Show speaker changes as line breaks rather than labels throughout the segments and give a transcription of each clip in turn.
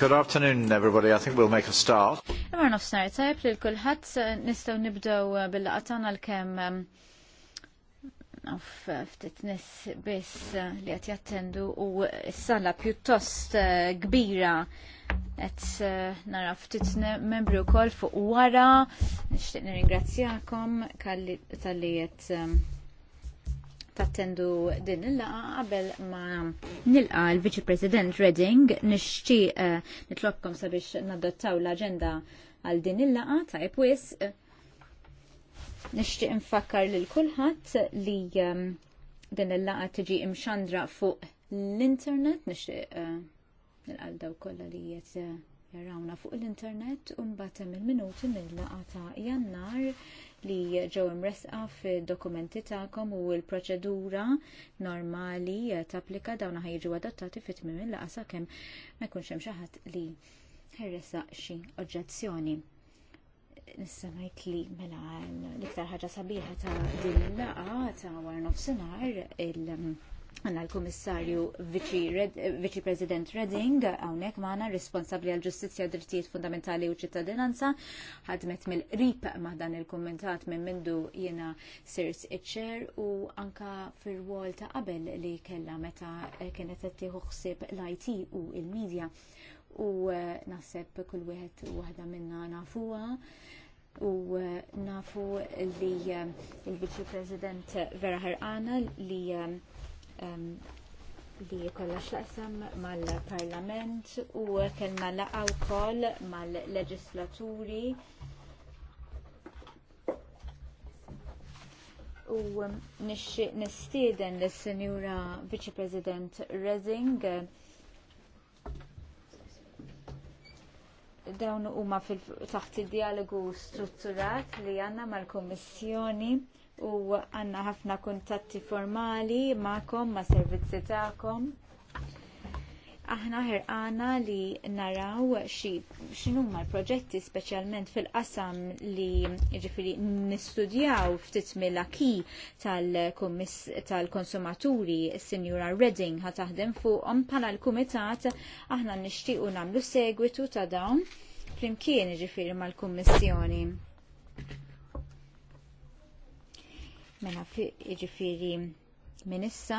Good afternoon, everybody. I think we'll make a start.
Imar nofsnar tajb um, uh, li l-kulħat nistaw nibdow bil-laqatana l-kem ftit nis bis li għat jattendu u s-sala pjuttost uh, kbira għet uh, nara ftit membri kol fuq wara. Nishtiq nirringrazzjakom kalli tal-li um, tattendu din il-laqa qabel ma nilqa l-Viċi President Redding nixtieq eh, nitlobkom sabiex nadottaw l-aġenda għal din il-laqa ta' ipwis. Nixtieq nfakkar lil kulħadd li eh, din il-laqa tiġi imxandra fuq l-internet nixtieq eh, nilqal daw kolla li qed jarawna fuq l-internet u mbagħad hemm il-minuti mill-laqa ta' jannar li ġew imresqa fid-dokumenti tagħkom u l-proċedura normali tapplika dawn ħajġu adottati fit tmiem il-laqa sakemm ma jkunx hemm xi ħadd li ħerresa xi oġġezzjoni. Nista' ngħid li mela l-iktar ħaġa sabiħa ta' din il-laqa ta' war nofsinhar il- Għanna l-Komissarju Viċi President Redding għawnek maħna responsabli għal ġustizja drittijiet fundamentali u ċittadinanza ħadmet mill-rip maħdan il-kommentat minn mindu jena Sirs iċċer u anka fil-wol ta' qabel li kella meta kienet tiħu xsib l-IT u il-medja u eh, naħseb kull wieħed waħda minna nafuha u eh, nafu li eh, il-Viċi President Vera Ħarqana li li kollha x'laqsam mal-Parlament u kellna laqgħa wkoll mal-leġislaturi u nixtieq nistieden lis senjura Viċi President Reding dawn huma taħt id-dialogu strutturat li għandna mal-Kummissjoni u għanna ħafna kuntatti formali ma'kom, ma' servizzi ta'kom. Aħna ħirqana li naraw x'inhu ma' proġetti speċjalment fil-qasam li ġifiri nistudjaw ftit mill-aki tal-konsumaturi tal Sinjura Redding ħa taħdem fuqhom bħala l-kumitat aħna nixtiequ nagħmlu segwitu ta' dawn flimkien ġifiri mal-Kummissjoni. Mela jiġifieri minissa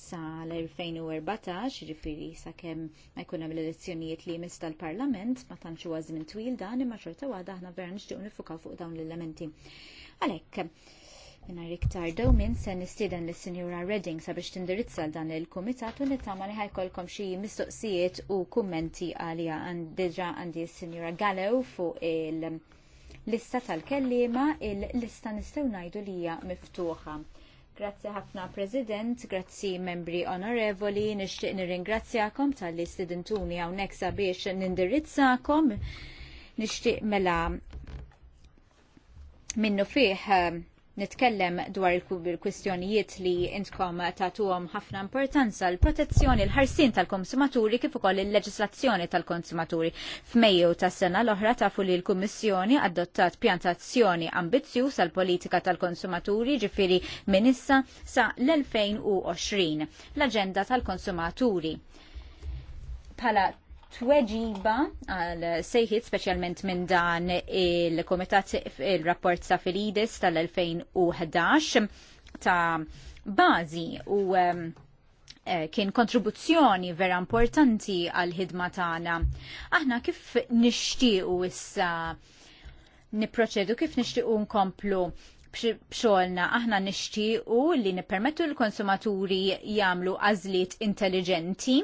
sa l-2014, jiġifieri sakemm ma jkun hemm l-elezzjonijiet li jmiss tal-Parlament, ma tanċu huwa minn twil dan imma xorta għada ħna vera nixtiequ nifukaw fuq dawn l-elementi. Għalhekk, minna iktar daw se nistieden lis sinjura Redding sabiex tindirizza dan il-Kumitat u nittama li ħajkolkom xi mistoqsijiet u kummenti għalija għandiġa għandi s senjura Gallew fuq il- lista tal-kellima il-lista nistgħu ngħidu li hija miftuħa. Grazzi ħafna President, grazzi membri onorevoli, nixtieq nirringrazzjakom tal-li stidintuni hawnhekk sabiex nindirizzakom. Nixtieq mela minnu fih eh, nitkellem dwar il-kwistjonijiet li intkom tagħtuhom ħafna importanza l-protezzjoni l-ħarsin tal-konsumaturi kif ukoll il-leġislazzjoni tal-konsumaturi. F'Mejju tas-sena l-oħra tafu li l-Kummissjoni adottat pjantazzjoni ambizzjuż għall politika tal-konsumaturi ġifieri minn issa sa l-2020 l-Aġenda tal-Konsumaturi. pala tweġiba għal sejħit specialment minn dan il-Komitat il-Rapport ta' Filidis tal-2011 ta' bazi u um, eh, kien kontribuzzjoni vera importanti għal ħidma tagħna. Aħna kif nixtiequ issa niproċedu kif nixtiequ nkomplu bxolna aħna nixtiequ li nippermettu l-konsumaturi jagħmlu għażliet intelligenti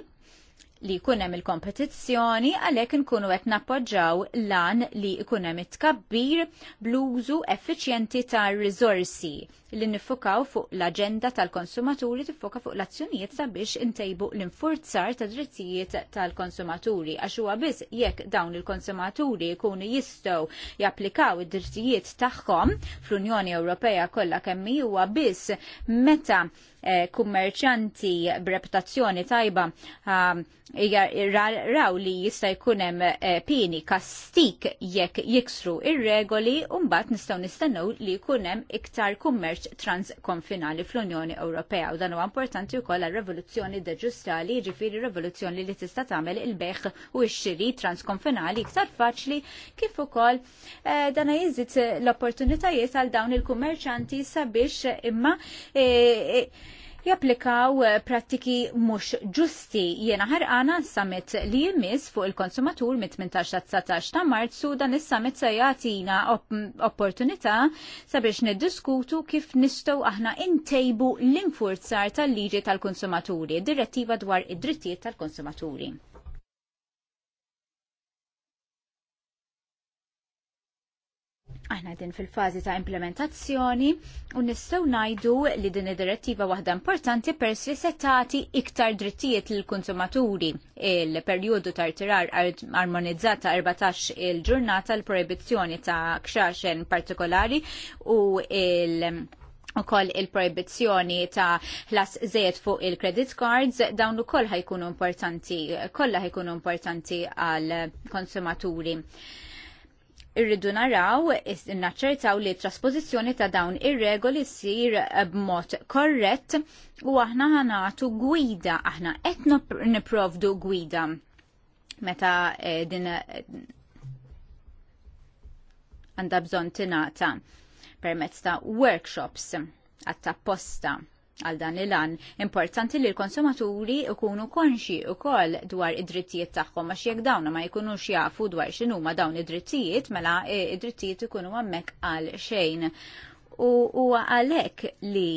li jkun hemm il-kompetizzjoni għalhekk inkunu qed nappoġġaw lan li jkun hemm it-tkabbir bl-użu effiċjenti tar-riżorsi li nifukaw fuq l-agenda tal-konsumaturi tiffoka fuq l-azzjonijiet sabiex intejbu l-infurzar ta' drittijiet tal-konsumaturi għax huwa biss jekk dawn il-konsumaturi jkunu jistgħu japplikaw id-drittijiet tagħhom fl-Unjoni Ewropea kollha kemm huwa biss meta eh, kummerċanti b'reputazzjoni tajba ah, raw li jista' jkun hemm eh, pini kastik jekk jiksru ir-regoli u mbagħad nistgħu nistennew li jkun hemm iktar kummerċ kummerċ transkonfinali fl-Unjoni Ewropea u dan huwa importanti wkoll għar-revoluzzjoni deġustali, jiġifieri rivoluzzjoni li tista' tagħmel il-beħ u x-xiri transkonfinali iktar faċli kif ukoll eh, dan jiżid l-opportunitajiet għal dawn il-kummerċanti sabiex imma eh, eh, japplikaw eh, prattiki mhux ġusti. Jiena ħarqana summit li jmiss fuq il-konsumatur mit-18 ta' 19 ta' Marzu dan is-summit se jagħtina opportunità sabiex niddiskutu kif nistgħu aħna intejbu l-infurzar tal-liġi tal-konsumaturi, direttiva dwar id-drittijiet tal-konsumaturi. Aħna din fil-fazi ta' implementazzjoni u nistgħu ngħidu li din id-direttiva waħda importanti pers li se tagħti iktar drittijiet lill konsumaturi il-perjodu ta' rtirar armonizzat ta' 14 il-ġurnata l-proibizzjoni ta' kxaxen partikolari u il- u koll il proibizzjoni ta' las zed fuq il-credit cards, dawn u koll ħajkunu importanti, kolla ħajkunu importanti għal konsumaturi irridu naraw naċċertaw li t trasposizzjoni ta' dawn ir-regoli ssir eh, b'mod korrett u aħna ħanatu gwida, aħna qed niprovdu gwida meta eh, din eh, għandha bżonn tingħata permezz ta' workshops għat-tapposta. Għal dan il-an, importanti li l-konsumaturi ikunu konxi u koll dwar id-drittijiet tagħhom għax jekk dawna ma jkunux jafu dwar x'inhuma dawn id-drittijiet mela e, id-drittijiet ikunu hemmhekk għal xejn. U huwa għalhekk li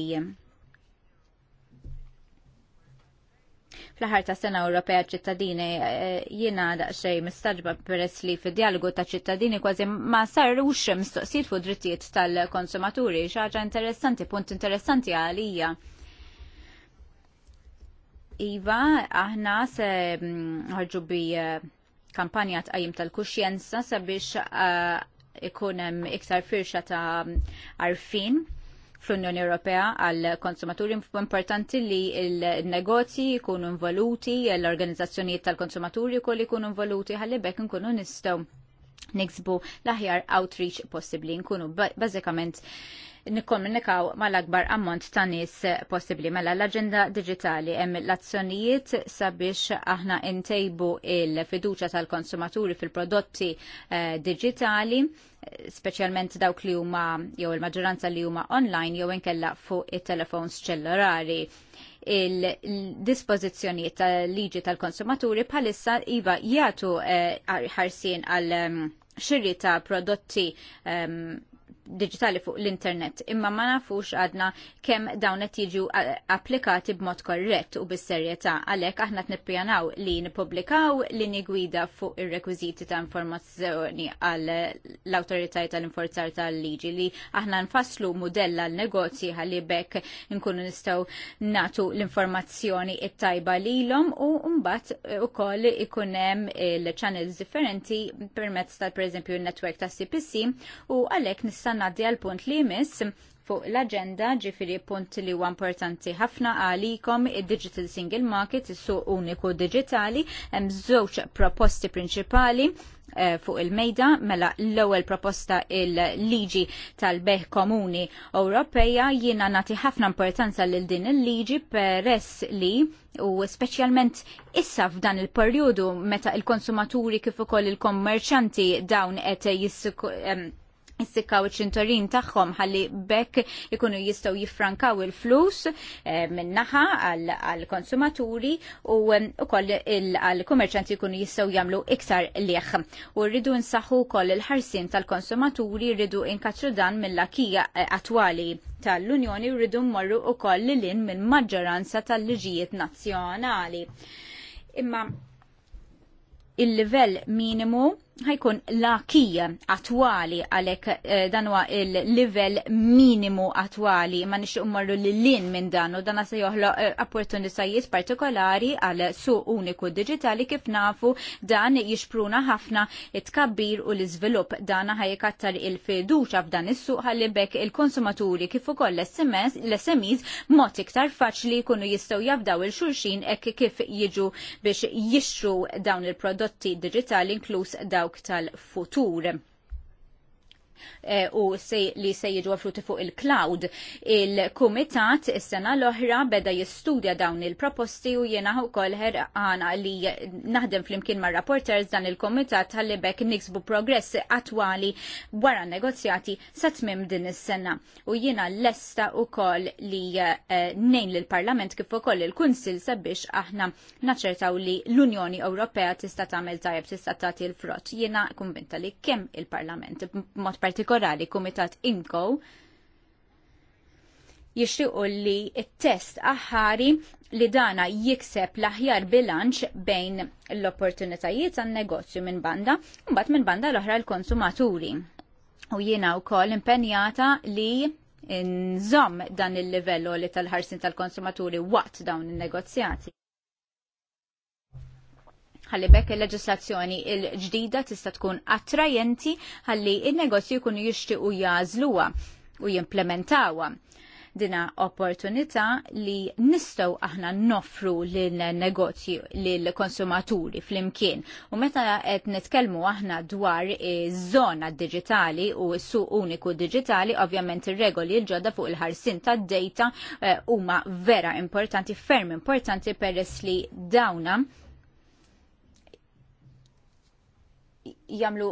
Fl-ħar ta' sena Ewropea ċittadini eh, jiena daqsxejn mistaġba peress li fid-dialogu ta' ċittadini kważi ma sarux mistoqsijiet fuq drittijiet tal-konsumaturi, xaġa interessanti, punt interessanti għalija. Iva, aħna se mm, ħarġu bi eh, kampanja tqajjim tal-kuxjenza sabiex eh, ikun hemm iktar firxa ta' arfin fl-Unjoni Ewropea għal konsumaturi importanti li il-negozji jkunu involuti, l-organizzazzjonijiet tal-konsumaturi koll jkunu involuti għalli bekk nkunu nistgħu niksbu l-aħjar outreach possibbli nkunu bażikament ba nikkomunikaw mal-akbar ammont ta' nies possibbli. Mela l-aġenda digitali hemm l-azzjonijiet sabiex aħna ntejbu il-fiduċa tal-konsumaturi fil-prodotti eh, digitali speċjalment dawk li huma jew il-maġġoranza li huma online jew inkella fuq it-telefons ċellulari il-dispożizzjonijiet tal-liġi tal-konsumaturi bħalissa iva jagħtu eh, ħarsien għal mm, xirri ta' prodotti mm, digitali fuq l-internet, imma ma nafux għadna kemm dawn qed jiġu applikati b'mod korrett u bis-serjetà għalhekk aħna tnippjanaw li nippubblikaw linji gwida fuq ir-rekwiżiti ta' informazzjoni għal l-awtoritajiet tal-inforzar tal-liġi li aħna nfasslu mudell għal negozji ħalli bekk nkunu nistgħu natu l-informazzjoni it-tajba lilhom u mbagħad ukoll ikun hemm il-channels differenti permezz tal pereżempju n-netwerk ta' CPC u għalhekk nista' naddi l punt li jmiss fuq l-agenda ġifiri punt li huwa importanti ħafna għalikom id-Digital Single Market, is-suq uniku digitali, hemm żewġ proposti prinċipali eh, fuq il-mejda mela l-ewwel proposta il-liġi tal-beħ komuni Ewropeja jiena nagħti ħafna importanza lil din il-liġi peress li u speċjalment issa f'dan il-perjodu meta il-konsumaturi kif ukoll il-kommerċanti dawn qed jissikaw iċ-ċintorin tagħhom ħalli bekk ikunu jistgħu jiffrankaw il-flus eh, minnaħa għall-konsumaturi u wkoll eh, għall-kummerċanti jkunu jistgħu jagħmlu iktar leħ. U rridu nsaħħu wkoll il-ħarsien tal-konsumaturi rridu inkaċċu dan mill-lakija eh, attwali tal-Unjoni rridu mmorru wkoll lilin mill-maġġoranza tal-liġijiet nazzjonali. Imma il-livell minimu ħajkun lakija attwali għalek eh, dan huwa il-level minimu attwali ma nixtieq marru lil-lin minn dan u dan se joħloq eh, opportunitajiet partikolari għal suq uniku digitali kif nafu dan jixpruna ħafna it-kabbir u l-iżvilupp dan ħajkattar il-fiduċa f'dan is-suq ħalli bekk il-konsumaturi kif ukoll l-SMEs mod iktar faċli jkunu jistgħu jabdaw il-xulxin hekk kif jiġu biex jixru dawn il-prodotti digitali inkluż dawk tal-futur Eh, u li se jiġu għafruti fuq il-cloud. Il-Kumitat is-sena l-oħra beda jistudja dawn il-proposti u jena u kolħer għana li naħdem fl-imkien ma' rapporters dan il-Kumitat għalli bekk niksbu progress attwali wara negozjati sa tmim din is-sena. U jena l-esta u kol li eh, nejn l-Parlament kif ukoll il-Kunsil sabiex aħna naċertaw li l-Unjoni Ewropea tista' tagħmel tajjeb tista' tagħti l-frott. Jiena kumbinta li kemm il-Parlament mod partikolari Kumitat Imko jixtiqu li il test aħħari li dana jikseb l-aħjar bilanċ bejn l-opportunitajiet għan negozju minn banda, mbagħad minn banda l-oħra l-konsumaturi. U jiena wkoll impenjata li nżomm dan il-livello li tal-ħarsin tal-konsumaturi waqt dawn in-negozjati ħalli bekk il-leġislazzjoni il-ġdida tista' tkun attrajenti ħalli il-negozju jkunu jixtiequ jażluha u jimplementawa. Dina opportunità li nistgħu aħna noffru lil-negozju lil-konsumaturi fl-imkien. U meta qed nitkellmu aħna dwar iż-żona digitali u s-suq uniku digitali, ovvjament ir-regoli l-ġodda fuq il-ħarsin tad-data eh, huma vera importanti, ferm importanti peress li dawna jamlu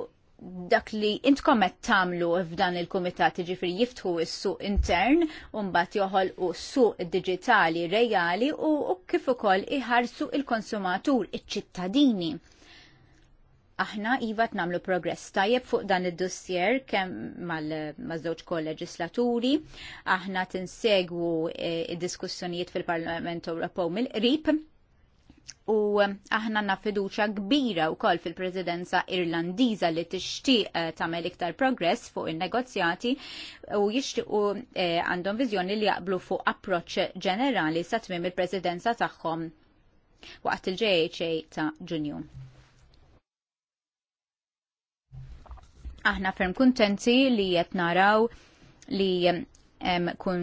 dak li intkom qed tagħmlu f'dan il komitat ġifri jiftħu s-suq intern u mbagħad joħolqu suq digitali reali u, u kif ukoll iħarsu il-konsumatur iċ-ċittadini. Aħna iva tnamlu progress tajjeb fuq dan id-dossier kemm mal-żewġ kol-leġislaturi, aħna tinsegwu eh, id-diskussjonijiet fil-Parlament Ewropew mill-qrib u aħna na fiduċa kbira u koll fil-prezidenza irlandiza li tixtieq eh, tagħmel iktar progress fuq in-negozjati u jixtiequ eh, għandhom viżjoni li jaqblu fuq approċċ ġenerali sa tmiem il-prezidenza tagħhom waqt il-JHA ta' Ġunju. Aħna ferm kuntenti li qed naraw li kun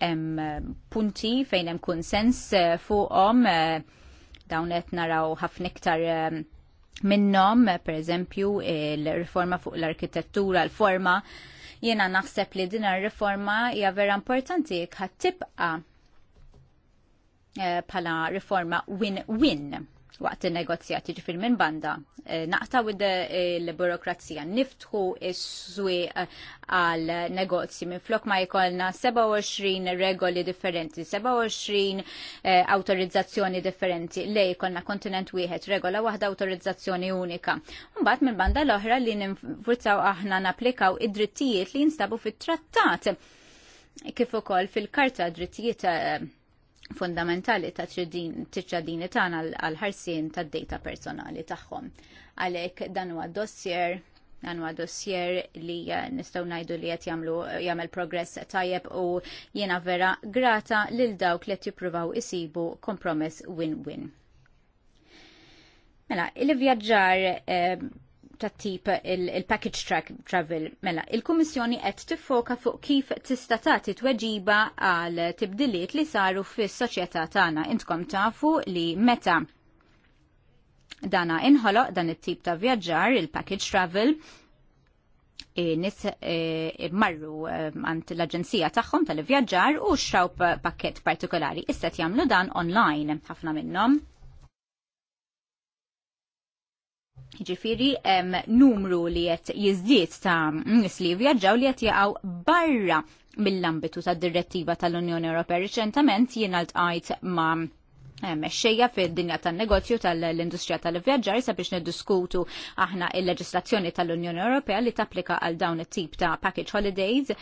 hemm eh, punti fejn hemm konsens eh, fuqhom eh, dawn qed naraw ħafna iktar minnhom, pereżempju il-riforma fuq l-arkitettura, l-forma. Jiena naħseb li din ir-riforma hija vera importanti ħadd tibqa' bħala riforma win-win waqt il-negozjati ġifir minn banda. Eh, naqtaw il-burokrazija, niftħu s-swi eh, għal negozji minn flok ma jkollna 27 regoli differenti, 27 eh, autorizzazzjoni differenti, lej jkollna kontinent wieħed regola waħda autorizzazzjoni unika. Mbagħad minn banda l-oħra li nfurzaw aħna naplikaw id-drittijiet li jinstabu fit-trattat kif ukoll fil-karta drittijiet fundamentali ta' ċittadini tagħna għal ħarsien tad data personali tagħhom. Għalhekk dan huwa dossier dan huwa dossier li eh, nistgħu ngħidu li qed jagħmlu jagħmel progress tajjeb u jiena vera grata lil dawk li jippruvaw isibu kompromess win-win. Mela, il-vjaġġar eh, tat tip il-package il track travel mela. Il-Kummissjoni qed tiffoka fuq kif tista' tagħti tweġiba għal tibdiliet li saru fis-soċjetà tagħna. Intkom tafu li meta dana inħoloq dan it-tip ta' vjaġġar, il-package travel, nis eh, marru eh, għant l-Aġenzija tagħhom tal-vjaġġar u xraw pakket partikolari. Issa jagħmlu dan online ħafna minnhom. Ġifiri, numru li jett jizdiet ta' nis li vjaġġaw li jett jaqaw barra mill-ambitu ta' direttiva tal-Unjoni Ewropea. Reċentament jiena għajt ma' ma' Mexxejja fid-dinja tan-negozju tal-industrija tal-vjaġġar sabiex neddiskutu aħna il-leġislazzjoni tal-Unjoni Ewropea li tapplika għal dawn it-tip ta' package holidays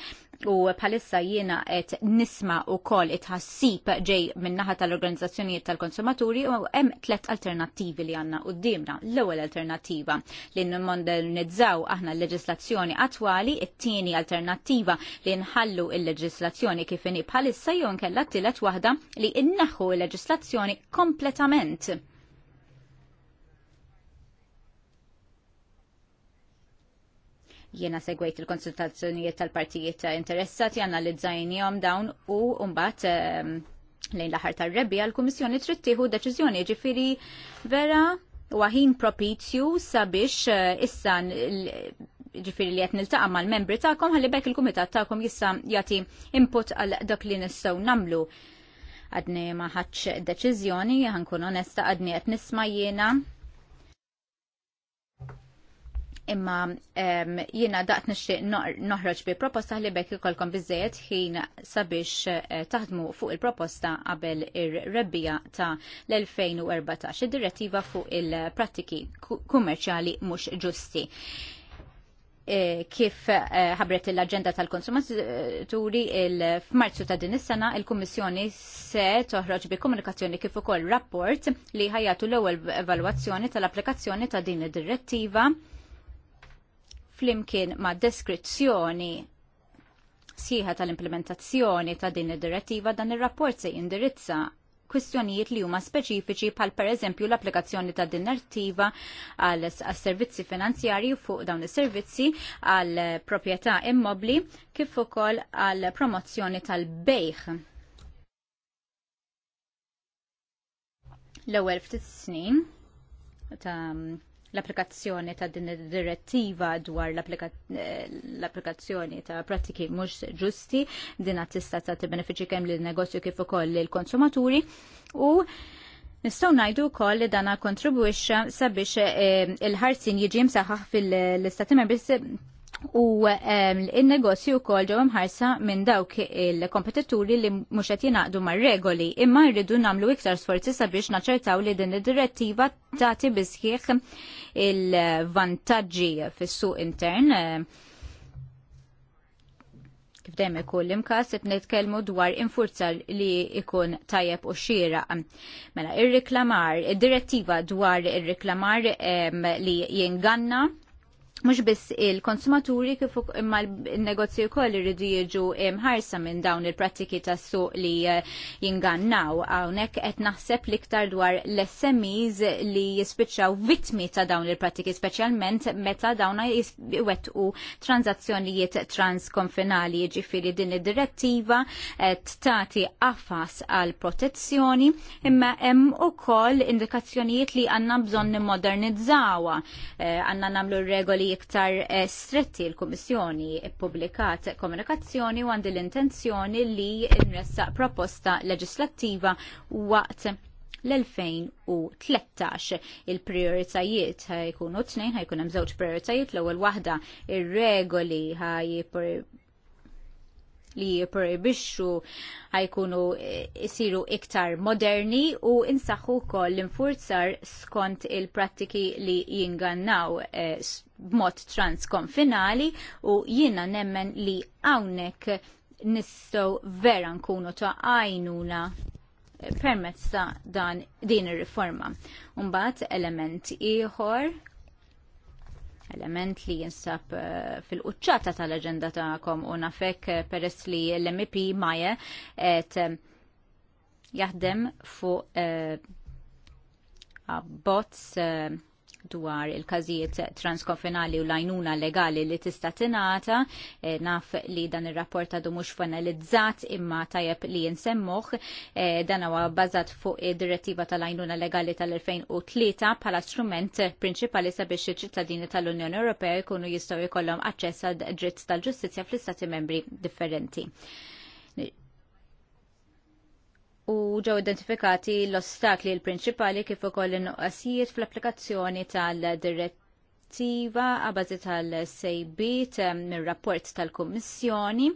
u palissa jiena qed nisma u kol it-ħassib ġej minnaħa tal-organizzazzjonijiet tal-konsumaturi u hemm tlet alternattivi li għanna u dimna. L-ewwel alternattiva li nmodernizzaw aħna l-leġislazzjoni attwali, it-tieni alternattiva li nħallu l leġislazzjoni kif inhi palissa jew nkella t-tielet waħda li innaħħu l-leġislazzjoni kompletament Jiena segwejt il-konsultazzjonijiet tal-partijiet interessati analizzajnijom dawn u mbagħad ehm, lejn l-aħħar tar-rebbija l-Kummissjoni trid tieħu deċiżjoni ġifieri vera waħin propizju sabiex eh, issa ġifiri li għet niltaqa mal membri ta'kom għalli bekk il-komitat ta'kom jissa jati input għal dak li nistaw namlu. Għadni maħħaċ deċizjoni, għankun onesta għadni għet nisma jena Imma um, jiena daqt nixtieq noħroġ bi proposta li bekk ikolkom biżejjed ħin sabiex eh, taħdmu fuq il-proposta qabel ir-rebbija ta' l-2014 id-direttiva fuq il-prattiki kummerċjali mhux ġusti eh, kif eh, ħabret l-agenda tal-konsumaturi f'Marzu ta' din is-sena il-Kummissjoni se toħroġ bi komunikazzjoni kif ukoll rapport li ħajatu l-ewwel evalwazzjoni tal-applikazzjoni ta' din id-direttiva flimkien ma' deskrizzjoni sħiħa tal-implementazzjoni ta' din id-direttiva dan ir-rapport se jindirizza kwistjonijiet li huma speċifiċi bħal pereżempju l-applikazzjoni ta' din direttiva għal servizzi finanzjarji fuq dawn is-servizzi għal proprjetà immobli kif ukoll għal promozzjoni tal-bejħ. L-ewwel ftit snin ta' l-applikazzjoni ta' din id-direttiva dwar l-applikazzjoni ta' pratiki mhux ġusti din tista' ta' benefiċi kemm lin negozju kif ukoll lill-konsumaturi u Nistaw najdu kol li dana kontribuisċa sabiex eh, il-ħarsin jiġi msaħħaħ fil-istati membri u il-negozju kol ġew imħarsa minn dawk il-kompetituri li mhux qed jingħaqdu mar-regoli, imma rridu nagħmlu iktar sforzi sabiex naċċertaw li din id-direttiva tagħti bisħieħ il-vantaġġi fis-suq intern. Kif dejjem ikun l-imkas qed nitkellmu dwar infurzar li ikun tajjeb u xieraq. Mela, ir-riklamar, id-direttiva dwar ir-riklamar li jinganna mux biss il-konsumaturi kif imma il-negozju koll irridu jiġu mħarsa minn dawn il-prattiki ta' suq li eh, jingannaw. Hawnhekk qed naħseb liktar dwar l-SMEs li jispiċċaw vitmi ta' dawn il-prattiki speċjalment meta dawna jiswettqu tranzazzjonijiet transkonfinali ġifiri din id-direttiva tati qafas għal protezzjoni imma hemm ukoll indikazzjonijiet li għandna bżonn nimmodernizzawa. Eh, Għanna nagħmlu regoli iktar eh, stretti l-Kummissjoni ippubblikat komunikazzjoni u għandi l-intenzjoni li nressaq proposta leġislattiva waqt l-2013. Il-prioritajiet ħajkunu t-nejn, hemm żewġ prioritajiet, l-ewwel waħda ir-regoli ħaj li jiprojbixxu ħajkunu jisiru eh, iktar moderni u insaħħu wkoll l-infurzar skont il-prattiki li jingannaw eh, b'mod transkonfinali u jiena nemmen li hawnhekk nistgħu vera nkunu ta' għajnuna eh, permezz ta' dan din ir-riforma. Mbagħad element ieħor element li jinsab eh, fil-qċata tal-agenda ta'kom u nafek eh, peress li l-MP maje et eh, jaħdem fuq uh, bots uh, dwar il-każijiet transkonfinali u lajnuna legali li tista' tingħata. E, naf li dan ir-rapport għadu mhux fanalizzat imma tajjeb li jinsemmuh. E, dan huwa bbażat fuq id-direttiva tal-lajnuna legali tal-2003 bħala strument prinċipali sabiex iċ-ċittadini tal-Unjoni Ewropea jkunu jistgħu jkollhom aċċess għad dritt tal-ġustizzja fl-istati membri differenti u ġew identifikati l-ostakli l-prinċipali kif ukoll in-nuqqasijiet fl-applikazzjoni tal-direttiva għabazi tal-sejbit mir-rapport tal-Kummissjoni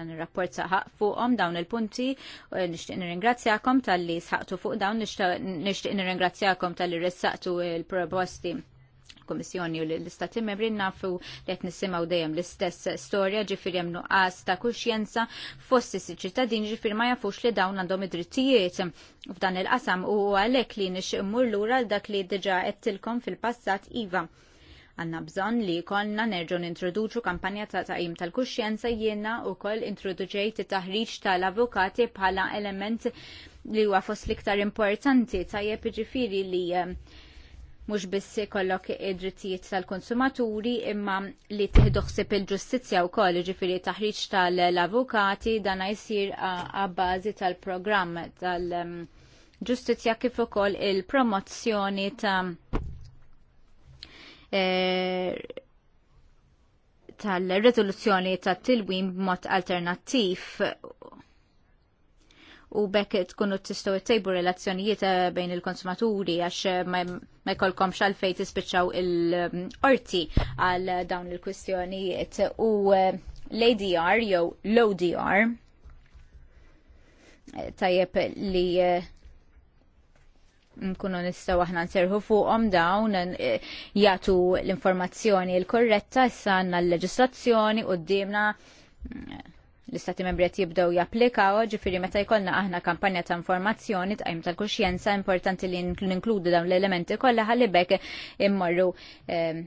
dan il-rapport saħaq fuqom dawn il-punti. Eh, nishtiq nirringrazzjakom tal-li sħaqtu fuq dawn, nishtiq nirringrazzjakom tal-li ressaqtu il-proposti Komissjoni u l-Istati Membri nafu li qed nisimgħu dejjem l-istess storja ġifieri jemnu nuqqas ta' kuxjenza fossi si ċittadini ġifieri ma jafux li dawn għandhom id-drittijiet f'dan il-qasam u għalhekk li nix mmur lura dak li diġà għettilkom fil-passat iva għanna bżon li konna nerġu nintroduċu kampanja ta' taqim tal-kuxjenza jiena u koll introduċejt taħriġ tal-avukati bħala element li huwa fost l-iktar importanti tajjeb ġifiri li eh, mhux biss jkollok id-drittijiet tal-konsumaturi imma li tiħdoħsib il-ġustizzja wkoll jiġifieri taħriġ tal-avukati dan jsir għabbażi tal-programm tal-ġustizzja kif ukoll il-promozzjoni ta' e, tal-rezoluzzjoni tat-tilwim b'mod alternattiv u bekk tkunu tistgħu ttejbu relazzjonijiet eh, bejn il-konsumaturi għax ma xal xalfej tispiċċaw il-orti għal dawn il-kwistjonijiet u eh, l-ADR jew l-ODR eh, tajjeb li eh, nkunu nistaw aħna nserħu fuqhom dawn jagħtu l-informazzjoni l-korretta issa għandna l-leġislazzjoni d-dimna l-istati membri qed jibdew japplikaw, ġifieri meta jkollna aħna kampanja ta' informazzjoni tqajm tal-kuxjenza importanti li ninkludu dawn l-elementi kollha ħallibek bekk immorru ehm,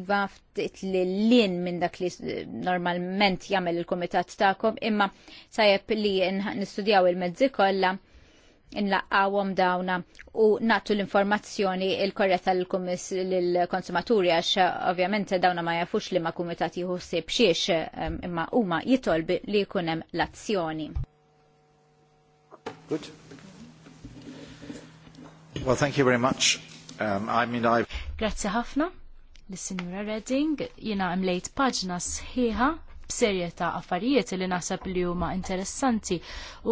iva ftit li l-lin minn dak li normalment jagħmel il-kumitat tagħkom, imma sajjeb li nistudjaw il-mezzi kollha inlaqqawhom dawna u natu l-informazzjoni il-korretta l-konsumaturi għax ovvjament dawna ma jafux li ma kumitat jħossib bxiex imma huma jitolbi li jkun hemm l-azzjoni.
Good. Well, thank you very much. Um, I mean, I... Grazie ħafna. L-Sinjura Redding, jina għamlejt paġna sħiħa b'serjetà affarijiet li naħseb li huma interessanti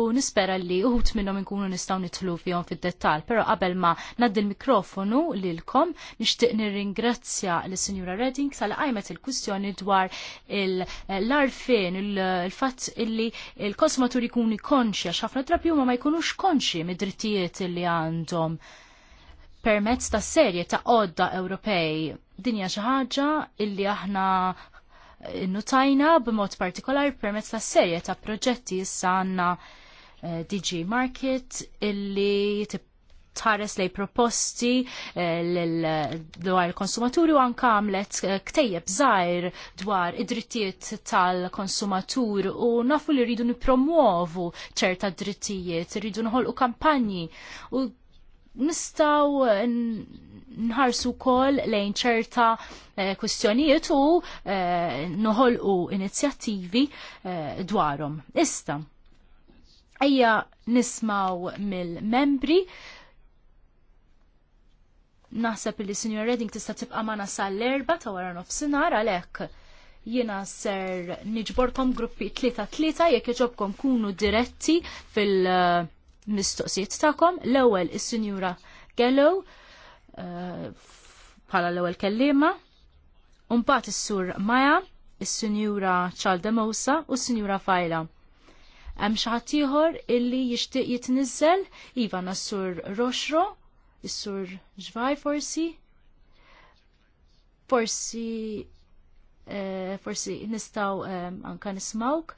u nispera li uħut minnhom inkunu nistgħu nidħlu fihom fid-dettall, però qabel ma ngħaddi l-mikrofonu lilkom nixtieq nirringrazzja lis sinjura Redding sal qajmet il-kwistjoni dwar l-arfin il-fatt illi il-konsumaturi jkunu konxi għax ħafna drabi huma ma jkunux konxi mid-drittijiet li għandhom permezz ta' serje ta' odda Ewropej. Dinja xi ħaġa illi aħna nutajna b'mod partikolar permezz ta' serje ta' proġetti issa għandna uh, eh, DG Market illi tħares lej proposti eh, dwar il-konsumaturi u anka għamlet eh, ktejjeb zaħir dwar id-drittijiet tal-konsumatur u nafu li rridu nipromuovu ċerta drittijiet, rridu nħolqu kampanji u nistaw nħarsu kol lejn ċerta eh, kwistjonijiet u eh, noħolqu inizjattivi eh, dwarhom. Issa, ejja nismaw mill-membri naħseb li Senior Reading tista' tibqa' magħna sal-erba' ta' wara nofsinhar għalhekk jina ser niġborkom gruppi tlieta tlieta jekk iġobkom kunu diretti fil-mistoqsijiet tagħkom. L-ewwel is-Sinjura Gallow bħala l-ewwel kellima. Mbagħad is-sur Maja, is-Sinjura ċalda Mosa u s-Sinjura Fajla. Hemm xi ħadd ieħor illi jixtieq jitniżel iva nas-sur Roxro, is-sur Ġvaj forsi. Forsi eh, forsi nistgħu eh, anka nismawk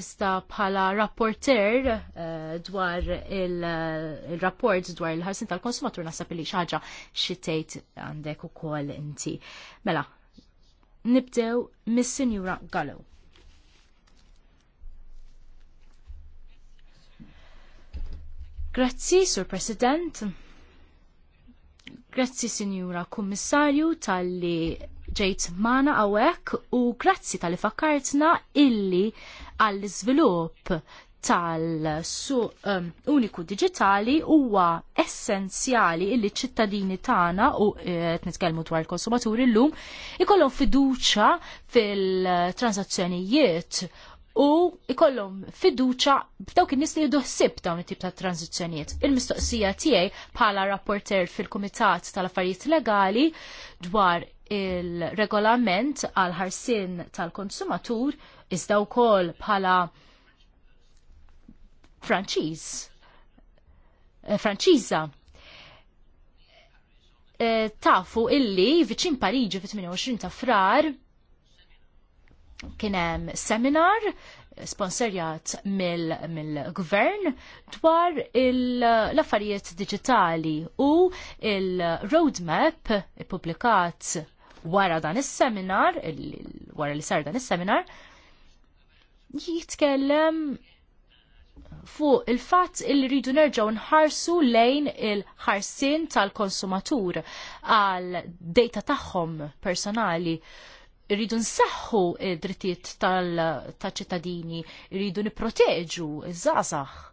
sta bħala rapporter uh, dwar eh, il-rapport il dwar il-ħarsin tal-konsumatur nasab li xaġa xitejt għandek u kol inti. Mela, nibdew mis-Sinjura Gallo. Grazzi, Sur President. Grazzi, Sinjura Kummissarju, tal-li ġejt mana għawek u grazzi tal-li fakkartna illi għall-izvilup tal-suq um, uniku digitali huwa essenzjali illi ċittadini tagħna u eh, qed nitkellmu dwar il-konsumaturi llum ikollhom fiduċa fil-transazzjonijiet u ikollhom fiduċa b'dawk in-nies li jdoħsib dawn it-tip ta' tranzizzjonijiet. Il-mistoqsija tiegħi bħala rapporter fil-Kumitat tal-Affarijiet Legali dwar il-regolament għal ħarsin tal-konsumatur iżda wkoll bħala Franċiż eh, Franċiża. Eh, tafu illi viċin Pariġi fit-28 ta' frar kien hemm seminar sponsorjat mill-gvern dwar l-affarijiet digitali u il-roadmap publikat wara dan is-seminar, wara li sar dan is-seminar, jitkellem fuq il-fatt il rridu nerġaw nħarsu lejn il-ħarsin tal-konsumatur għal data tagħhom personali. Irridu nsaħħu id-drittijiet tal-ċittadini, rridu niproteġu iż-żazax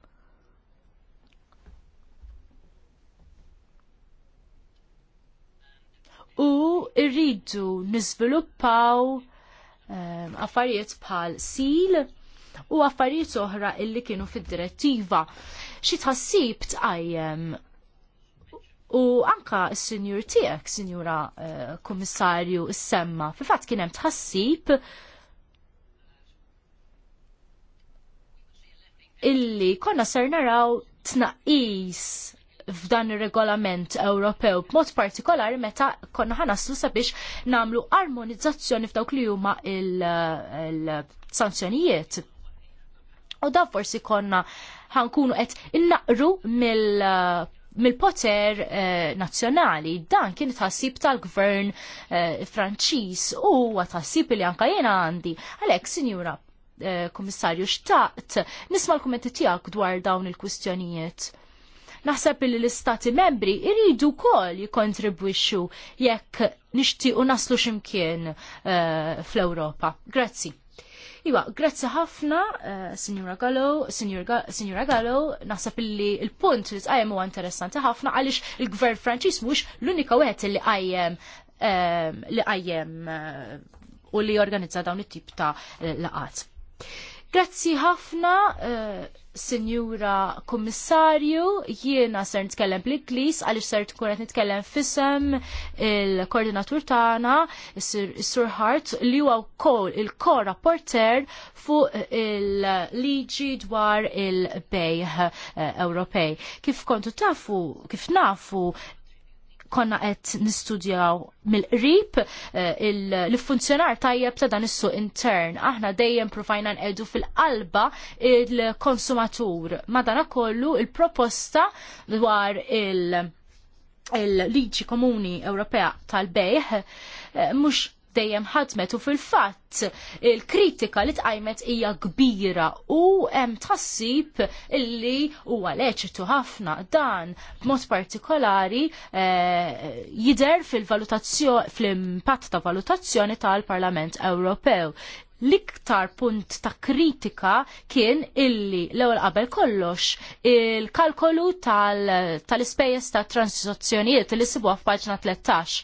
u rridu niżviluppaw um, ehm, affarijiet bħal sil u affarijiet oħra illi kienu fid-direttiva. Xi tħassib tqajjem U anka s sinjur tiegħek, sinjura senjura uh, komissarju, s-semma, fil kien hemm tħassib illi konna ser naraw tnaqis f'dan ir-regolament Ewropew, b'mod partikolari meta konna ħanaslu sabiex namlu armonizzazzjoni f'dawk li huma il-sanzjonijiet. U da forsi konna ħankunu qed innaqru mill mill-poter eh, nazzjonali. Dan kien tħassib tal-gvern eh, Franċiż u tħassib li anka jena għandi. Għalhekk, sinjura eh, komissarju xtaqt nisma l-kummenti tiegħek dwar dawn il-kwistjonijiet. Naħseb li l-istati membri iridu kol jikontribwixxu jekk nixtiequ naslu ximkien uh, fl-Ewropa. Grazzi. Iwa, grazzi ħafna, uh, Signora Gallo, Signora Gallo, naħseb li il-punt li tqajem huwa interessanti ħafna għaliex il-Gvern Franċiż mhux l-unika wieħed li qajjem eh, li qajjem u li jorganizza dawn it-tip ta' laqat. Grazzi ħafna. Sinjura Kommissarju, jiena ser nitkellem bl-Inglis għaliex ser tkun qed nitkellem fisem il-koordinatur tagħna, is-Sur Hart, li huwa wkoll il-kor rapporter fuq il-liġi dwar il-bejħ eh, Ewropej. Kif kontu tafu, kif nafu konna qed nistudjaw mill-qrib eh, il-funzjonar tajjeb ta' dan is-suq intern. Aħna dejjem provajna nqedu fil-qalba il-konsumatur. Madana kollu il-proposta dwar il- il-liġi komuni Ewropea tal-bejħ eh, mhux dejjem ħatmet u fil-fatt il-kritika li tqajmet hija kbira u hemm tassib illi huwa leċitu ħafna dan b'mod partikolari eh, jidher fil-valutazzjoni fl-impatt ta' valutazzjoni tal-Parlament Ewropew l-iktar punt ta' kritika kien illi l-ewwel qabel kollox il-kalkolu tal-ispejjeż tal ta' transizzjonijiet li sibuha f'paġna 13.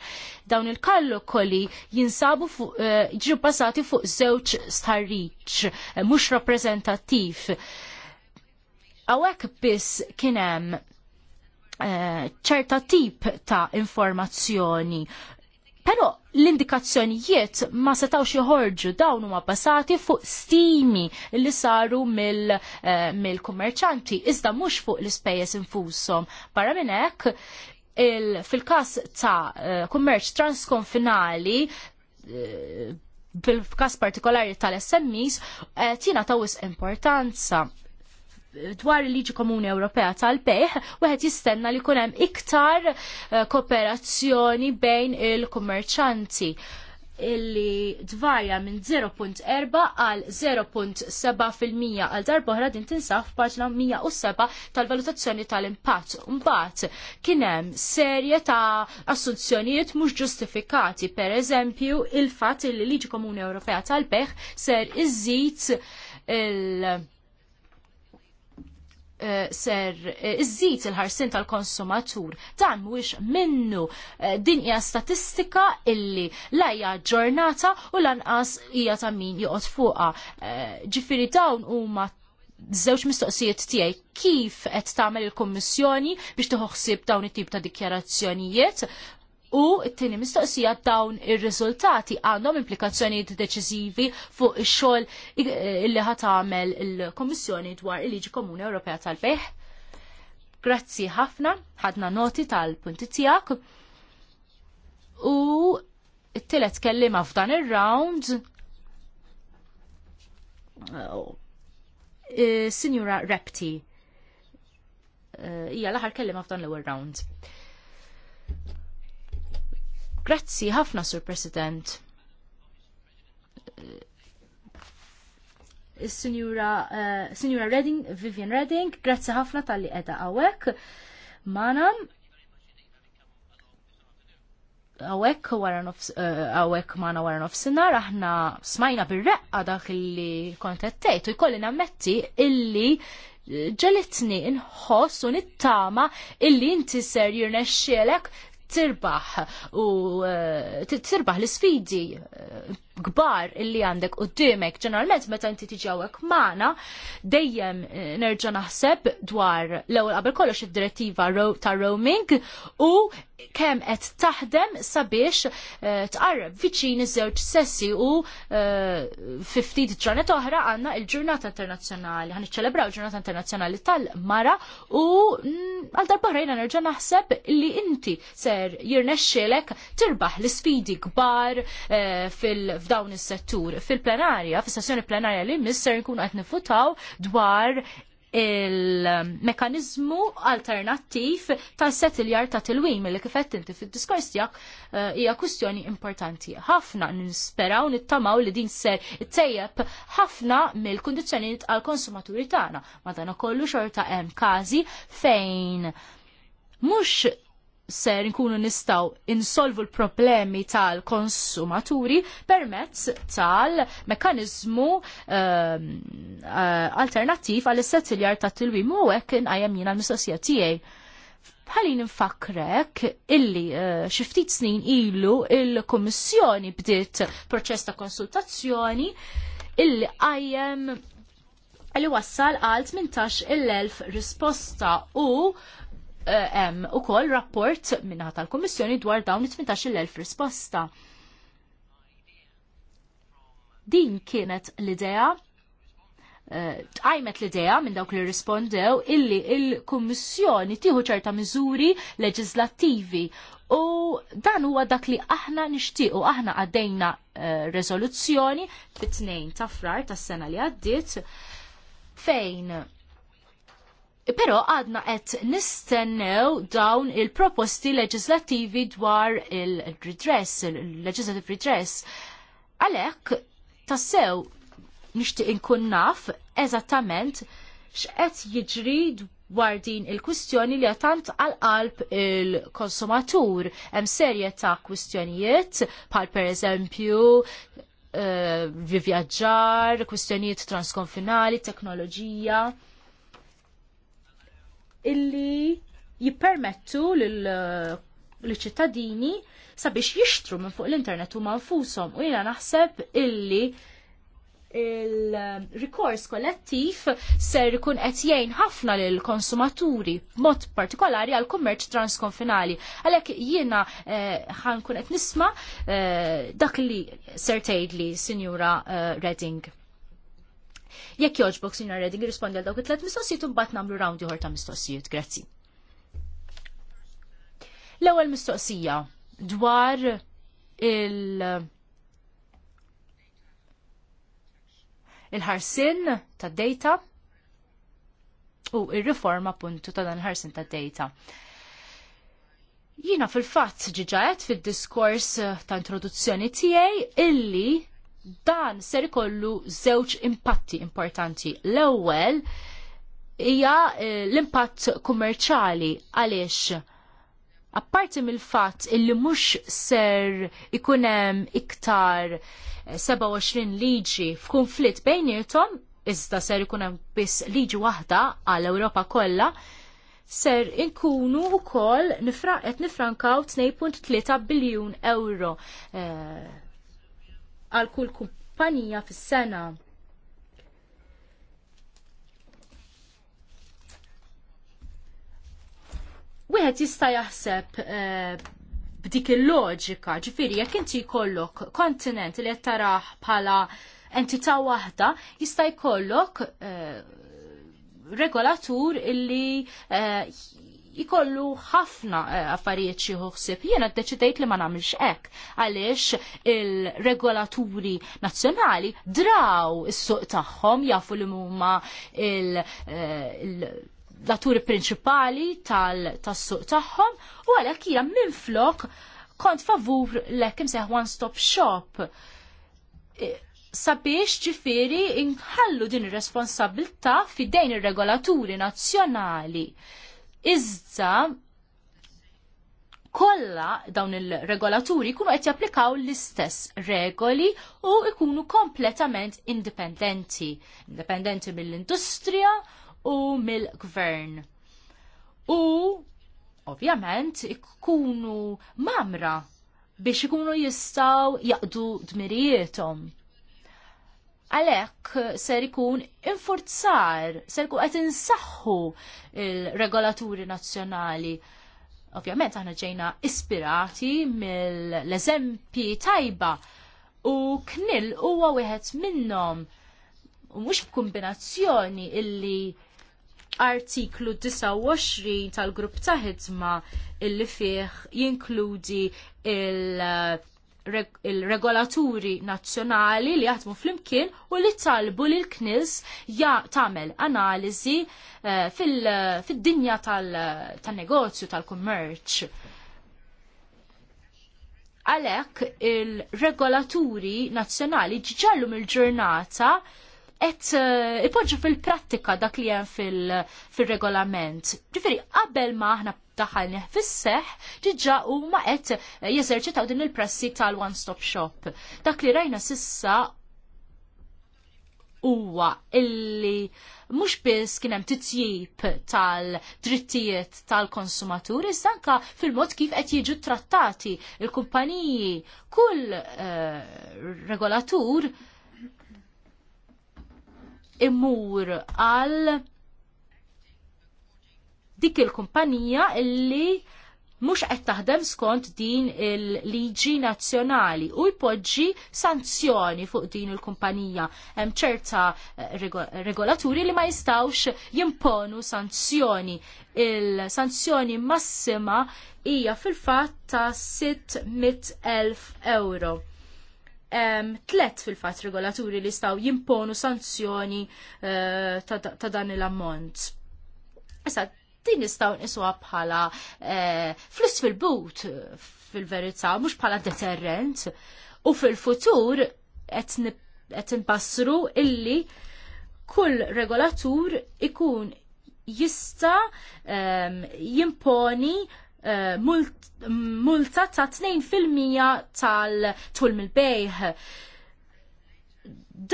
Dawn il-kalkoli jinsabu eh, ġiu basati fuq żewġ starriċ eh, mhux rappreżentattiv. Awek biss kien hemm eh, ċerta tip ta' informazzjoni Pero l-indikazzjonijiet ma setawx joħorġu dawn huma basati fuq stimi li saru eh, mill-kummerċanti, mil iżda mhux fuq l-ispejjeż infushom. Barra minn hekk, fil-każ ta' eh, kummerċ transkonfinali fil-każ eh, partikolari tal-SMEs tina tawis importanza dwar il-liġi komuni Ewropea tal-peħ, wieħed jistenna li jkun hemm iktar eh, kooperazzjoni bejn il-kummerċanti illi dvarja minn 0.4 għal 0.7% għal darbohra din tinsaf f'paġna 107 tal-valutazzjoni tal-impatt. Mbagħad kien hemm serje ta' assunzjonijiet mhux ġustifikati, per eżempju il-fatt li liġi Komuni Ewropea tal-Peħ ser iżid il- Eh, ser eh, iżżid il-ħarsin tal-konsumatur. Dan mhuwiex minnu eh, din hija statistika illi lajja ġurnata ġornata u lanqas hija ta' min joqgħod fuqha. Ġifieri dawn huma żewġ mistoqsijiet tiegħi kif qed tagħmel il-Kummissjoni biex tħoħsib dawn it-tip ta' dikjarazzjonijiet U t-tini mistoqsija dawn ir-riżultati għandhom implikazzjonijiet deċiżivi fuq ix-xogħol li ħat tagħmel il-Kommissjoni dwar il-Liġi Komuni Ewropea tal-Beħ. Grazzi ħafna, ħadna noti tal-punti tiegħek. U t-tielet kellima f'dan ir-round. Eh, Signora Repti. Eh, hija l-aħħar kellima f'dan l-ewwel round. Grazzi ħafna, Sur President. Eh, Signora, uh, Signora Redding, Vivian Redding, grazzi ħafna tal-li edha għawek. Manam, għawek wara eh, għawek mana wara nofsinar, aħna smajna bil-reqqa dak li kontettejt, u jkolli nammetti illi ġelitni inħoss u nittama illi inti ser jirnexxielek tirbaħ u eh, tirbaħ l-sfidi eh, kbar illi għandek u dimek ġeneralment meta inti tiġi hawnhekk dejjem eh, nerġa' naħseb dwar l-ewwel qabel kollox id-direttiva ta' roaming u kemm qed taħdem sabiex eh, tqarrab viċin iż-żewġ sessi u eh, fi ftit ġranet oħra għandna il ġurnata Internazzjonali. Ħan iċċelebraw ġurnata Internazzjonali tal-Mara u mm, għal darba ħrejna nerġa' naħseb li inti ser jirnexxielek tirbaħ l-isfidi kbar fil f'dawn is-settur. Fil-plenarja, fis-sessjoni plenarja li misser inkunu qed nifutaw dwar il-mekanizmu alternattiv ta' settiljar ta' tilwim li kifett inti fil-diskors tijak eh, hija kustjoni importanti. ħafna nisperaw nittamaw li din ser tejjeb ħafna mill-kondizjoniet għal konsumaturi tagħna. Madana kollu xorta hemm każi fejn mhux ser nkunu nistaw insolvu l-problemi tal-konsumaturi permezz tal-mekanizmu um, alternativ għal settiljar ta' tilwim u għek n-għajem jina l-mistoqsija tiegħi. Bħalin nfakrek illi eh, xiftit snin ilu il komissjoni bdiet proċess ta' konsultazzjoni illi għajem għalli wassal għal 18 il elf risposta u Eh, hemm ukoll rapport minnaħa tal-Kummissjoni dwar dawn 18000 risposta. Din kienet l-idea eh, tqajmet l-idea minn dawk li rispondew illi il-Kummissjoni tieħu ċerta miżuri leġislattivi u dan huwa dak li aħna nixtiequ aħna għaddejna eh, rezoluzzjoni fit tnejn ta' frar tas-sena li għaddiet fejn Pero għadna qed nistennew dawn il-proposti leġislattivi dwar il-redress, il-legislative redress. Għalek, tassew nishtiq inkun naf eżattament x'qed jiġri dwar din il-kwistjoni li għatant għal-qalb il-konsumatur. Hemm serje ta' kwistjonijiet, pal per eżempju eh, vivjaġġar, kwistjonijiet transkonfinali, teknoloġija illi jippermettu l-ċittadini uh, sabiex jixtru minn fuq l-internet u manfusom u jina naħseb illi il-rikors kollettiv ser ikun qed jgħin ħafna lil konsumaturi b'mod partikolari għal kummerċ transkonfinali. Għalhekk jiena eh, ħankun qed nisma' eh, dak li ser tgħidli, Sinjura eh, Reding. Jekk joġbok, Sinjor Redding, rispondi għal dawk it-tlet mistoqsijiet u mbagħad nagħmlu round ieħor ta' mistoqsijiet. Grazzi. L-ewwel mistoqsija dwar il il-ħarsin ta' data u il-riforma puntu ta' dan il-ħarsin ta' data jina fil-fatt ġiġaħet fil-diskors ta' introduzzjoni tijaj illi dan ser ikollu żewġ impatti importanti. L-ewwel hija eh, l-impatt kummerċjali għaliex apparti mill-fatt illi mhux ser ikun hemm iktar 27 eh, liġi f'kunflitt bejniethom, iżda ser ikun hemm biss liġi waħda għall Ewropa kollha, ser inkunu wkoll qed nifrankaw 2.3 biljun euro. Eh, għal kull kumpanija fis-sena. Wieħed jista' jaħseb eh, b'dik il-loġika, ġifieri jekk inti jkollok kontinent li qed taraħ bħala entità waħda, jista' jkollok eh, regolatur illi eh, jikollu ħafna eh, affarijiet xi ħsieb. Jiena ddeċidejt li ma nagħmilx hekk għaliex il-regolaturi nazzjonali draw is-suq tagħhom jafu li huma il-laturi eh, prinċipali tas-suq tagħhom u għalhekk jiena minflok kont favur l-ekk imseħ one-stop shop eh, sabiex ġifiri inħallu din ir-responsabilta fidejn ir-regolaturi nazzjonali. Iżda kollha dawn il-regolaturi jkunu qed japplikaw l-istess regoli u ikunu kompletament indipendenti, indipendenti mill-industrija u mill-gvern. U ovvjament ikunu mamra biex ikunu jistaw jaqdu dmirijietom. Għalhekk eh, ser ikun infurzar, ser ikun qed insaħħu il-regolaturi nazzjonali. Ovvjament aħna ġejna ispirati mill eżempi tajba u knil huwa wieħed minnhom u mhux b'kombinazzjoni illi artiklu 29 tal-grupp ta' ħidma illi fih jinkludi il- il-regolaturi nazzjonali li jaħdmu fl-imkien u li talbu li l-knis ja tamel analizi eh, fil dinja tal negozju tal kommerċ kummerċ Għalek il-regolaturi nazzjonali ġiġallu mill ġurnata et eh, ipoġġu fil-prattika dak li hemm fil-regolament. Ġifiri, qabel ma aħna taħal fis ġiġa diġà huma qed jeżerċitaw din il pressi tal tal-one-stop shop. Dak li rajna sissa huwa illi mhux biss kien hemm titjib tal-drittijiet tal-konsumaturi, sanka fil-mod kif qed jiġu trattati il-kumpaniji kull eh, regolatur imur għal dik il-kumpanija illi mhux qed taħdem skont din il-liġi nazzjonali u jpoġġi sanzjoni fuq din il-kumpanija. Hemm ċerta eh, regolaturi li ma jistawx jimponu sanzjoni. Il-sanzjoni massima hija fil-fatt ta' 600.000 euro. Um, tlet fil-fat regolaturi li staw jimponu sanzjoni uh, ta, ta' dan il-ammont din nistaw niswa bħala eh, flus fil-but fil-verità, mhux bħala deterrent u fil-futur qed nbassru illi kull regolatur ikun jista ehm, jimponi eh, multa ta' 2% tal-tul mill-bejħ.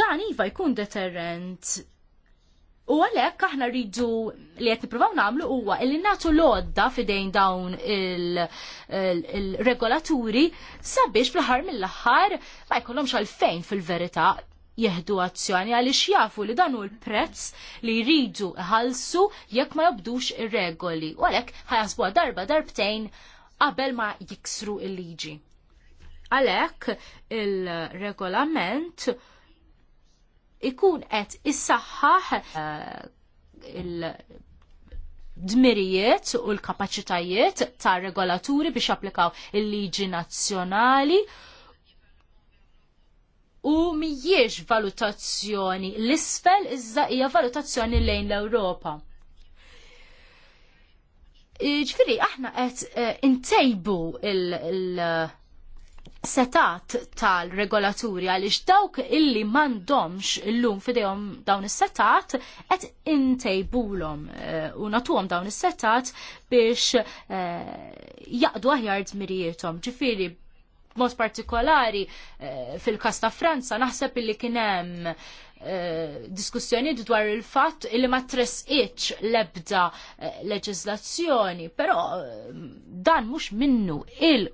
Dan iva jkun deterrent U għalhekk aħna rridu li qed nippruvaw nagħmlu huwa li nagħtu lodda f'idejn dawn il-regolaturi sabiex fl-aħħar mill-aħħar ma jkollhomx għalfejn fil-verità jeħdu azzjoni għaliex jafu li dan hu l-prezz li jridu ħalsu jekk ma jobdux ir-regoli. U għalhekk ħajasbuha darba darbtejn qabel ma jiksru il-liġi. Għalhekk il-regolament il regolament ikun qed issaħħaħ eh, il-dmirijiet u l-kapaċitajiet tar regolaturi biex applikaw il-liġi nazzjonali u mhijiex valutazzjoni l-isfel iżda hija valutazzjoni lejn l-Ewropa. Ġifiri, aħna qed eh, intejbu il-, il setat tal-regolaturi għaliex dawk illi mandomx illum fidejhom dawn is-setat qed intejbulhom eh, u uh, natuhom dawn is-setat biex uh, jaqdu aħjar dmirijietom ġifiri mod partikolari uh, fil-kas ta' Franza naħseb illi kien hemm diskussjoni dwar il-fatt illi ma tresqiċ l-ebda leġislazzjoni, però dan mhux minnu il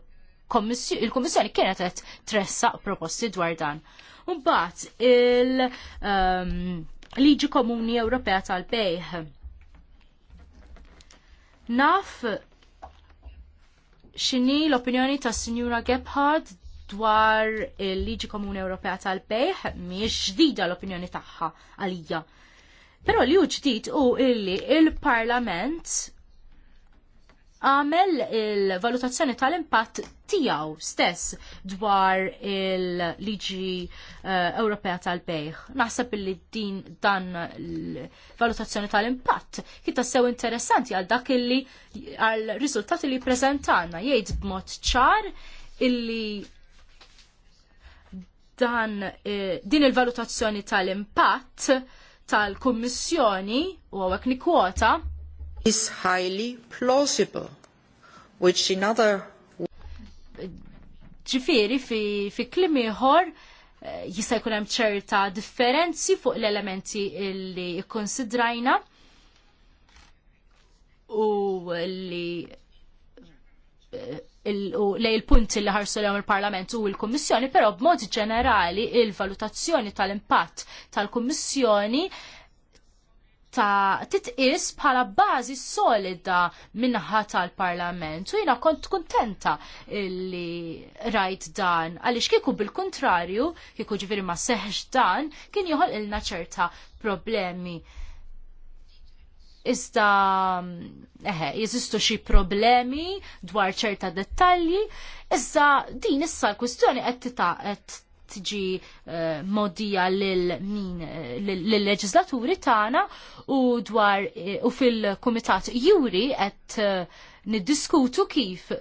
il-Kommissjoni kienet qed tressa proposti dwar dan. Mbagħad il-Liġi ehm, Komuni Ewropea tal-Bejħ. Naf x'inhi l-opinjoni tas-Sinjura Gebhard dwar il-Liġi Komuni Ewropea tal-Bejħ mhijiex ġdida l-opinjoni tagħha għalija. Però li ġdid u illi il-Parlament għamel il-valutazzjoni tal-impatt tijaw stess dwar il-liġi uh, Ewropea tal-bejħ. Naħseb li din dan il valutazzjoni tal-impatt kita sew interessanti għal dak illi għal riżultati li prezentana jgħid b'mod ċar illi dan eh, din il-valutazzjoni tal-impatt tal-Kummissjoni u għawek nikwota is highly plausible, which in other ġifiri fi, fi klim ieħor eh, jista' jkun ċerta differenzi fuq l-elementi li konsidrajna u li lej eh, il-punti li ħarsu l il-Parlament u l-Kommissjoni, però b'mod ġenerali il-valutazzjoni tal-impatt tal-Kommissjoni ta' titqis bħala bażi solida minnaħa tal-Parlament. U jina kont kontenta li rajt dan, għaliex kieku bil-kontrarju, kieku ġifiri ma seħx dan, kien joħol ilna ċerta problemi. Iżda, eħe, jeżistu xi problemi dwar ċerta dettalji, iżda din issa l-kwistjoni qed tiġi eh, modija l leġislaturi tagħna u dwar eh, u fil-Kumitat Juri qed eh, niddiskutu kif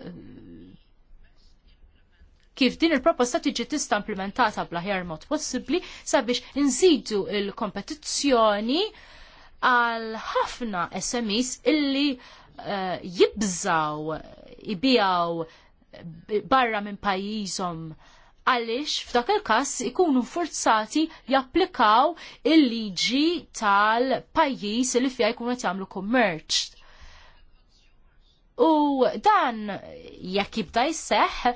kif din il-proposta tiġi tista' implementata bl-aħjar mod possibbli sabiex inżidu il-kompetizzjoni għal ħafna SMEs illi uh, jibżaw ibijaw barra minn pajjiżhom għaliex f'dak il-każ ikunu forzati japplikaw il-liġi tal pajis li fija jkunu qed jagħmlu kummerċ. U dan jekk jibda jseħħ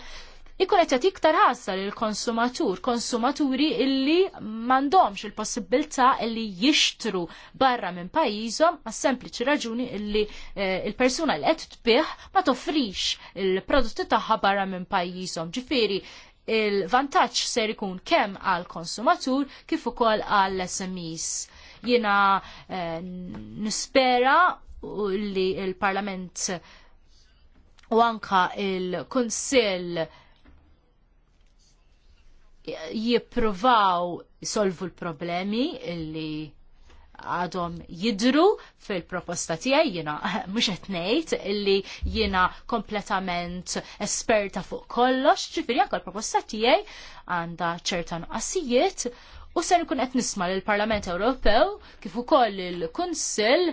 ikun qed iktar ħassa lil konsumatur, konsumaturi illi m'għandhomx il-possibilità illi jixtru barra minn pajjiżhom għas sempliċi raġuni illi eh, il-persuna li qed tbih ma toffrix il-prodotti tagħha barra minn pajjiżhom. Ġifieri il-vantaġġ ser ikun kemm għal konsumatur kif ukoll għal SMEs. Jiena eh, nispera li il-Parlament u anka il-Kunsill jippruvaw solvu l-problemi li għadhom jidru fil-proposta tiegħi jiena mhux qed ngħid illi jiena kompletament esperta fuq kollox, ġifieri anke l-proposta tiegħi għandha ċerta nuqqasijiet u se nkun qed nisma' lill-Parlament Ewropew kif ukoll il-Kunsill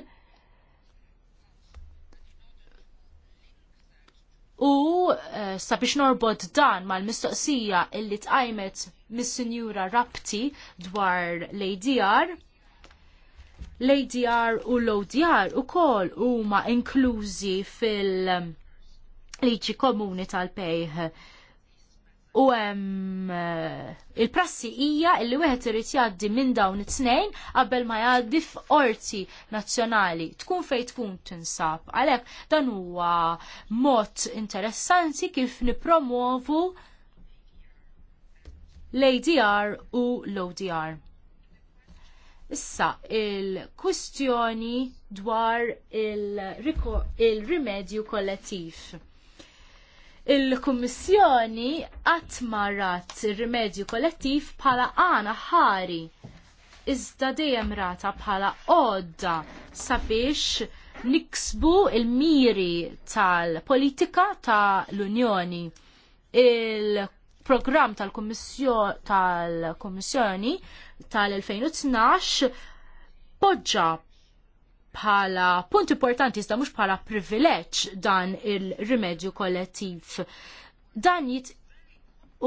U uh, sabiex norbod dan mal-mistoqsija illi tqajmet mis-Sinjura Rapti dwar l-ADR, l-ADR u l-ODR u kol huma inklużi fil-liġi um, komuni tal-pejħ. U hemm um, uh, il-prassi hija li wieħed irid jgħaddi minn dawn it-tnejn qabel ma jgħaddi f'orti nazzjonali tkun fejn tkun tinsab. Għalhekk dan huwa mod interessanti kif nipromovu l-ADR u l-ODR. Issa, il-kustjoni dwar il-rimedju il kollettiv. Il-Kummissjoni għatmarat ma rat il-rimedju kollettiv bħala għana ħari. Iżda dejjem rata bħala għodda sabiex niksbu il-miri tal-politika tal-Unjoni. Il-programm tal-Kummissjoni tal tal-2012 poġġa bħala punt importanti iżda mhux bħala privileġġ dan il-rimedju kollettiv. Dan jit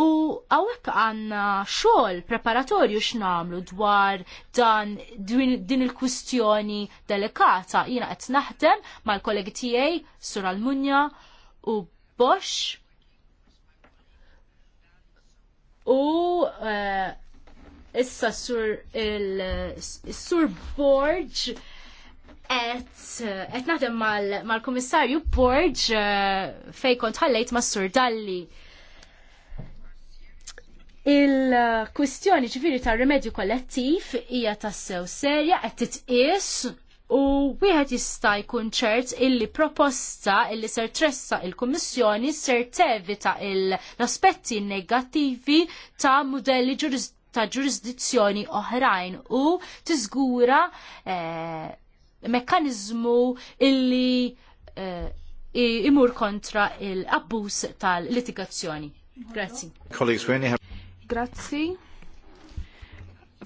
u għawek għanna xogħol preparatorju x'namlu dwar dan din il-kwistjoni delikata jiena qed naħdem mal-kollegi tiegħi Sur Almunja u Bosch u uh, issa sur il-sur Borg et naħdem mal-komissarju mal Borg eh, fej kont ħallejt ma' sur Dalli. Il-kwistjoni ġifiri ta' remedju kollettiv hija tas-sew serja qed titqis u wieħed jista' jkun ċert illi proposta illi ser tressa il-Kummissjoni ser tevita l-aspetti negattivi ta' modelli ġuris ta' ġurisdizzjoni oħrajn u tiżgura eh, mekkanizmu illi eh, imur kontra l-abbuż tal-litigazzjoni. Grazzi. Grazzi.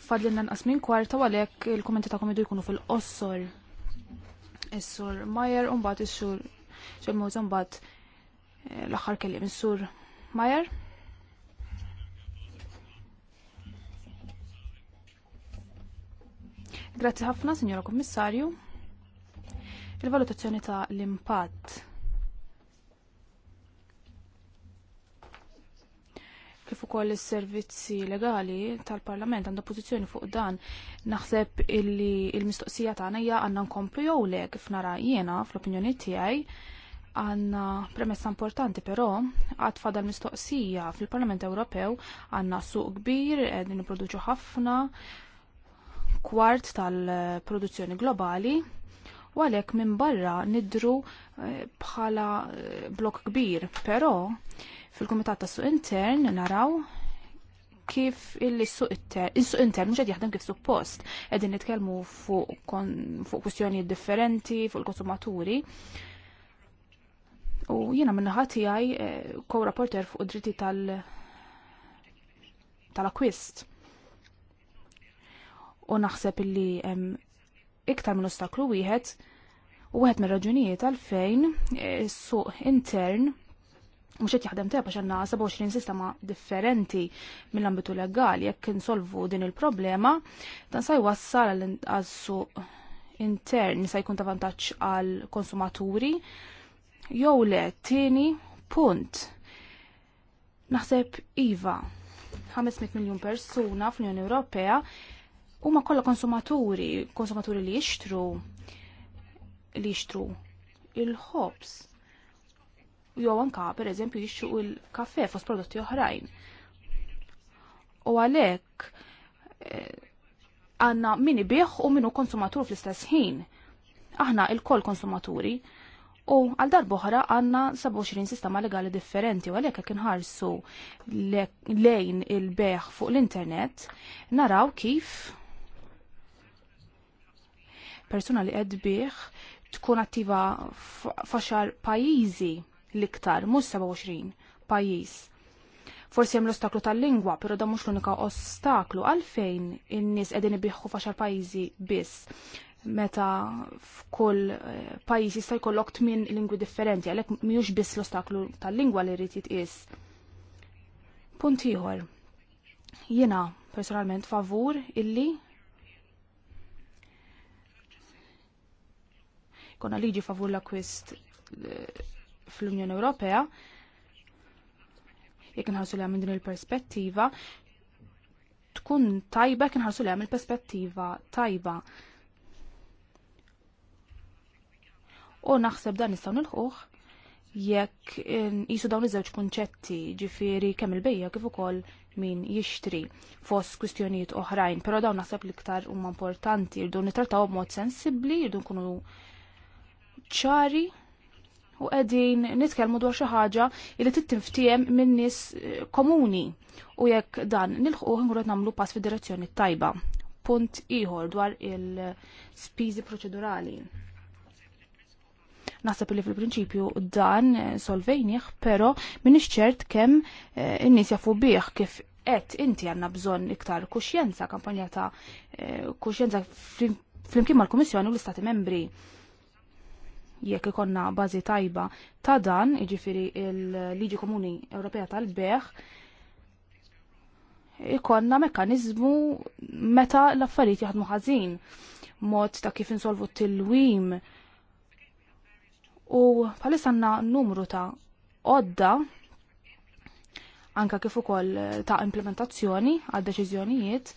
Fadlinna nqas minn kwarta għalhekk il-kummenti ta' komedu jkunu fil-qossor. Is-sur Majer u mbagħad is-sur xemmuż mbagħad eh, l-aħħar kelliem is-sur Majer. Grazzi ħafna, Signora Kommissarju. Il-valutazzjoni ta' l-impatt. Kif ukoll is-servizzi legali tal-Parlament għandha pożizzjoni fuq dan, naħseb illi l mistoqsija tagħna hija għandna nkomplu jew le kif nara jiena fl-opinjoni tiegħi għanna premessa importanti però għad fadal mistoqsija fil-Parlament Ewropew għanna suq kbir, għedin niproduċu ħafna kwart tal-produzzjoni globali u għalhekk minn barra nidru eh, bħala eh, blok kbir, però fil-Kumitat tas-Suq Intern naraw kif il-suq intern mhux qed jaħdem kif suppost. Qegħdin nitkellmu fuq kwistjonijiet differenti, fuq il-konsumaturi. U jiena minn ħati tiegħi eh, co-rapporter fuq id-dritti tal- tal-akwist u naħseb illi iktar minn ostaklu wieħed u wieħed mir-raġunijiet għalfejn e, suq intern mhux qed jaħdem tebax għandna 27 sistema differenti mill-ambitu legali jekk insolvu din il-problema, dan sa jwassal għal-suq intern sa jkun ta' vantaġġ għal konsumaturi jew le tieni punt. Naħseb iva 500 miljun persuna fl-Unjoni Ewropea huma kollha konsumaturi, konsumaturi li jixtru li jixtru il-ħobs. Jo anka pereżempju jixtru il kaffe fost prodotti oħrajn. U għalhekk eh, għandna eh, min ibih u minnu konsumatur fl-istess ħin. Aħna il-koll konsumaturi u għal darboħra għanna 27 sistema legali differenti u għalhekk kien ħarsu lejn il-beħ fuq l-internet naraw kif Persona li qed bih tkun attiva faxar pajjiżi l-iktar, mhux 27 pajjiż. Forsi hemm l-ostaklu tal-lingwa, però da mhux l-unika ostaklu għalfejn in-nies qegħdin ibiħħu faxar pajjiżi biss meta f'kull eh, pajjiż jista' jkollok tmien lingwi differenti għalhekk mhijiex biss l-ostaklu tal-lingwa li rrid jitqies. Punt ieħor. Jiena personalment favur illi konna liġi favur l-akwist eh, fl-Unjoni Ewropea, jekk nħarsu li minn din il-perspettiva, tkun tajba jek nħarsu li il-perspettiva tajba. U naħseb dan nistgħu nilħuħ jekk jisu dawn iż-żewġ kunċetti ġifieri kemm il-bejja kif ukoll min jixtri fost kwistjonijiet oħrajn, però dawn naħseb l-iktar huma importanti irdu nittrattaw b'mod sensibbli, irdu nkunu ċari u qegħdin nitkellmu dwar xi ħaġa li tittinftiem minn nies eh, komuni u jekk dan nilħu inkunu qed nagħmlu pass fid-direzzjoni tajba. Punt ieħor dwar il-spiżi proċedurali. Naħseb li fil-prinċipju dan eh, solvejnieh, però minix ċert kemm eh, in-nies jafu bih kif qed inti għandna bżonn iktar kuxjenza, kampanja ta' kuxjenza flimkien mal-Kummissjoni u l-Istati Membri jekk ikonna bażi tajba ta' dan, jiġifieri il-Liġi Komuni Ewropea tal-Beħ, ikonna mekkaniżmu meta l-affarijiet jaħdmu ħażin, mod ta' kif insolvu t-tilwim. U bħalissa għandna numru ta' odda anka kif ukoll ta' implementazzjoni għal deċiżjonijiet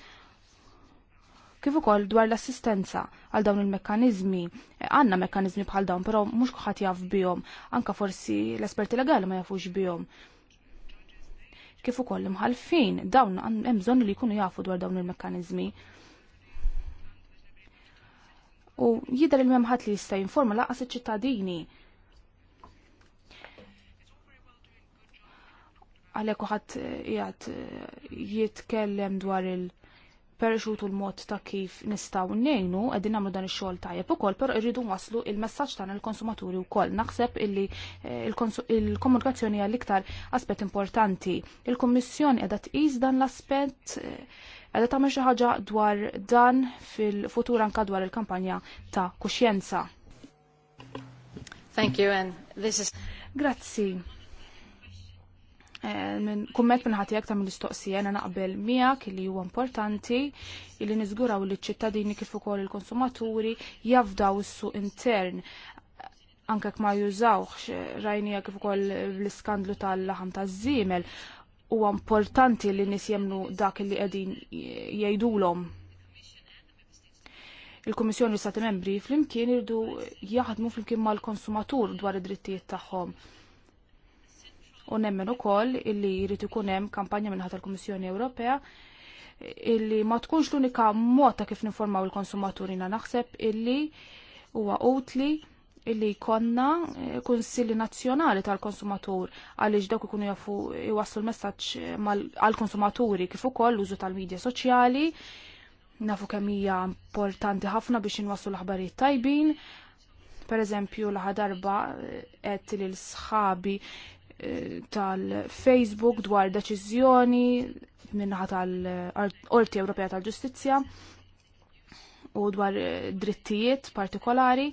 kif ukoll dwar l-assistenza għal dawn il-mekkaniżmi. E, Għandna mekkaniżmi bħal dawn, però mhux kulħadd jaf bihom, anka forsi l-esperti legali ma jafux bihom. Kif ukoll imħalfin dawn hemm bżonn li jkunu jafu dwar dawn il-mekkaniżmi. U jidher il-memħat li jista' jinforma laqas iċ-ċittadini għalek uħat jgħat eh, jitkellem dwar il- perxutu l-mod ta' kif nistaw nejnu, għedin namlu dan il-xol tajjeb u koll, pero irridu waslu il-messagġ ta' il-konsumaturi u koll. Naħseb illi eh, il-komunikazzjoni għall-iktar aspet importanti. Il-Kommissjoni għedha tqis dan l-aspet eh, għedha tagħmel xi ħaġa dwar dan fil-futur anka dwar il-kampanja ta' kuxjenza. Thank
you and this is
Grazzi. Eh, minn kumment minn ħatijak ta' mill-istoqsija na naqbel miegħek li huwa importanti li niżguraw li ċ-ċittadini kif ukoll il-konsumaturi jafdaw is-suq intern anke ma jużawx eh, rajnija kif ukoll l-iskandlu tal-laħam taż-żiemel huwa importanti li nis jemnu dak li qegħdin jgħidulhom il-Kummissjoni Stati Membri flimkien irdu jaħdmu flimkien mal-konsumatur dwar id-drittijiet tagħhom u nemmen ukoll illi jrid ikun hemm kampanja minn tal-Kummissjoni Ewropea illi ma tkunx l-unika mod ta' kif ninformaw il-konsumaturi na naħseb illi huwa utli illi jkollna eh, kunsilli nazzjonali tal-konsumatur għaliex dawk ikunu jafu jwaslu l-messaġġ għall-konsumaturi kif ukoll l-użu tal-medja soċjali nafu kemm hija importanti ħafna biex inwaslu l-aħbarijiet tajbin. Per eżempju, l-ħadarba qed eh, lil sħabi tal-Facebook dwar deċiżjoni minnaħa tal-Orti Ewropea tal-Ġustizzja u dwar eh, drittijiet partikolari.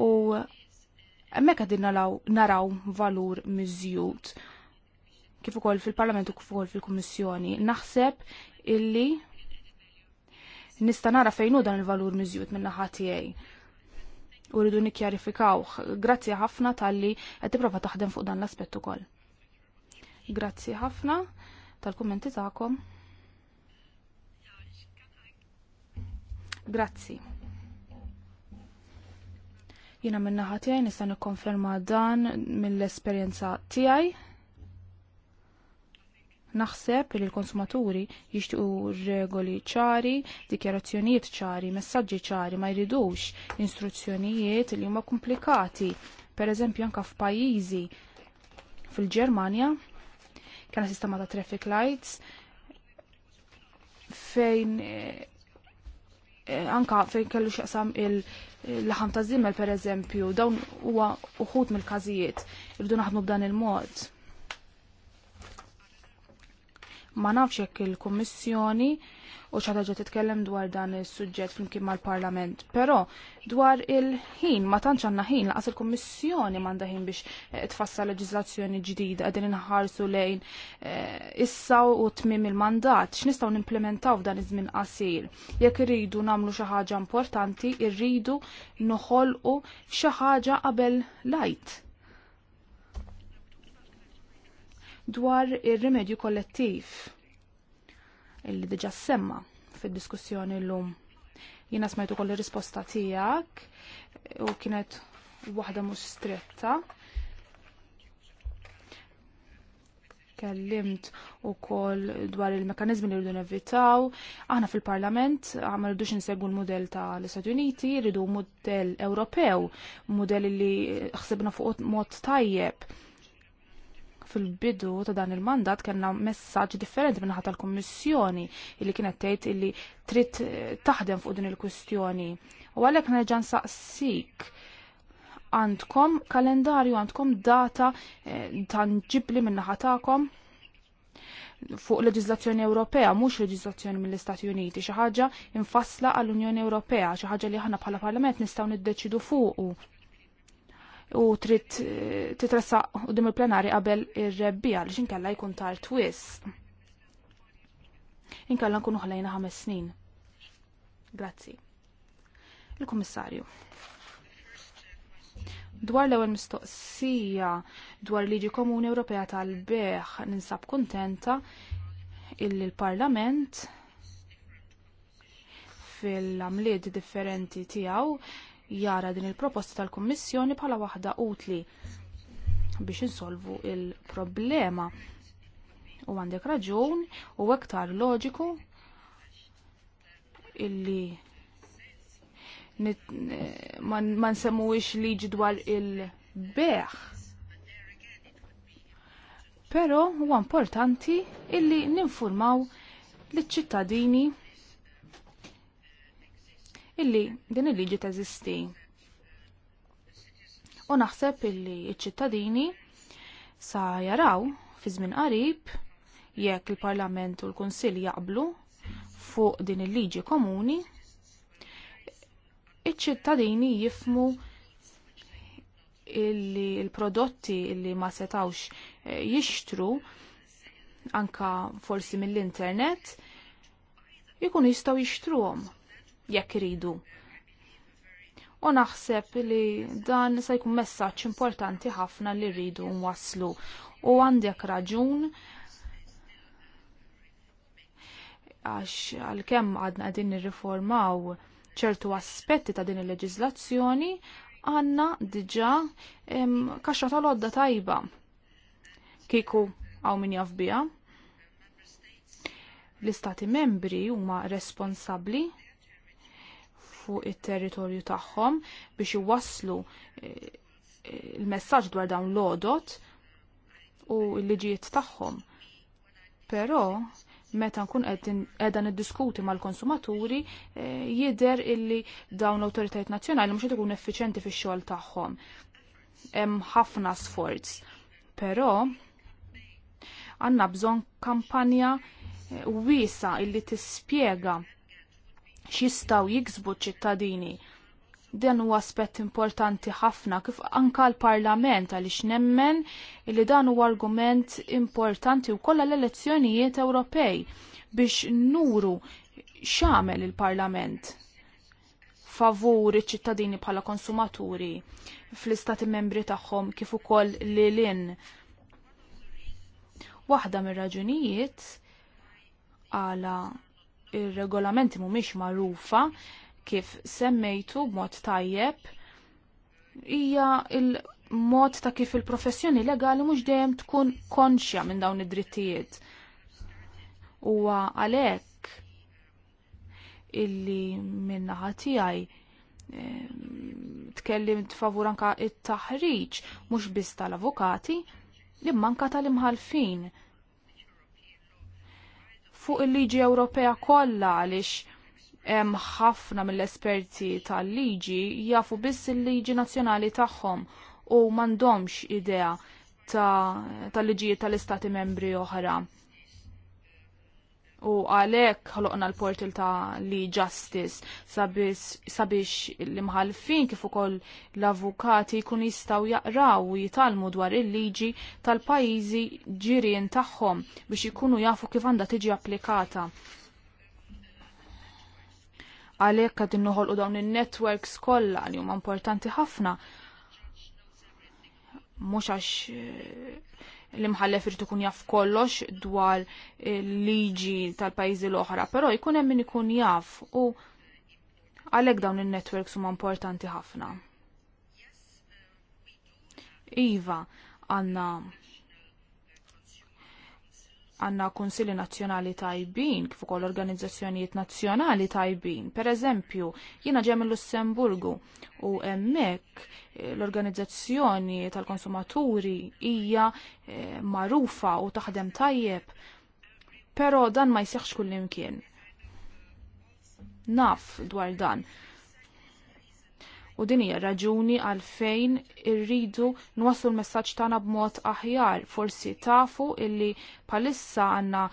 U emmek għadin naraw valur miżjut kif ukoll fil-Parlament u kif ukoll fil-Kummissjoni. Naħseb illi nista' nara fejn hu dan il-valur miżjut minnaħat naħa tiegħi u rridu Grazzi ħafna talli qed tipprova taħdem fuq dan l-aspett ukoll. Grazzi ħafna tal-kummenti tagħkom. Grazzi. Jiena minna ħatijaj tiegħi nista' nikkonferma dan mill-esperjenza tiegħi Naħseb li l-konsumaturi jixtiequ regoli ċari, dikjarazzjonijiet ċari, messaġġi ċari, ma jridux instruzzjonijiet li huma komplikati. Per eżempju anka f'pajjiżi fil-Ġermanja kena sistema ta' traffic lights fejn eh, eh, anka fejn kellu xaqsam il laħan ta' zimmel per eżempju, dawn huwa uħut mill-każijiet, irridu naħdmu b'dan il-mod ma nafx jekk il-Kummissjoni u xi ħaġa titkellem dwar dan is-suġġett flimkien mal-Parlament. Però dwar il-ħin ma tantx għandna ħin laqas il-Kummissjoni m'għandha ħin biex eh, tfassal leġiżlazzjoni ġdida qegħdin inħarsu lejn eh, issa u tmiem il-mandat x'nistgħu nimplementaw f'dan iż-żmien qasir. Jekk irridu nagħmlu xi ħaġa importanti, irridu noħolqu xi ħaġa qabel lajt dwar ir-rimedju il kollettiv illi diġa semma fid-diskussjoni l-lum. Jina smajtu kolli risposta tijak u kienet waħda mux stretta. Kellimt u koll dwar il-mekanizmi li rridu nevitaw. Aħna fil-parlament għamma rridux nsegwu l model ta' l-Istati Uniti, rridu model Ewropew, model li xsibna fuq mod tajjeb fil-bidu ta' dan il-mandat kellna messaġġ differenti minn ħadd tal-Kummissjoni illi kienet tgħid illi trid taħdem fuq din il-kwistjoni. U għalhekk nerġa' nsaqsik għandkom kalendarju, għandkom data eh, tanġibli minn ħatakom fuq leġizlazzjoni Ewropea, mhux leġizlazzjoni mill-Istati Uniti, xi ħaġa infassla għall-Unjoni Ewropea, xi ħaġa li aħna bħala Parlament nistgħu niddeċidu fuqu u trid eh, titressaq dim il-plenari qabel ir-rebbija li inkella jkun tard wis. Inkella nkunu ħlejna ħames snin. Grazzi. Il-Kummissarju. Dwar l-ewwel mistoqsija dwar liġi komuni Ewropea tal-beħ ninsab kuntenta illi l-Parlament fil-għamliet differenti tiegħu jara din il-proposta tal-Kummissjoni bħala waħda utli biex insolvu il-problema. U għandek raġun u aktar loġiku illi ma nsemmuix liġi dwar il-beħ. Pero huwa importanti illi ninfurmaw l-ċittadini illi din il-liġi teżisti. U naħseb illi iċ-ċittadini sa jaraw fi żmien qarib jekk il-Parlament u l-Kunsill jaqblu fuq din il-liġi komuni, iċ-ċittadini jifmu illi il-prodotti illi ma setawx eh, jixtru anka forsi mill-internet jikun jistaw jixtruhom jekk iridu. U naħseb li dan se jkun messaġġ importanti ħafna li rridu nwasslu. U għandek raġun għax għalkemm għadna qegħdin nirriformaw ċertu aspetti ta' din il leġislazzjoni għanna diġa kaxra tal-odda tajba. Kiku għaw min jafbija. L-istati membri huma responsabli fuq it-territorju tagħhom biex iwasslu eh, eh, il-messaġġ dwar dawn l-odot u l-liġijiet tagħhom. Però meta nkun qiegħda niddiskuti mal-konsumaturi eh, jidher illi dawn l-awtoritajiet nazzjonali mhux qed ikun effiċenti fix-xogħol tagħhom. Hemm ħafna sforz. Però għandna bżonn kampanja wiesa illi tispjega x'jistgħu jiksbu ċittadini. Dan huwa aspett importanti ħafna kif anka l-Parlament għaliex nemmen li dan huwa argument importanti wkoll l-elezzjonijiet Ewropej biex nuru x'għamel il-Parlament favur iċ-ċittadini bħala konsumaturi fl-istati membri tagħhom kif ukoll lilin. Waħda mir-raġunijiet għala ir-regolamenti mhumiex magħrufa kif semmejtu b'mod tajjeb hija il-mod ta' kif il-professjoni legali mhux dejjem tkun konxja minn dawn id-drittijiet. Huwa għalhekk illi minnaħa tiegħi tkellim tfavur anka it-taħriġ mhux biss tal-avukati imma anka tal-imħalfin fuq il-liġi Ewropea kollha għaliex hemm ħafna mill-esperti tal-liġi jafu biss il-liġi nazzjonali tagħhom u m'għandhomx idea tal-liġijiet tal-istati membri oħra. U għalek ħloqna l-portal ta' li justice sabiex l-imħalfin kif ukoll l-avukati kun jistaw jaqraw u jitalmu dwar il-liġi tal-pajjiżi ġirien tagħhom biex ikunu jafu kif għandha tiġi applikata. Għalhekk qed innoħolqu dawn in-networks kollha li huma importanti ħafna mhux għax l-imħallef irid ikun jaf kollox dwar liġi tal-pajjiżi l-oħra, però jkun hemm min ikun jaf u għalhekk dawn in-networks huma importanti ħafna. Iva, għandna għanna konsili nazjonali tajbin, kif ukoll organizzazzjonijiet nazjonali tajbin. Per eżempju, jiena ġem il Lussemburgu u hemmhekk eh, l-organizzazzjoni tal-konsumaturi hija e, eh, marufa u taħdem tajjeb. Però dan ma jsieħx kull imkien. Naf dwar dan u din hija raġuni għal fejn irridu nwaslu l-messaġġ tagħna b'mod aħjar. Forsi tafu illi palissa għandna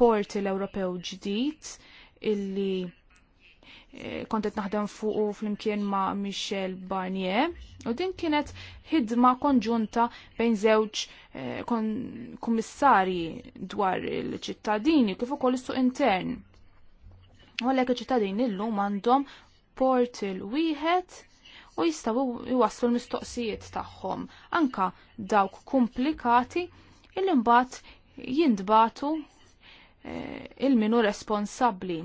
porti l-Ewropew ġdid illi eh, kontet naħdem fuq fl-imkien ma' Michel Barnier u din kienet ħidma konġunta bejn żewġ eh, kummissarji dwar il-ċittadini kif ukoll is-suq intern. U għalhekk iċ-ċittadini llum għandhom portal wieħed u jistaw jwaslu l-mistoqsijiet tagħhom anka dawk komplikati il mbagħad jindbatu eh, il-minu responsabbli.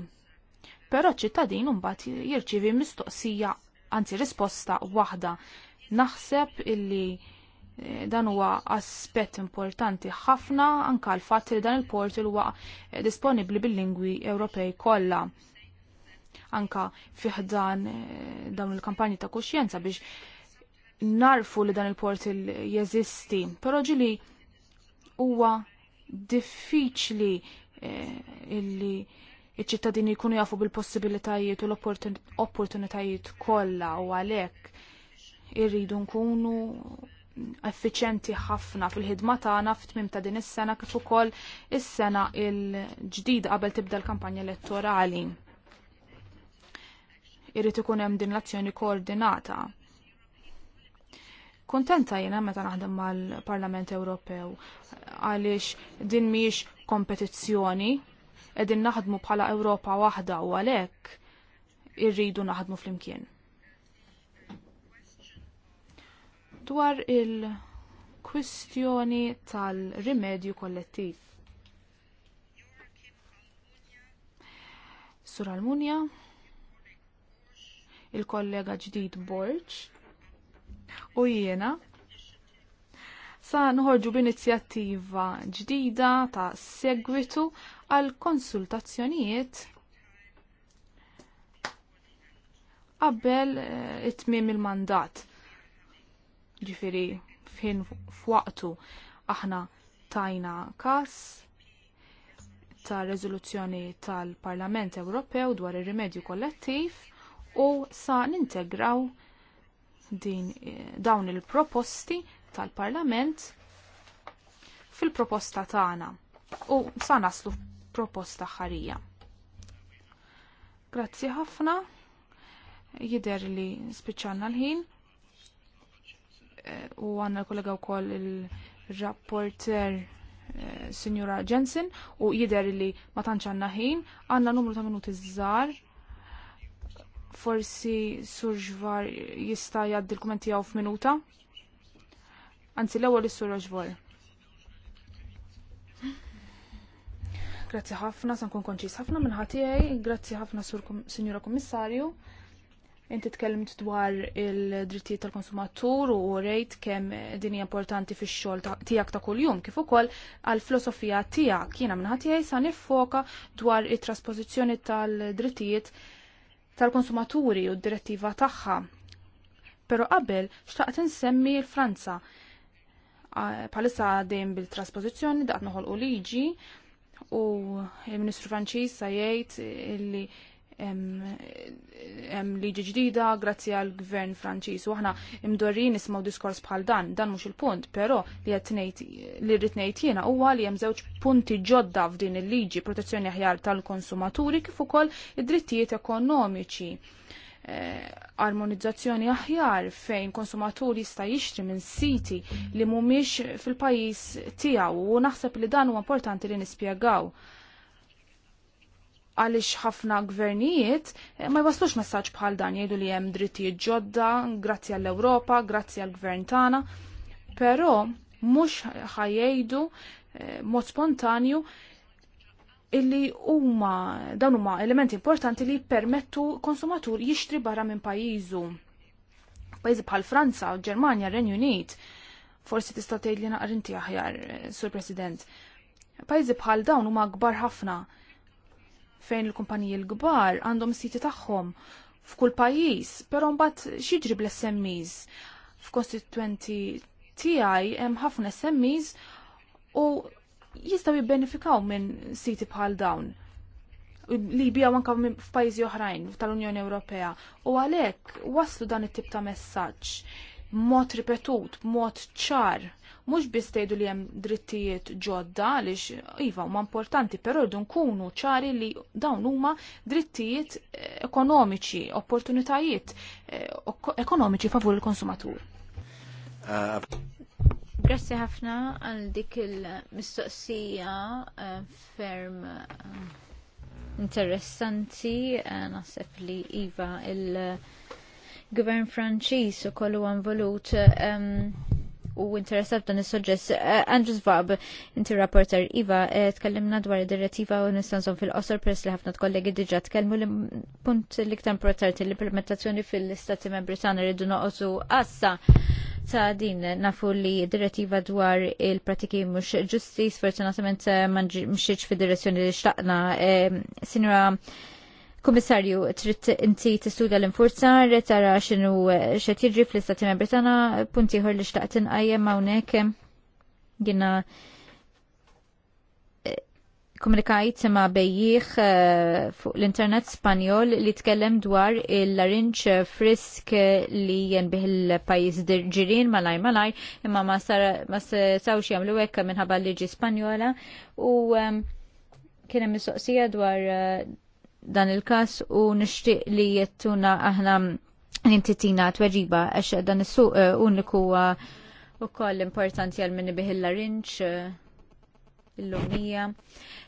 Però ċittadin imbagħad jirċievi mistoqsija anzi risposta waħda. Naħseb illi eh, dan huwa aspett importanti ħafna anka l-fatt li dan il-portal huwa eh, disponibbli bil-lingwi Ewropej kollha anka fiħdan eh, dawn il-kampanji ta' kuxjenza biex narfu li dan il portil jeżisti. Però ġili huwa diffiċli eh, illi iċ-ċittadini jkunu jafu bil-possibilitajiet u l-opportunitajiet kollha u għalhekk irridu nkunu effiċenti ħafna fil-ħidma tagħna fit ta' din is-sena kif ukoll is-sena l ġdida qabel tibda l-kampanja elettorali irrid ikun hemm din l-azzjoni koordinata. Kontenta jiena meta naħdem mal-Parlament Ewropew għaliex din mhijiex kompetizzjoni qegħdin naħdmu bħala Ewropa waħda u għalhekk irridu naħdmu flimkien. Dwar il-kwistjoni tal-rimedju kollettiv. Sur Almunia il-kollega ġdid Borċ u jiena sa nħorġu b'inizjattiva ġdida ta' segwitu għal konsultazzjonijiet qabel eh, it-tmiem il-mandat. Ġifiri, fin f'waqtu aħna tajna kas ta' rezoluzzjoni tal-Parlament Ewropew dwar ir-rimedju kollettiv u sa nintegraw din dawn il-proposti tal-Parlament fil-proposta tagħna u sa naslu proposta ħarija. Grazzi ħafna. Jider li spiċċanna l-ħin eh, u għanna kollega u koll il-rapporter eh, Signora Jensen u jider li ma ħin għanna numru ta' minuti zzar forsi surġvar jista jgħaddi l-kumenti għaw f'minuta. Anzi, l-ewwel is-surġvar. Grazzi ħafna, san kun konċis ħafna minn ħatijaj, grazzi ħafna Signora Sinjura Kommissarju. Inti tkellimt dwar il-drittijiet tal-konsumatur u rejt kemm din hija importanti fix-xogħol tiegħek ta' kuljum kif ukoll għall filosofija tiegħek. Jiena minn ħatijaj sa nifoka dwar it-trasposizzjoni tal-drittijiet tal-konsumaturi u d-direttiva tagħha. Pero qabel xtaqt insemmi l-Franza. Palissa għadin bil-trasposizjoni daqt noħolqu liġi u il-Ministru Franċiż sa jgħid illi hemm liġi ġdida grazzi għal gvern Franċiż u aħna imdorrin nismgħu diskors bħal dan, dan mhux il-punt, però li qed ngħid li rrid ngħid jiena huwa li hemm żewġ punti ġodda f'din il-liġi protezzjoni aħjar tal-konsumaturi kif ukoll id-drittijiet ekonomiċi. Eh, armonizzazzjoni aħjar fejn konsumatur jista' jixtri minn siti li mhumiex fil-pajjiż tiegħu u naħseb li dan huwa importanti li nispjegaw għaliex ħafna gvernijiet eh, ma jwaslux messaġġ bħal dan jgħidu li hemm drittijiet ġodda grazzi għall-Ewropa, grazzi għall-gvern tagħna, però mhux ħajjgħidu eh, mod spontanju illi huma dawn huma elementi importanti li jippermettu konsumatur jixtri barra minn pajjiżu. Pajjiżi bħal Franza, Ġermanja, Renju Unit, forsi tista' tgħid li naqrinti aħjar, eh, Sur President. Pajjiżi bħal dawn huma kbar ħafna fejn il-kumpaniji l-kbar għandhom siti tagħhom f'kull pajjiż, però mbagħad xiġri bl-SMEs. F'kostituenti tiegħi hemm ħafna SMEs u jistgħu jibbenefikaw minn siti bħal dawn. Libja u anka f'pajjiżi oħrajn tal-Unjoni Ewropea. U għalhekk waslu dan it-tip ta' messaġġ mod ripetut, mod ċar mhux bistejdu li hemm drittijiet ġodda għaliex iva huma importanti, però rdu nkunu ċari li dawn huma drittijiet eh, ekonomiċi, opportunitajiet eh, ekonomiċi favur il-konsumatur.
Uh, Grazzi ħafna għal dik il-mistoqsija eh, ferm interessanti, naħseb li Iva il- gvern Franċiż ukoll huwa involut u interessat dan is-soġġess. Eh, Andrews Zwab, inti rapporter Iva, eh, tkellimna dwar id-direttiva u nistanżon fil-qosor press li ħafna kollegi diġa tkellmu li punt l-iktar importanti l-implementazzjoni fil-Stati Membri tagħna rridu noqosu assa ta' din nafu li direttiva dwar il-pratiki mhux ġusti sfortunatament eh, ma mxieċ fil direzzjoni li xtaqna. Sinjora Komissarju, trid inti tistuda l-infurzar, tara x'inhu xet jiġri fl-Istati Membri tagħna, punt ieħor li xtaqt inqajjem hawnhekk jiena eh, komunikajt ma' bejjiħ eh, fuq l-internet Spanjol li tkellem dwar il-larinċ frisk li jenbih il-pajis ġirin malaj malaj imma ma sawx jamlu hekk minħabba liġi Spanjola u kienem mistoqsija dwar eh, dan il-kas u nixtieq li jettuna aħna nintitina tweġiba għax dan is-suq eh, uniku u koll importanti għal minni la rinċ eh, l-lumija.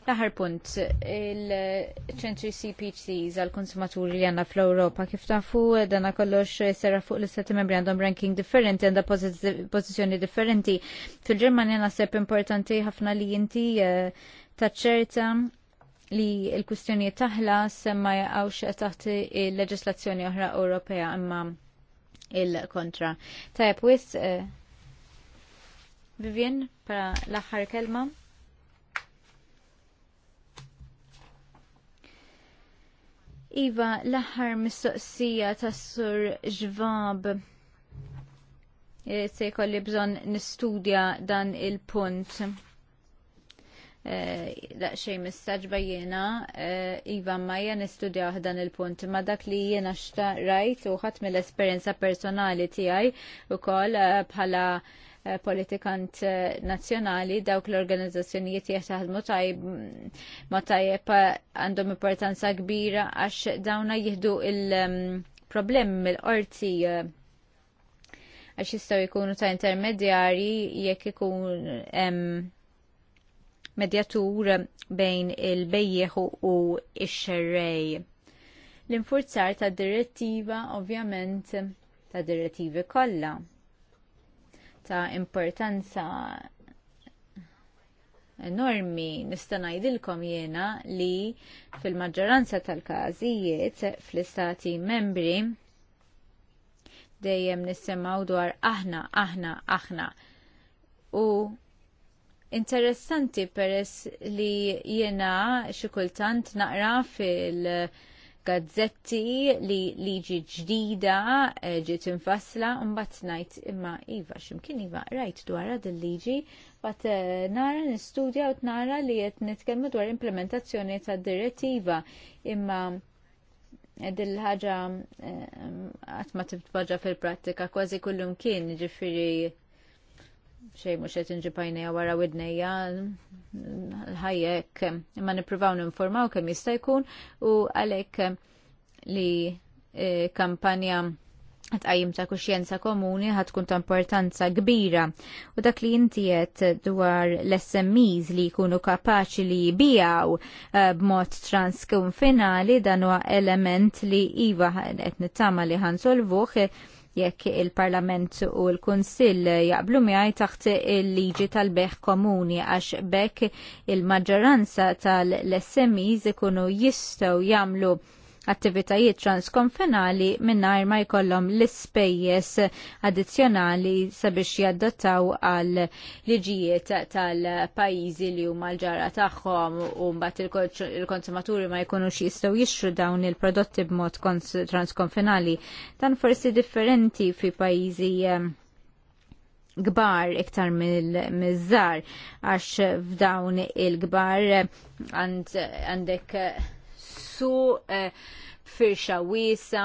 Laħar punt, il-ċentri CPCs għal-konsumaturi li għanna fl-Europa kif tafu danna kollox serra fuq l-istati membri għandhom ranking differenti għanda pozizjoni differenti. Fil-Ġermanja nasib importanti ħafna li jinti eh, taċċerta li l-kustjoni taħla semma jaqgħux taħt il-leġislazzjoni oħra Ewropea imma il-kontra. Tajab, wis, eh, Vivien, para l-axar kelma. Iva, l-axar mistoqsija tas sur ġvab eh, se jkolli bżon nistudja dan il-punt daqxej eh, mistaġba jena eh, Iva Maja nistudja dan il-punt ma dak li jena xta rajt u ħat mill-esperienza personali tijaj u kol eh, bħala politikant nazjonali dawk l-organizzazzjonijiet jaħdmu tajb mm, ma tajb għandhom importanza kbira għax dawna jihdu il-problem mm, mill-qorti għax jistaw jkunu ta' intermedjari jekk ikun medjatur bejn il-bejjeħu u ix-xerrej. L-infurzar ta' direttiva ovvjament ta' direttivi kollha ta' importanza enormi nista' ngħidilkom jiena li fil-maġġoranza tal-każijiet fl-istati membri dejjem nissemaw dwar aħna aħna aħna u interessanti peress li jiena xi kultant naqra fil-gazzetti li liġi ġdida eh, ġiet infassla mbagħad ngħid imma iva x'imkien iva rajt dwar din liġi bat eh, nara nistudja u tnara li qed nitkellmu dwar implementazzjoni tad direttiva imma dil-ħaġa eh, qatt ma fil-prattika kważi kullum kien ġifiri xej mux qed inġibajnija wara widnejja ħajjek imma nippruvaw n kemm jista' jkun u għalhekk li e, kampanja għajim ta' kuxjenza komuni ħatkun ta' importanza kbira u dak li jintijet dwar l-SMEs li jkunu kapaċi li jibijaw e, b'mod finali dan huwa element li iva qed nittama li ħansolvuh jekk il-Parlament u l-Kunsill jaqblu miegħi taħt il-liġi tal-beħ komuni għax bekk il-maġġoranza tal smis ikunu jistgħu jagħmlu attivitajiet transkonfinali minnajr ma jkollhom l-ispejjeż addizzjonali sabiex jadattaw għal liġijiet tal-pajjiżi li huma l-ġara tagħhom u mbagħad il-konsumaturi ma jkunux jistgħu jixtru dawn il-prodotti b'mod transkonfinali. Dan forsi differenti fi pajjiżi ehm, gbar iktar mill-żar għax f'dawn il-gbar eh, għandek and, eh, suq eh, firxa wiesa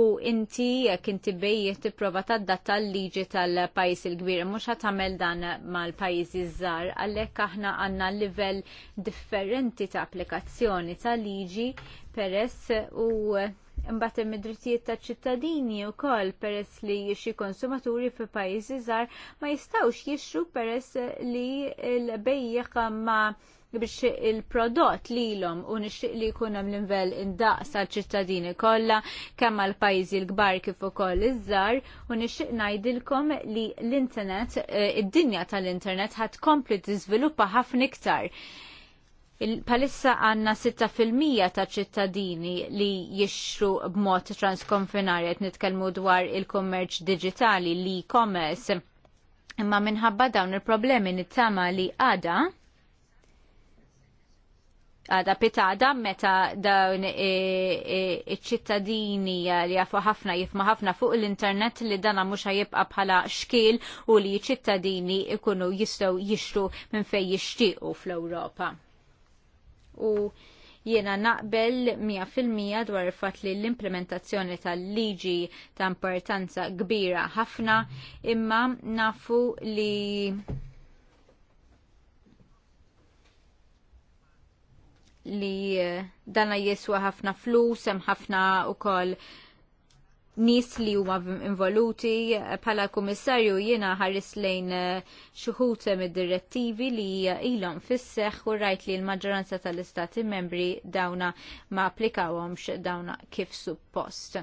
u inti jekk inti bejjiet tipprova tadatta l-liġi tal-pajjiż il-kbir mhux ħadd tagħmel dan mal-pajjiżi żgħar għalhekk aħna għandna livell differenti ta' applikazzjoni tal-liġi peress u imbagħad id-drittijiet taċ-ċittadini wkoll peress li xi konsumaturi fi pajjiżi żgħar ma jistgħux jixtru peress li l-bejjeq ma' biex il-prodott lilhom u nixtieq li jkun hemm invel indaqs għal ċittadini kollha kemm l pajjiżi l-kbar kif ukoll iż-żgħar u nixtieq ngħidilkom li l-internet eh, id-dinja tal-internet ħat kompli tiżviluppa ħafna iktar. Palissa għanna 6% ta' ċittadini li jixxu b'mod transkonfinarjet nitkellmu dwar il-kommerċ digitali, l-e-commerce. Imma minħabba dawn il-problemi nittama li għada għada pitada meta dawn iċ-ċittadini eh, li jafu ħafna jifma ħafna fuq l-internet li dana mhux ħajibqa bħala xkiel u li ċittadini ikunu jistgħu jixtru minn fejn jixtiequ fl-Ewropa. U jiena naqbel 100% dwar il-fatt li l-implementazzjoni tal-liġi ta' importanza kbira ħafna imma nafu li li eh, dana jiswa ħafna flus, hemm ħafna ukoll nis li huma involuti bħala kummissarju jiena ħares lejn eh, xuħut id-direttivi li ilhom fisseħ u rajt li l-maġġoranza tal-istati membri dawna ma applikawhomx dawna kif suppost.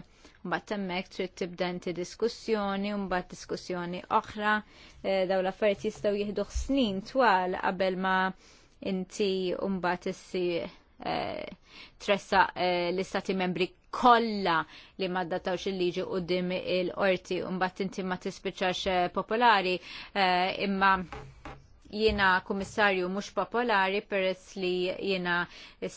Mbagħad hemmhekk trid tibda inti diskussjoni u mbagħad diskussjoni oħra eh, dawn l-affarijiet jistgħu jieħdu snin twal qabel ma' inti umba issi eh, tressa eh, l-istati membri kolla li ma datawx il-liġi u dim il-qorti umba tinti ma tispiċax eh, popolari imma jiena kummissarju mhux popolari peress li jiena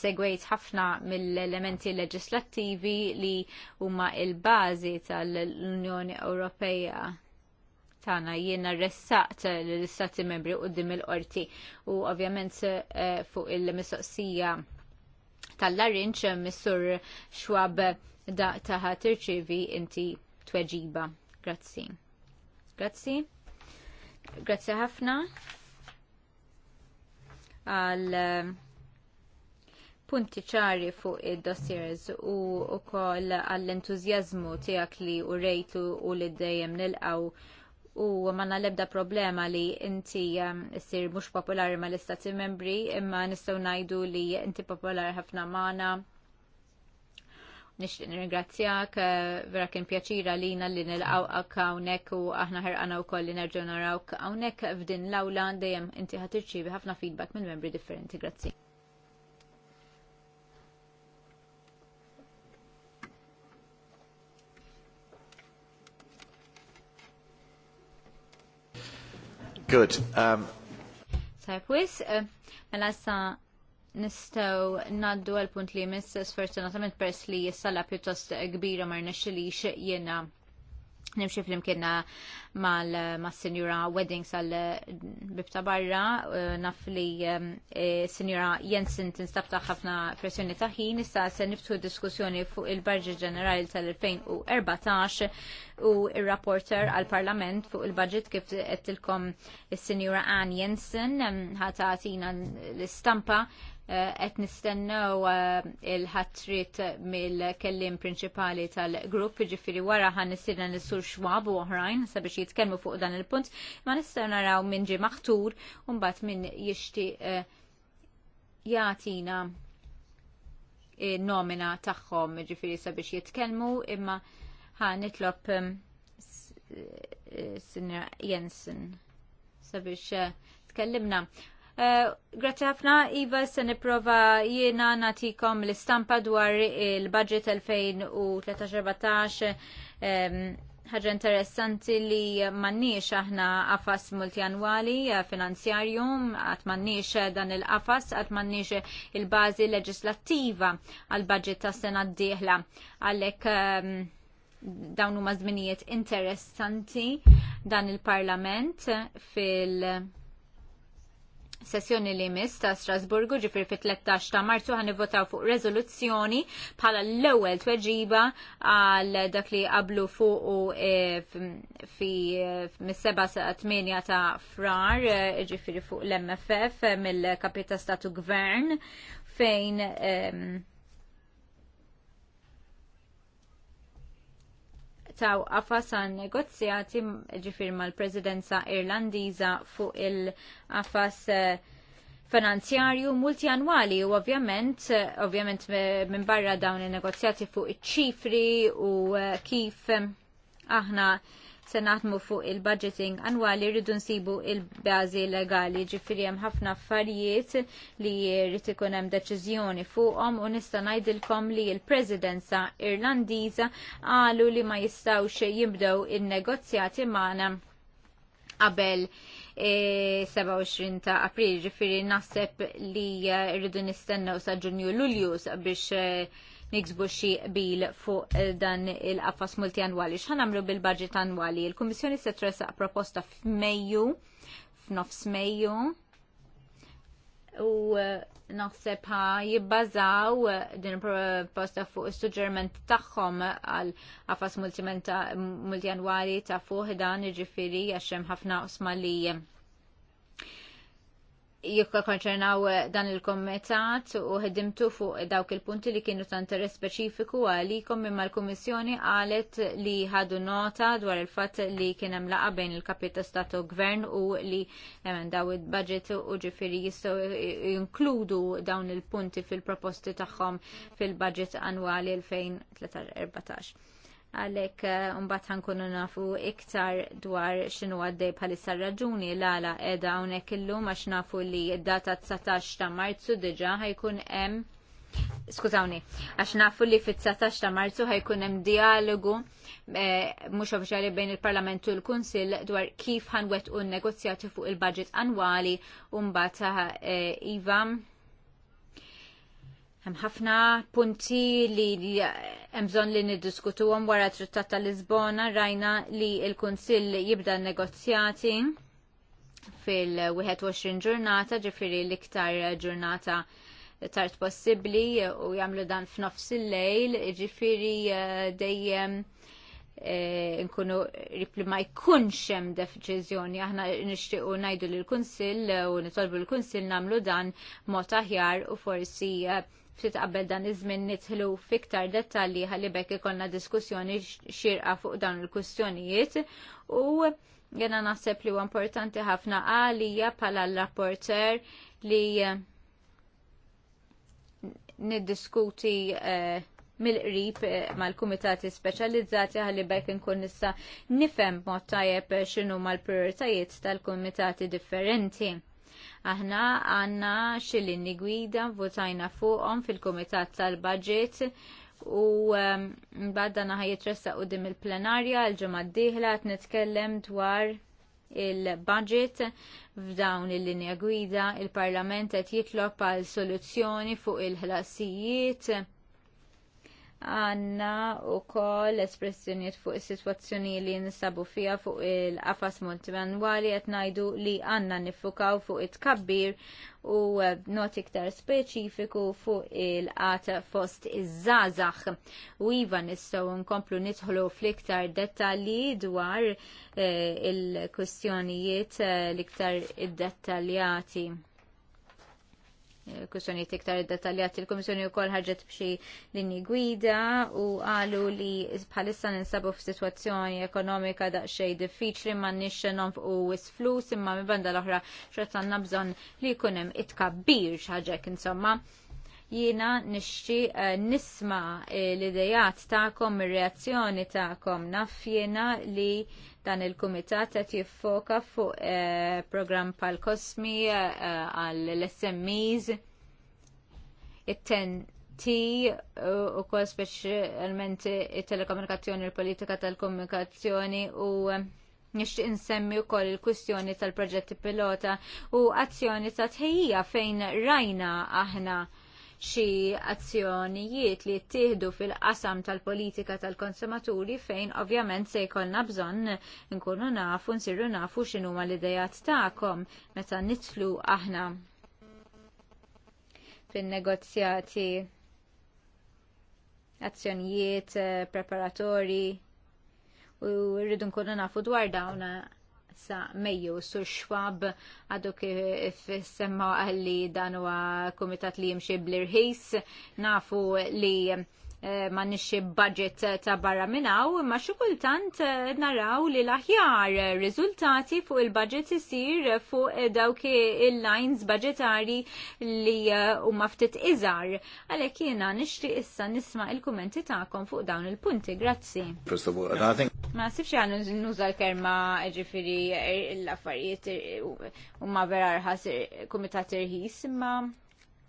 segwejt ħafna mill-elementi leġislattivi li huma il-bażi tal-Unjoni Ewropea tana jiena ressaqt l-istati membri u il-qorti u ovvjament eh, fuq il-mistoqsija tal-larinċ eh, missur xwab da taħa tirċivi inti tweġiba. Grazzi. Grazzi. Grazzi ħafna għal eh, punti ċari fuq id-dossiers u wkoll għall entużjażmu tiegħek li u rejtu u li dejjem nilqgħu u manna lebda problema li inti um, issir mhux popolari mal istati membri imma nistgħu ngħidu li inti popolari ħafna magħna. Nixtieq nirringrazzjak, eh, vera kien pjaċira lina li nil-għaw hawnhekk u aħna ħerqana wkoll li nerġgħu narawk hawnhekk f'din l-awla dejjem inti ħatirċievi ħafna feedback mill-membri differenti. Grazzi.
Good. Um...
Sarpwis, eh, mela sa nistaw naddu għal-punt li mis sfortunatament pers li jissala pjuttost kbira marna xilix jena Nimxie fl-imkienna mal-Sinjura Wedding sal-Bibta eh, Barra, eh, naf li eh, Sinjura Jensen tinstab ħafna pressjoni taħin, issa se niftu diskussjoni fuq il-Budget Ġenerali tal-2014 u il-rapporter għal-Parlament fuq il-Budget kif għettilkom il-Sinjura Ann Jensen, għatina l-istampa qed nistennew il-ħatrit mill-kellim prinċipali tal-grupp, ġifiri wara ħan nistilna l-sur xwab u oħrajn sabiex jitkellmu fuq dan il-punt, ma nistgħu naraw minn ġi maħtur u mbagħad minn jixti jagħtina nomina tagħhom, ġifiri sabiex jitkellmu imma ħan nitlob Sinra Jensen sabiex tkellimna Eh, Grazie ħafna, Iva, se niprofa jiena natikom l-istampa dwar il-budget 2013 2014 ħaġa interessanti li mannix aħna qafas multjanwali eh, finanzjarju, għat mannix eh, dan il-qafas, għat mannix il-bazi leġislattiva għal-budget ta' sena d-dieħla. Għallek dawnu mażminijiet interessanti dan il-parlament fil- sessjoni li mis ta' Strasburgu ġifir fit-13 ta' marzu għan votaw fuq rezoluzzjoni bħala l-ewel tweġiba għal dak li qablu fuq u e, fi e, mis-7 sa' 8 ta' frar e, ġifir fuq l-MFF mill-kapita statu gvern fejn taw għafas għan negozjati ġifir mal-Presidenza Irlandiza fuq il afas eh, finanzjarju multianwali u ovvjament eh, ovvjament minn barra dawn il-negozjati fuq iċ-ċifri u eh, kif aħna se naħdmu fuq il-budgeting annwali rridu nsibu il-bażi legali ġifiri hemm ħafna affarijiet li rrid ikun hemm deċiżjoni fuqhom u nista' ngħidilkom li l-Presidenza Irlandiża qalu li ma jistgħux jibdew in-negozjati magħna qabel 27 e, ta' april ġifiri naħseb li rridu nistennew sa' Ġunju Lulju biex e, niksbu xi bil fuq eh, dan il-qafas multianwali. X'ħanamlu bil-budget annwali? Il-Kummissjoni se tresaq proposta f'Mejju, f'nofs Mejju, u eh, naħseb ħa jibbazaw eh, din proposta fuq is taħħom tagħhom għal qafas multianwali ta' fuq dan iġifieri għax ħafna qosma li jikka konċernaw eh, dan il kommetat u ħedimtu fuq dawk il-punti li kienu ta' interess speċifiku għalikom imma l-Kummissjoni għalet li ħadu nota dwar il-fatt li kien hemm laqa bejn il-Kapit ta' u Gvern u li emendaw il-budget u ġifieri jistgħu jinkludu dawn il-punti fil-proposti tagħhom fil-budget annwali 2013-14 għalek unbat eh, ħankunu nafu iktar dwar xinu għaddej palissa raġuni l-għala edha unek illum għax nafu li data 19 ta' marzu diġa ħajkun em Skużawni, għax nafu li fit-19 ta' marzu ħajkun hemm dialogu eh, mhux uffiċjali bejn il-Parlament u l-Kunsill dwar kif ħanwet u negozjati fuq il-budget annwali u mbagħad eh, iva Hemm ħafna punti li hemm bżonn li niddiskutuhom wara trittat ta' Lisbona rajna li l-Kunsill jibda negozjati fil-21 ġurnata, ġifieri l-iktar ġurnata tard possibbli u jagħmlu dan f'nofs il-lejl, ġifiri eh, dejjem eh, nkunu ripli ma jkunx hemm deċiżjoni aħna nixtiequ ngħidu lill kunsill u nitolbu l-Kunsill nagħmlu dan mod aħjar u forsi eh, ftit qabel dan iż-żmien nidħlu fiktar dettalji ħalli bekk ikollna diskussjoni xirqa fuq dawn il-kwistjonijiet u jena naħseb li huwa importanti ħafna għalija bħala l-rapporter li eh, niddiskuti eh, mill-qrib eh, mal-kumitati speċjalizzati ħalli bekk inkun nista' nifhem mod tajjeb x'inhuma l prijoritajiet tal-kumitati differenti. Aħna għanna xil-inni gwida votajna fuqhom fil-Kumitat tal-Budget u um, mbagħad dan u dim il-plenarja l-ġimgħa d-dieħla qed nitkellem dwar il-budget f'dawn il-linja gwida il-Parlament qed jitlob għal soluzzjoni fuq il-ħlasijiet għanna u koll espressjoniet fuq is-sitwazzjoni li nisabu fija fuq il-qafas multimanwali qed ngħidu li għanna nifukaw fuq it-kabbir u eh, not iktar speċifiku fuq il-qat fost iż-żazax. U iva nistaw nkomplu nidħlu fl-iktar dettalji dwar eh, il-kwestjonijiet eh, l-iktar id-dettaljati kwistjonijiet iktar dettaljati il-Komissjoni wkoll ħarġet b'xi inni gwida u qalu li bħalissa ninsabu f'sitwazzjoni ekonomika daqsxejn diffiċli m'għandniex u s flus imma mi banda l-oħra xorta għandna bżonn li jkun hemm itkabbir x'ħaġek insomma. Jiena nixxi eh, nisma l-idejat ta'kom, ir-reazzjoni ta'kom. Naf li dan il-kumitat qed jiffoka fuq eh, program pal-kosmi eh, għall-SMEs, it-ten u kol speċjalment il-telekomunikazzjoni, il-politika tal-komunikazzjoni u nixtieq insemmi wkoll il-kwistjoni tal-proġetti pilota u azzjoni ta' tħejjija fejn rajna aħna xi azzjonijiet li jittieħdu fil-qasam tal-politika tal-konsumaturi fejn ovvjament se jkollna bżonn nkunu nafu nsirru nafu x'inhuma l-idejat tagħkom meta nitlu aħna fin-negozjati azzjonijiet eh, preparatorji u rridu nkunu nafu dwar dawn sa Mejju su xwab għadu kif semma għalli dan huwa kumitat li jimxie blirħis irħis nafu li Eh, ma nixi budget eh, ta' barra minnaw, ma xukultant eh, naraw li l-aħjar rizultati fuq il-budget isir fuq dawk il-lines budgetari li huma ftit iżar. Għalhekk jiena nixtieq issa nisma' il kumenti tagħkom fuq dawn il-punti. Grazzi.
First of all, I think
Ma għannu nuża l-kerma ġifiri l-affarijiet huma vera rħas kumitat irħis imma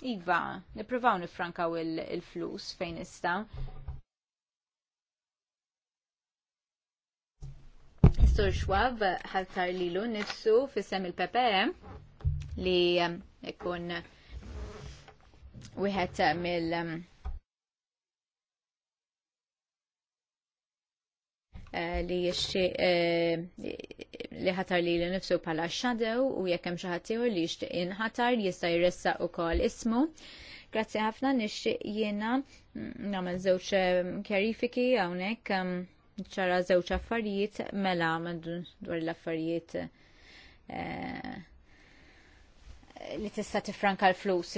Iva, nippruvaw nifrankaw il-flus il fejn nista' Sur Schwab ħaltar lilu nifsu fissem il-PPM e li um, ikun wieħed mill- um, Eh, li jixtieq eh, li ħatar li l-nifsu pala shadow u jekk hemm xi ħadd li jixtieq inħatar jista' jressaq ukoll ismu. Grazzi ħafna nixtieq jiena namen żewġ eh, kjarifiki hawnhekk ċara żewġ affarijiet mela dwar l-affarijiet li tista' tifranka l-flus,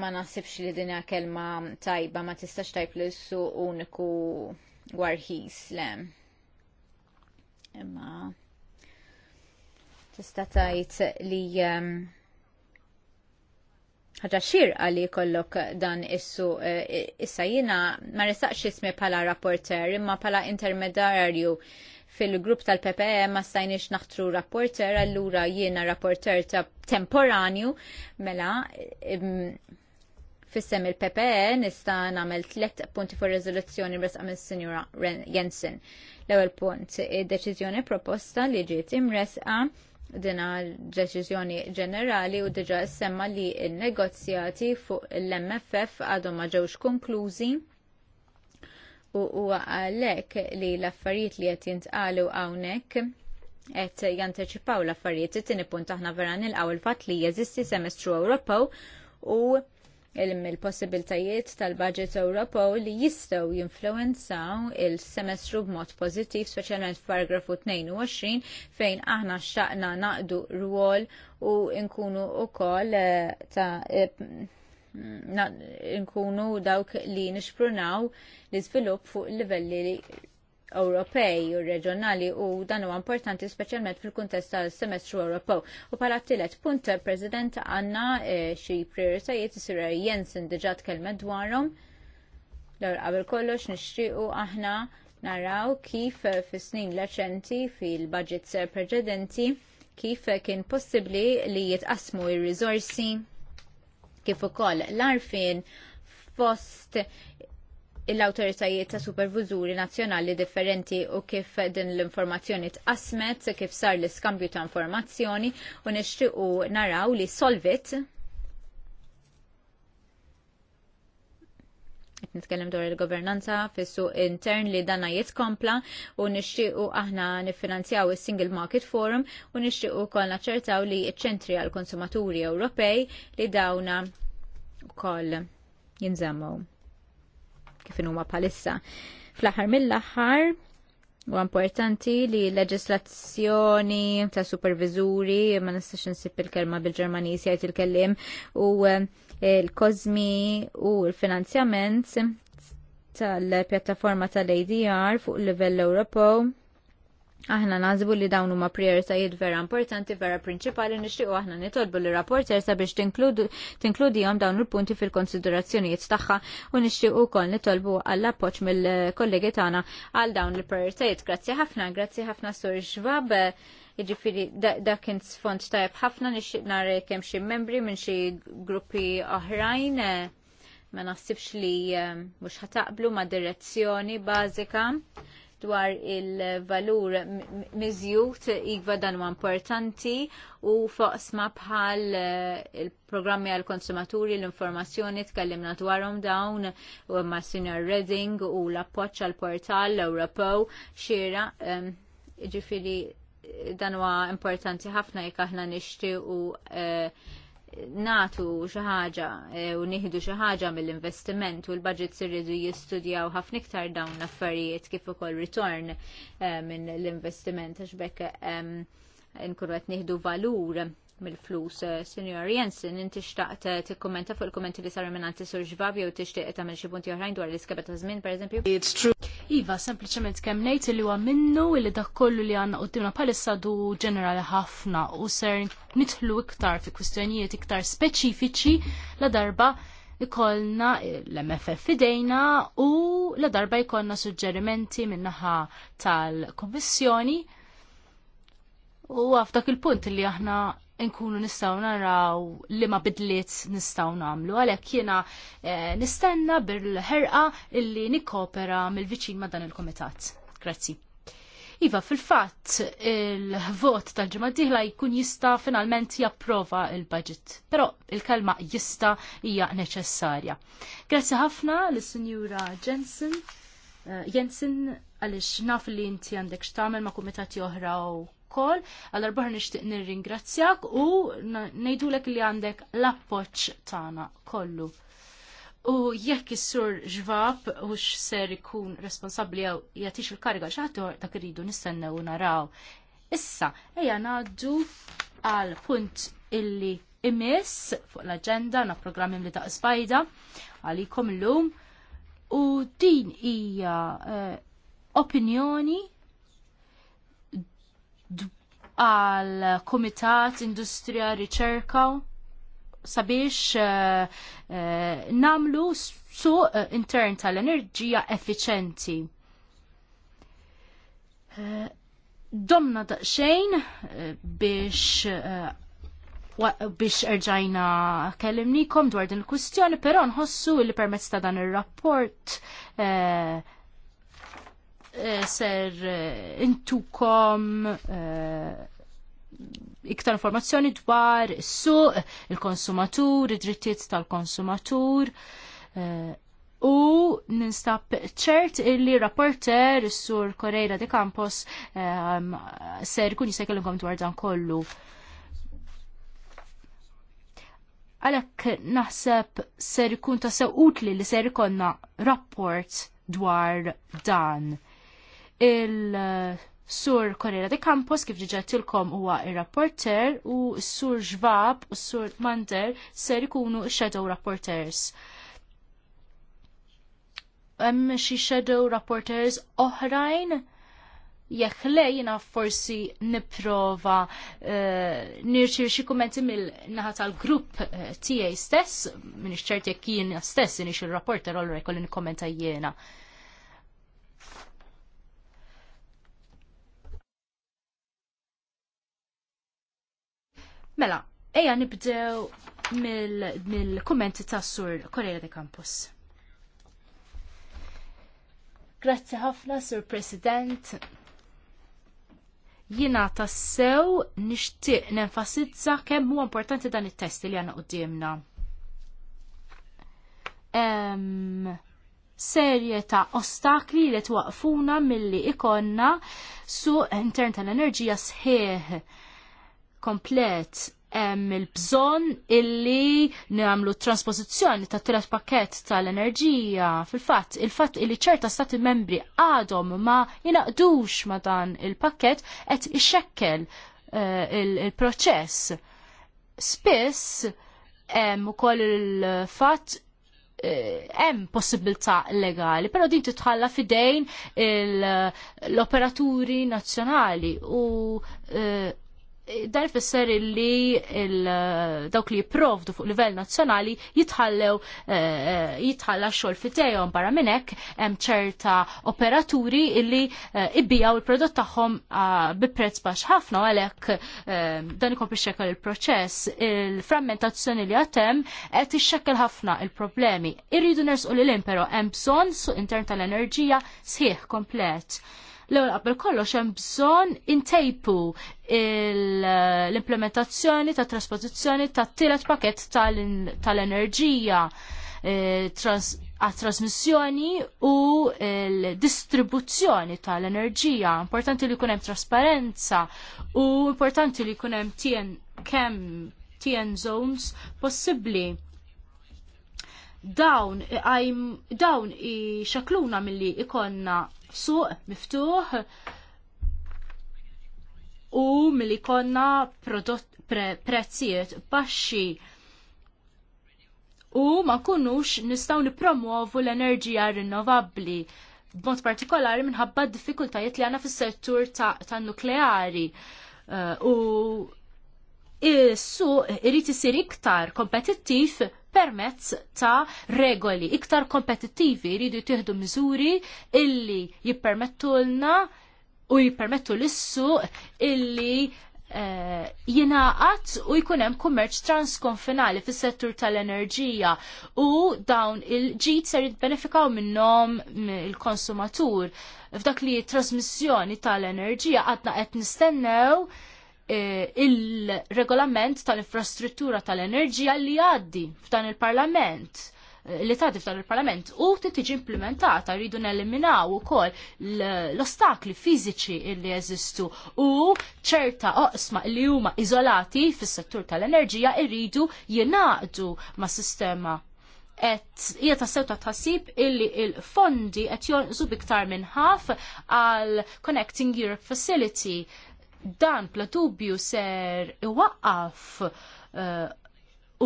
ma nasibx li dinja kelma tajba, ma tistax tajb l-issu uniku warħis, le. tista' tgħid li ehm, ħaġa xirqa li kollok dan issu eh, issa jina ma restaqx ismi pala rapporter imma pala intermedarju fil-grupp tal-PPE ma stajniex naħtru rapporter allura jiena rapporter ta' temporanju mela fissem il-PPE nista' nagħmel tliet punti fuq rezoluzzjoni bres għamil sinjura Jensen. L-ewwel punt id-deċiżjoni proposta li ġiet imresqa dina deċiżjoni ġenerali u diġa semma li il-negozjati fuq l-MFF għadhom ma ġewx konklużi u għalek li l-affarijiet li qed jintqalu hawnhekk qed janteċipaw l-affarijiet. It-tieni punt aħna vera nil-għaw il-fatt li jeżisti semestru Ewropew u il-possibiltajiet tal-budget Ewropew li jistgħu jinfluwenzaw il-semestru b'mod pożittiv, speċjalment f'paragrafu 22 fejn aħna xtaqna naqdu rwol u nkunu wkoll eh, ta' eh, nkunu dawk li nixprunaw l-iżvilupp fuq livelli li. Ewropej u reġjonali u dan huwa importanti speċjalment fil-kuntest tal-semestru Ewropew. U bħala tielet punt, President għandna eh, xi prioritajiet isir Jensen diġà tkellmet dwarhom. Lor qabel kollox nixtiequ aħna naraw kif eh, fis-snin reċenti fil-budgets preċedenti kif eh, kien possibbli li jitqasmu ir-riżorsi kif ukoll l-arfin fost l-autoritajiet ta' superviżuri nazzjonali differenti u kif din l-informazzjoni tqasmet, kif sar l-iskambju ta' informazzjoni u nixtiequ naraw li solvit nitkellem dwar il-governanza fissu intern li danna jitkompla u nixtiequ aħna nifinanzjaw is-Single Market Forum u nixtiequ kol naċċertaw li ċentri għal konsumaturi Ewropej li dawna kol jinżammu kif huma bħalissa. Fl-aħħar mill-aħħar U importanti li leġislazzjoni ta' supervizuri, ma nistax nsib il-kelma bil ġermaniż jgħid il-kellim, u eh, l-kozmi u l-finanzjament tal-pjattaforma tal-ADR fuq il livell Ewropew Aħna nażbu li dawn huma prioritajiet vera importanti, vera prinċipali nixtiequ aħna nitolbu li biex sabiex tinkludihom dawn il-punti fil-konsiderazzjonijiet tagħha u nixtiequ wkoll nitolbu għall appoġġ mill-kollegi tagħna għal dawn il-prioritajiet. Grazzi ħafna, grazzi ħafna Sur Xwab. Jiġifieri dakin kien sfond tajb ħafna nixtieq nare kemm xi membri minn xi gruppi oħrajn ma naħsibx li eh, mhux ħataqblu ma' direzzjoni bażika dwar il-valur miżjut igva dan huwa importanti u foqsma bħal eh, il-programmi għal konsumaturi l-informazzjoni tkellimna dwarhom dawn u ma' Senior Reading u l-appoċċ għal portal l-Europo xiera ġifiri dan huwa importanti ħafna jekk aħna nixtiequ eh, natu xaħġa e, u nieħdu xi ħaġa mill-investiment u l budget irridu jistudjaw ħafna iktar dawn l-affarijiet kif ukoll ritorn e, minn l-investiment għax bekk nkunu qed nieħdu valur mill-flus. Eh, Senior Jensen, inti xtaqt eh, tikkumenta fuq il-kommenti li saru minn sur surġvab jew tixtieq tagħmel xi punti oħrajn dwar l iskabet ta' żmien pereżempju? It's true. Iva, sempliċement kemm ngħid li huwa minnu li dak kollu li
għandna qudiemna bħalissa du ġenerali ħafna u ser nidħlu iktar fi kwistjonijiet iktar speċifiċi la darba ikolna l-MFF fidejna u la darba jkollna suġġerimenti minnaħa tal kummissjoni u għafdak il-punt li aħna nkunu nistaw naraw li ma bidliet nistaw namlu. Għalek jiena eh, nistenna bil-ħerqa illi nikopera mill-viċin ma dan il-komitat. Grazzi. Iva, fil-fatt, il-vot tal-ġemma diħla jkun jista finalment japprova il-budget, pero il-kalma jista hija neċessarja. Grazzi ħafna l-Sinjura Jensen, eh, Jensen għalix naf li inti għandek xtamel ma' kumitati oħra u ukoll, għal arbaħ nixtieq nirringrazzjak u ngħidulek li għandek l-appoġġ tagħna kollu. U jekk is-sur ġvab u ser ikun responsabbli għaw jagħtix il-kariga xaħtu dak iridu nistennew u naraw. Issa, ejja ngħaddu għal punt illi imiss fuq l-agenda na programmi li ta' spajda għalikom l-lum u din hija uh, opinjoni għal komitat industrija riċerka sabiex eh, eh, namlu su eh, intern tal-enerġija effiċenti. Domna daqxejn biex biex erġajna kellimnikom dwar din il-kustjoni, pero nħossu li permezz ta' dan il-rapport eh, Eh, ser eh, intukom eh, iktar informazzjoni dwar is-suq, il-konsumatur, id-drittijiet tal-konsumatur. U ninstab ċert illi rapporter sur Koreira de Campos ser kun jisekellunkom dwar dan kollu. Għalek naħseb ser kun ta' sew utli li ser konna rapport dwar dan il-sur Corriera de Campos kif ġiġatilkom huwa il rapporter u s-sur Žvab u s-sur Mander ser ikunu shadow rapporters. Hemm xi shadow rapporters oħrajn jekk le jina forsi niprova uh, eh, nirċir xi kummenti mill-naħa tal-grupp uh, tiegħi stess, minix ċert jekk jien stess inix il-rapporter allura jkolli nikkommenta jiena. Uh, Mela, eja nibdew mill-kommenti mil tas sur Korea de Campus. Grazzi ħafna, Sur President. Jina tassew nixtieq nenfasizza kemm huwa importanti dan it-test li għandna qudiemna. Um, serje ta' ostakli li twaqfuna milli ikonna su intern tal-enerġija sħiħ komplet hemm il-bżonn illi nagħmlu trasposizzjoni ta' tilet pakket tal-enerġija. Fil-fatt, il-fatt illi ċerta stati membri għadhom ma jinaqdux ma dan il-pakket qed ixekkel eh, il-proċess. Spiss hemm ukoll il-fatt eh, hemm possibilità legali, però din titħalla fidejn l-operaturi nazzjonali u eh, dan fisser li dawk li jipprovdu fuq livell nazzjonali jitħallew eh, jitħalla xogħol fitejhom barra minn hekk hemm ċerta operaturi li eh, ibbijaw il-prodott tagħhom ah, bi prezz baxx ħafna għalhekk eh, dan ikompli xekel il-proċess. Il-frammentazzjoni li għatem qed ixxekkel ħafna il-problemi. Irridu nersqu lil hemm bżonn suq intern tal-enerġija sħiħ komplet l-ewwel qabel kollox hemm bżonn intejpu l-implementazzjoni ta' trasposizzjoni ta' tielet pakett tal-enerġija eh, għat-trasmissjoni u l-distribuzzjoni tal-enerġija. Importanti li jkun hemm trasparenza u importanti li jkun hemm kemm TN zones possibbli dawn dawn ixakluna milli ikonna suq miftuħ u milli konna prodott pre, prezzijiet baxxi u ma kunux nistaw nipromuovu l-enerġija rinnovabbli b'mod partikolari minħabba d diffikultajiet li għana fis-settur tan ta nukleari uh, u is-suq irid isir iktar kompetittiv permezz ta' regoli iktar kompetittivi jridu jtieħdu miżuri illi jippermettulna u jippermettu l issu illi eh, jinaqat u jkun hemm kummerċ transkonfinali fis-settur tal-enerġija u dawn il-ġid ser jitbenefikaw minnhom il-konsumatur. F'dak li trasmissjoni tal-enerġija għadna qed nistennew Eh, il-regolament tal-infrastruttura tal-enerġija li għaddi f'dan il-parlament eh, li tagħti f'dan il-Parlament u tiġi implementata rridu neliminaw ukoll l-ostakli fiżiċi li jeżistu u ċerta oqsma li huma iżolati fis-settur tal-enerġija rridu jingħaqdu mas sistema et hija tassew ta' tħassib illi il-fondi qed jonqsu biktar minn ħaf għal Connecting Europe Facility dan platubju ser iwaqqaf uh,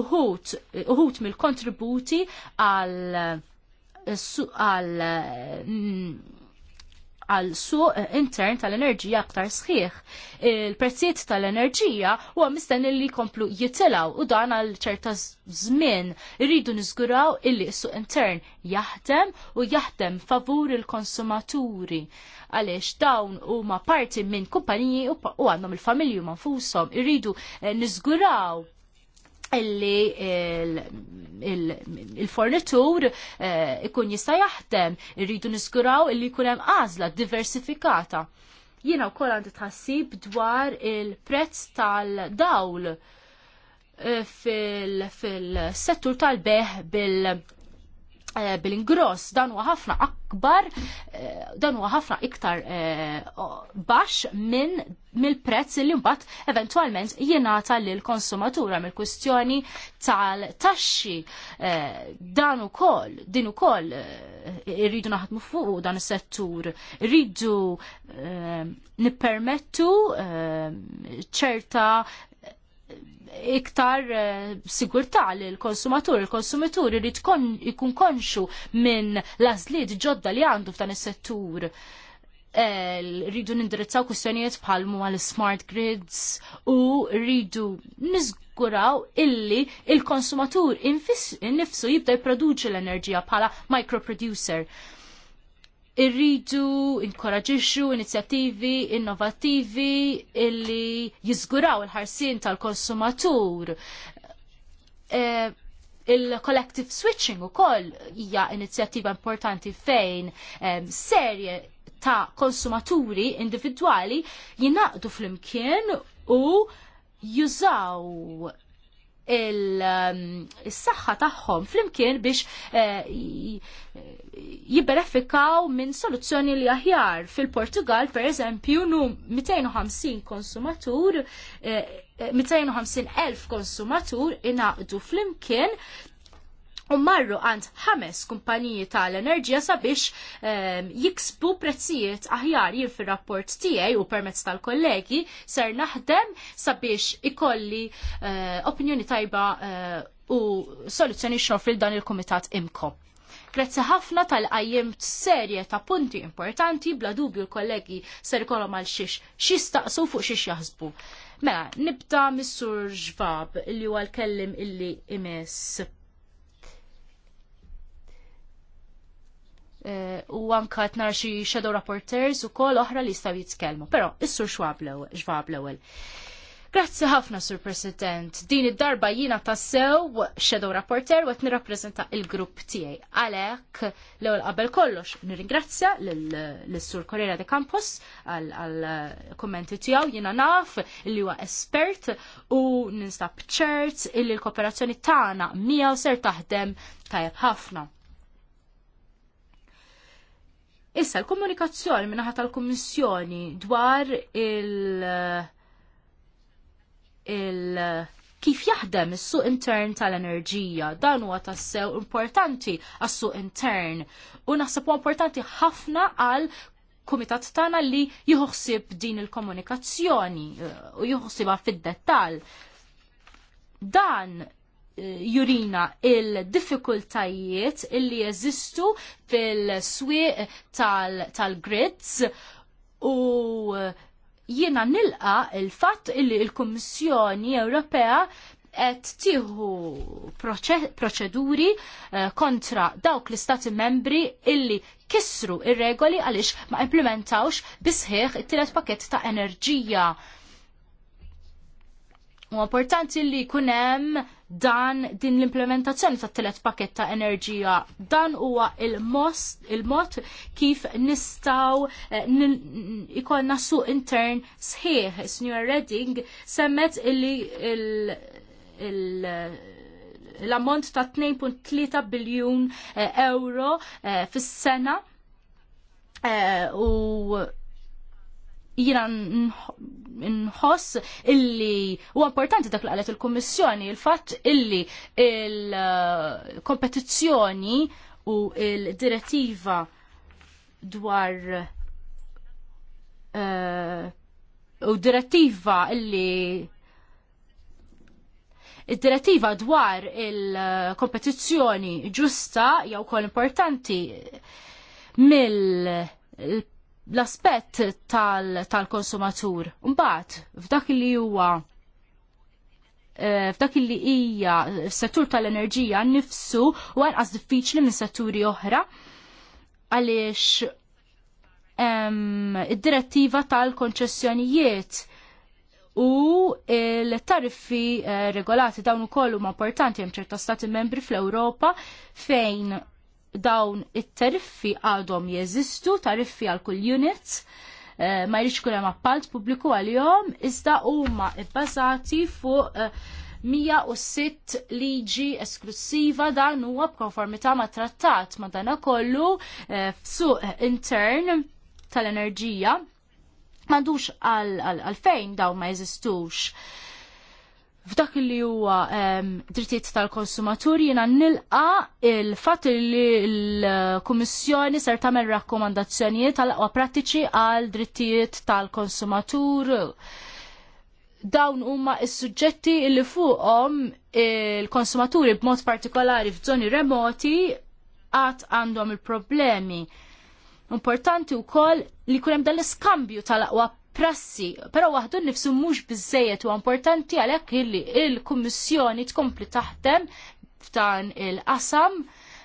uħut, uħut mill-kontributi għal uh, għal uh, għal suq eh, intern tal-enerġija aktar sħiħ. Il-prezzijiet tal-enerġija huwa mistenni li jkomplu jitilaw u dan għal ċerta żmien irridu niżguraw illi suq intern jaħdem u jaħdem favur il-konsumaturi għaliex dawn huma parti minn kumpaniji u għandhom il-familju manfushom irridu eh, niżguraw illi il-fornitur eh, ikun jista' jaħdem, irridu niskuraw illi jkun hemm għażla diversifikata. Jiena wkoll għandi tħassib dwar il-prezz tal-dawl eh, fil-settur tal-beħ bil- Eh, bil-ingross dan huwa ħafna akbar, eh, dan huwa ħafna iktar eh, baxx minn mill-prezz li mbagħad eventwalment jingħata lil konsumatura mill-kwistjoni tal-taxxi dan ukoll din ukoll irridu naħdmu fuq dan is-settur, irridu nippermettu ċerta iktar eh, sigurtà li l-konsumatur, il-konsumatur irid ikun konxu minn lażliet ġodda li għandu f'dan is-settur. Eh, rridu nindirizzaw kwistjonijiet bħal ma l-smart grids u rridu niżguraw illi il-konsumatur innifsu jibda jipproduċi l-enerġija bħala microproducer. producer irridu inkoraġixxu inizjattivi innovattivi illi jiżguraw il-ħarsien tal-konsumatur. E, il-collective switching u koll hija inizjattiva importanti fejn e, serje ta' konsumaturi individuali jinaqdu fl-imkien u jużaw Um, il-saxħa tagħhom flimkien biex eh, jibberefikaw minn soluzzjoni li aħjar fil-Portugal per eżempju nu 250 konsumatur 250 eh, eh, elf konsumatur inaqdu flimkien u marru għand ħames kumpaniji tal-enerġija sabiex um, jiksbu prezzijiet aħjar jien fir-rapport tiegħi u permezz tal-kollegi ser naħdem sabiex ikolli uh, opinjoni tajba uh, u soluzzjoni xofri dan il-Kumitat Imko. Grazzi ħafna tal-qajjem serje ta' punti importanti, bla dubju l-kollegi ser kolom għal xiex xistaqsu fuq xiex jaħsbu. Mela, nibda mis-sur ġvab li huwa l-kellim illi imes Eh, u anka tnar xi shadow rapporters u kol oħra li jistaw jitkellmu. Però is-sur xwab l-ewwel. Grazzi ħafna, Sur President. Din id-darba jina tassew Shadow Rapporter u nirrappreżenta il-grupp tiegħi. għalhekk l ewwel qabel kollox, nirringrazzja lill sur Corriera de Campos għal kummenti tiegħu jina naf li huwa espert u ninstab ċert illi l-kooperazzjoni tagħna miegħu ser taħdem tajjeb ħafna. Issa l-komunikazzjoni minnaħat tal-Kummissjoni dwar il- il kif jaħdem is-suq intern tal-enerġija dan huwa tassew importanti għas-suq intern u naħseb huwa importanti ħafna għal kumitat tagħna li jħossib din il-komunikazzjoni uh, u jħossibha fid-dettall. Dan jurina il-diffikultajiet illi jeżistu fil-swieq tal-grids u jiena nilqa il-fatt illi il-Kummissjoni Ewropea qed tieħu proċeduri eh, kontra dawk l-istati membri illi kissru ir-regoli għaliex ma implementawx bisħieħ it-tielet pakett ta' enerġija. U importanti li kunem hemm dan din l-implementazzjoni tat telet pakket ta' enerġija. Dan huwa il-mod kif nistaw eh, ikolna suq intern sħiħ. Senior Redding semmet illi l-ammont ta' 2.3 biljun eh, euro eh, fis-sena u jiran nħoss illi u importanti dak li il-Kummissjoni il-fatt illi il-kompetizzjoni u il-direttiva dwar eh, u direttiva illi Id-direttiva dwar il-kompetizzjoni ġusta jew kol importanti mill l-aspett tal-konsumatur. Tal Mbagħad f'dak li huwa eh, f'dak li hija s-settur tal-enerġija nifsu u anqas diffiċli minn setturi oħra għaliex id-direttiva tal-konċessjonijiet u l-tariffi eh, regolati dawn ukoll huma importanti hemm ċerta stati membri fl-Ewropa fejn dawn it-tariffi għadhom jeżistu, tariffi għal kull units, eh, ma jridx kull hemm appalt pubbliku għalihom, iżda huma bbażati fuq eh, u 106 liġi esklusiva dan huwa b'konformità ma' trattat ma' dana kollu eh, f'suq intern tal-enerġija. Mandux għal fejn dawn ma jeżistux f'dak li huwa ehm, drittijiet tal-konsumaturi jiena nilqa il-fatt li l-Kummissjoni ser tagħmel rakkomandazzjonijiet tal-aqwa prattiċi għal drittijiet tal-konsumatur dawn huma s-suġġetti li fuqhom il-konsumaturi b'mod partikolari f'żoni remoti għad għandhom il-problemi. Importanti wkoll li kunem dan l-iskambju tal-aqwa prassi, però waħdu nifsu mhux bizzejet u importanti għalhekk illi il-Kummissjoni tkompli taħdem f'dan il-qasam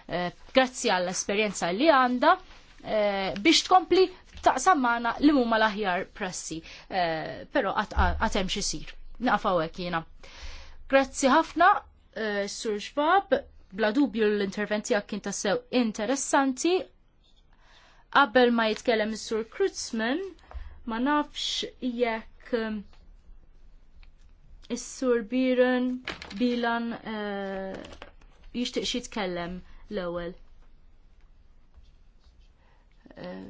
eh, grazzi għall-esperjenza li għandha eh, biex tkompli taqsam maħna li huma l-aħjar prassi, eh, però għatem hemm xi jsir. Naqfaw hekk jiena. Grazzi ħafna, Sur Xbab, bla dubju l-interventi għak kien tassew interessanti. Qabel ma jitkellem is-Sur Krutzman, ma nafx jekk um, is-sur Biren Bilan uh, jixtieq xi jitkellem l-ewwel. Uh,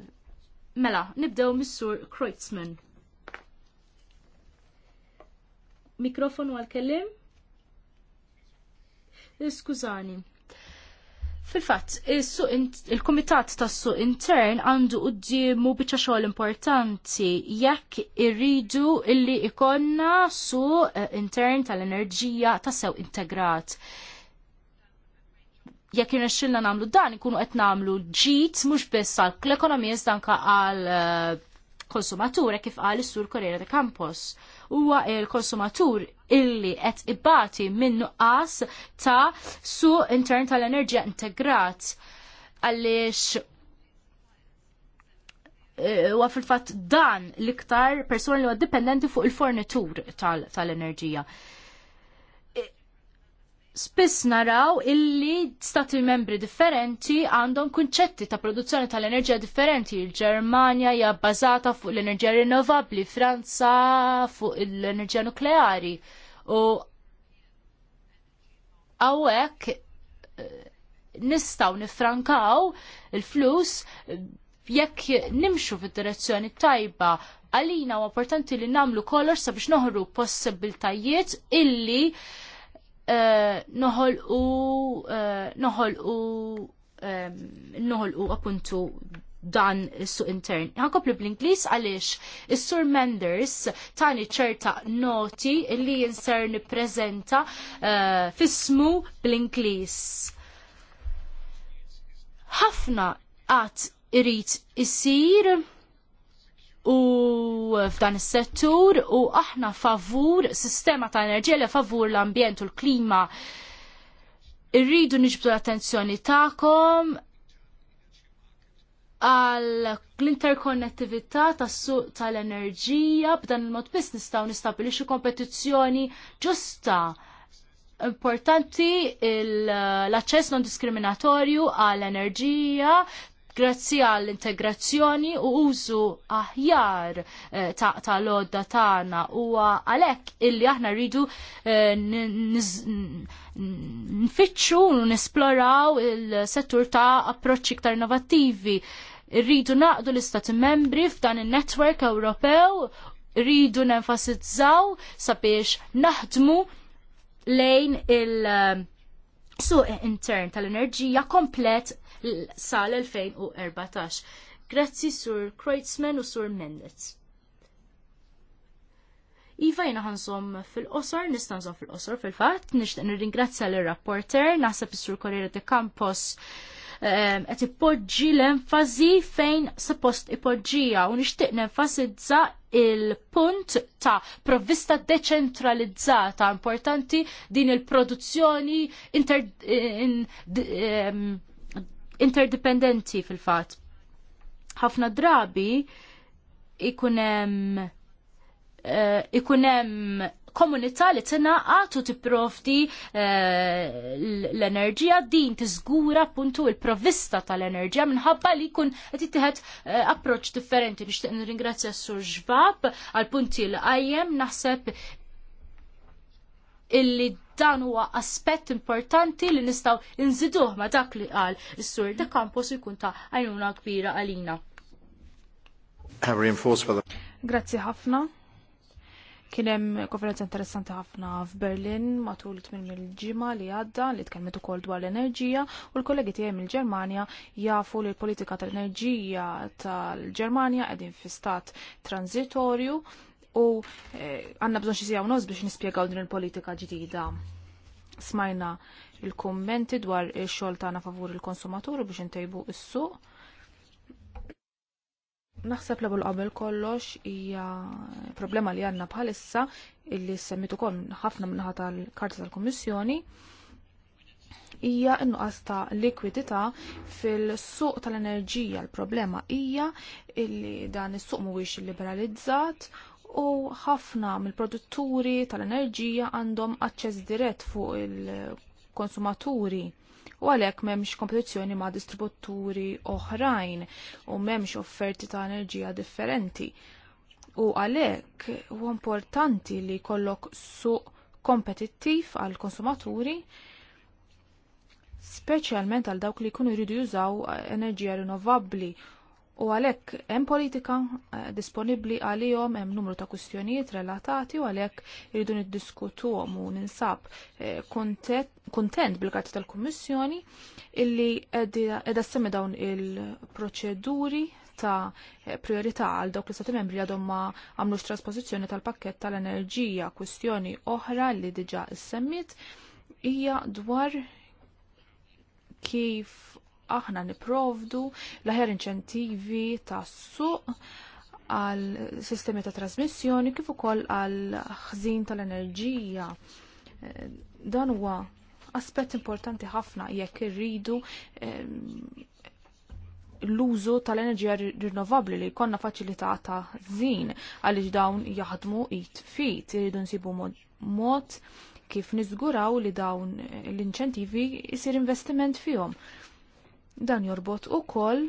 mela, nibdew mis-sur Kreutzmann. Mikrofonu għal-kellim? Skużani. Fil-fatt, il-Kumitat il tas-Suq Intern għandu quddiemu biċċa xogħol importanti jekk irridu illi ikonna suq eh, intern tal-enerġija tassew integrat. Jekk irnexxilna nagħmlu dan, ikunu qed nagħmlu ġid mhux biss għall-ekonomija iżda anke għal eh, konsumatura e kif għal is-sur Korea de Campos. Huwa il-konsumatur illi qed ibati minn nuqqas ta' su intern tal-enerġija integrat għaliex e, huwa fil-fatt dan l-iktar persuni li huwa dipendenti fuq il-fornitur tal-enerġija. tal enerġija spiss naraw illi stati membri differenti għandhom kunċetti ta' produzzjoni tal-enerġija differenti. Il-Ġermanja hija bbażata fuq l-enerġija rinnovabbli, Franza fuq l-enerġija nukleari. U hawnhekk eh, nistgħu nifrankaw il-flus eh, jekk nimxu fid-direzzjoni tajba għalina u importanti li namlu kolor sabiex noħru possibiltajiet illi Eh, noħol u eh, noħol u noħol u appuntu dan is-suq intern. Ħankoplu bl-Inglis għaliex is-Sur Menders tani ċerta noti li jinser nippreżenta eh, fismu bl-Inglis. Ħafna qatt irid isir u f'dan is-settur u aħna favur sistema ta' enerġija li favur l-ambjent u l-klima. Irridu niġbdu l-attenzjoni tagħkom għal l-interkonnettività tas-suq tal-enerġija b'dan il-mod biss nistgħu nistabilixxu kompetizzjoni ġusta importanti l-aċċess non diskriminatorju għall enerġija grazzi għall-integrazzjoni u użu aħjar eh, ta' tal-odda tagħna u għalhekk illi aħna rridu eh, nfittxu u nisploraw il-settur ta' approċċi iktar innovattivi. Rridu naqdu l-istati membri f'dan il-network Ewropew, rridu nenfasizzaw sabiex naħdmu lejn il- eh, suq intern tal-enerġija komplet sal-2014. Grazzi sur Kreutzmann u sur Mendez. Iva jina ħansom fil-qosor, nistanżom fil-qosor fil-fat, nishtan nirringrazzja l-rapporter, naħseb is-sur Corriere de Campos ehm, qed ippoġġi l-enfasi fejn suppost ipoġġija u nixtieq nenfasizza il-punt ta' provvista deċentralizzata importanti din il-produzzjoni inter ehm, interdipendenti fil-fat. ħafna drabi ikunem uh, ikunem komunità li tinaqat u tipprovdi eh, l-enerġija din tiżgura puntu il-provvista tal-enerġija minħabba li jkun qed ittieħed eh, approċċ differenti. Nixtieq nirringrazzja s-Sur għal punti l qajjem naħseb illi dan huwa aspett importanti li nistgħu nżiduh ma dak li qal is-sur de Campos jkun ta' għajnuna kbira għalina. Grazzi ħafna.
Kien hemm konferenza interessanti ħafna f'Berlin matul tmiem il-ġimgħa li għadda li tkellmet ukoll dwar l-enerġija u l-kollegi tiegħi mill-Ġermanja jafu li l-politika tal-enerġija tal-Ġermanja qegħdin fi stat transitorju u eh, għanna bżon xie sijaw biex nispiegaw din il-politika ġdida. Smajna il-kommenti dwar il-xol tagħna favur il konsumatur biex intejbu is-suq. Naħseb l qabel kollox hija problema li għanna bħalissa illi semmitu kol ħafna minnaħa tal karti tal-Kommissjoni hija innuqas ta' likwidità fil-suq tal-enerġija. l problema hija li dan is-suq mhuwiex liberalizzat u ħafna mill-produtturi tal-enerġija għandhom aċċess dirett fuq il-konsumaturi u għalhekk m'hemmx kompetizzjoni ma' distributturi oħrajn u m'hemmx offerti ta' enerġija differenti. U għalhekk huwa importanti li jkollok suq kompetittiv għall konsumaturi speċjalment għal dawk li jkunu jridu jużaw enerġija rinnovabbli U għalhekk hemm politika eh, disponibbli għalihom hemm numru ta' kwistjonijiet relatati u għalhekk irridu niddiskutuhom u ninsab eh, kuntent bil-karti tal-Kummissjoni illi qiegħda semmi dawn il-proċeduri ta' eh, priorità għal dawk l-istati membri għadhom ma għamlux trasposizzjoni tal-pakket tal-enerġija kwistjoni oħra li diġà semmit hija dwar kif aħna niprovdu l-aħjar inċentivi tas suq għal sistemi ta' trasmissjoni kif ukoll għal ħżin tal-enerġija. Eh, dan huwa aspett importanti ħafna jekk irridu eh, l-użu tal-enerġija rinnovabbli li jkollna faċilità ta' żin għaliex dawn jaħdmu it fit irridu nsibu mod kif niżguraw li dawn l-inċentivi jsir investiment fihom. Dan jorbot ukoll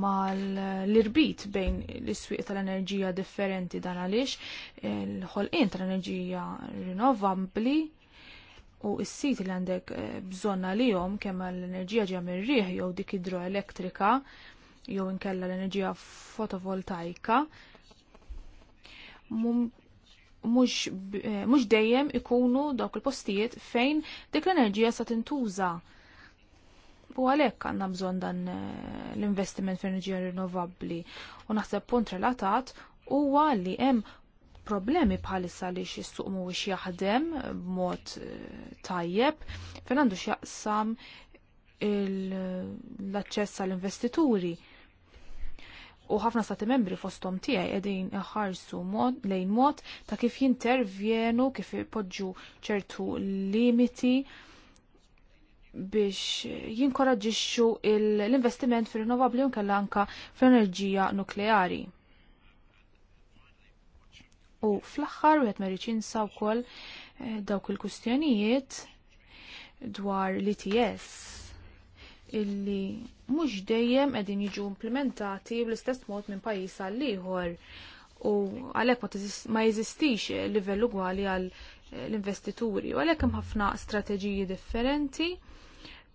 mal-irbit bejn l-iswiq tal-enerġija differenti dan għaliex il-ħolqien tal-enerġija rinnovabbli u s-sit li għandek eh, bżonna li jom kemm l-enerġija ġja mir-riħ jew dik idroelettrika jew inkella l-enerġija fotovoltaika Mux eh, dejjem ikunu dawk il-postijiet fejn dik l-enerġija sa tintuża u għalhekk għandna bżonn dan eh, l-investiment f'enerġija rinnovabbli u naħseb punt relatat huwa li hemm problemi bħalissa li x-suq mhuwiex jaħdem b'mod eh, tajjeb fejn għandu x'jaqsam l-aċċess għall-investituri. U ħafna stati membri fostom tiegħi qegħdin iħarsu mod lejn mod ta' kif jintervjenu kif ipoġġu ċertu limiti biex jinkoraġġixxu l-investiment fir-rinnovabbli u kellha anke fl-enerġija nukleari. U fl-aħħar wieħed ma jinsa wkoll eh, dawk il-kustjonijiet dwar l-ITS illi mhux dejjem qegħdin jiġu implementati bl-istess mod minn pajjiż għal ieħor u għalhekk ma jeżistix livell ugwali għal eh, l-investituri u għalhekk hemm ħafna strateġiji differenti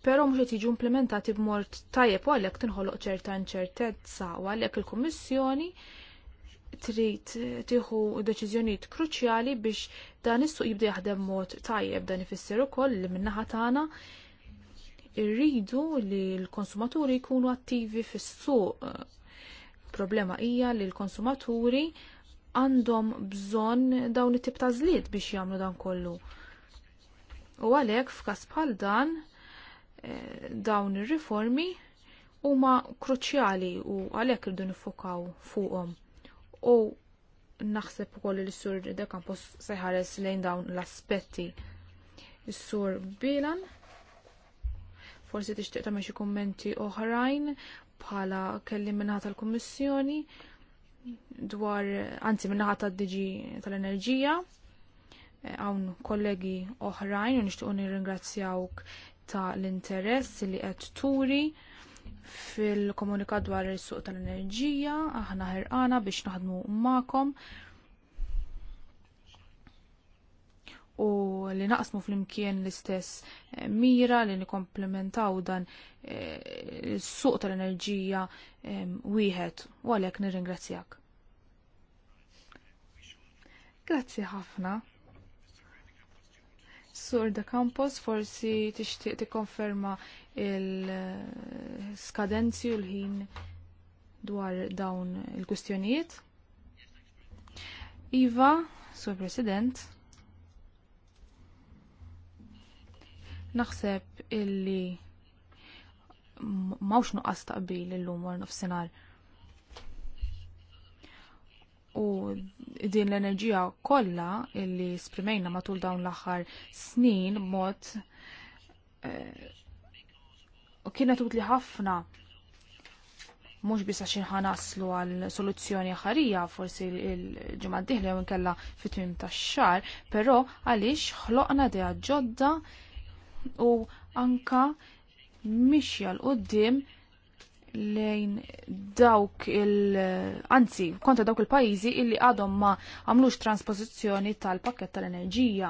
pero mhux qed jiġu implementati b'mod tajjeb u għalhekk tinħoloq ċerta inċertezza u għalhekk il-Kummissjoni trid tieħu deċiżjonijiet kruċjali biex dan is-suq jibda jaħdem mod tajjeb dan ifisser ukoll li min-naħa tagħna irridu li l-konsumaturi jkunu attivi fis-suq. Problema hija li l-konsumaturi għandhom bżonn dawn it-tip ta' żlied biex jagħmlu dan kollu. U għalhekk f'każ bħal dan dawn ir-riformi huma kruċjali u għalhekk irdu nifokaw fuqhom. U naħseb ukoll li sur de Campos se jħares lejn dawn l-aspetti. Is-sur Bilan forsi tixtieq tagħmel xi kummenti oħrajn bħala kelli minnaħa tal-Kummissjoni dwar anzi minnaħa tad-diġi tal-enerġija hawn kollegi oħrajn u nixtiequ nirringrazzjawk ta' l-interess li qed turi fil-komunikat dwar is-suq tal-enerġija, aħna ħerqana biex naħdmu magħkom u li naqsmu fl-imkien l-istess eh, mira li nikomplementaw dan eh, is-suq tal-enerġija eh, wieħed u għalhekk nirringrazzjak. Grazzi ħafna. Sur de Campos forsi tixtieq tikkonferma il-skadenzi u l-ħin dwar dawn il-kustjonijiet. Iva, Sur President, naħseb illi mawx nuqqas taqbil il-lum war nofsinhar u din l-enerġija kollha illi sprimejna matul dawn l-aħħar snin mod u eh, kienet utli ħafna mhux biss għax naslu għal soluzzjoni ħarija forsi l-ġimgħa d-dieħla jew inkella fit-tmiem tax-xahar, però għaliex ħloqna dea ġodda u anka mixja l qudiem lejn dawk il- anzi, kontra dawk il-pajizi illi għadhom ma għamlux transpożizzjoni tal-pakket tal-enerġija.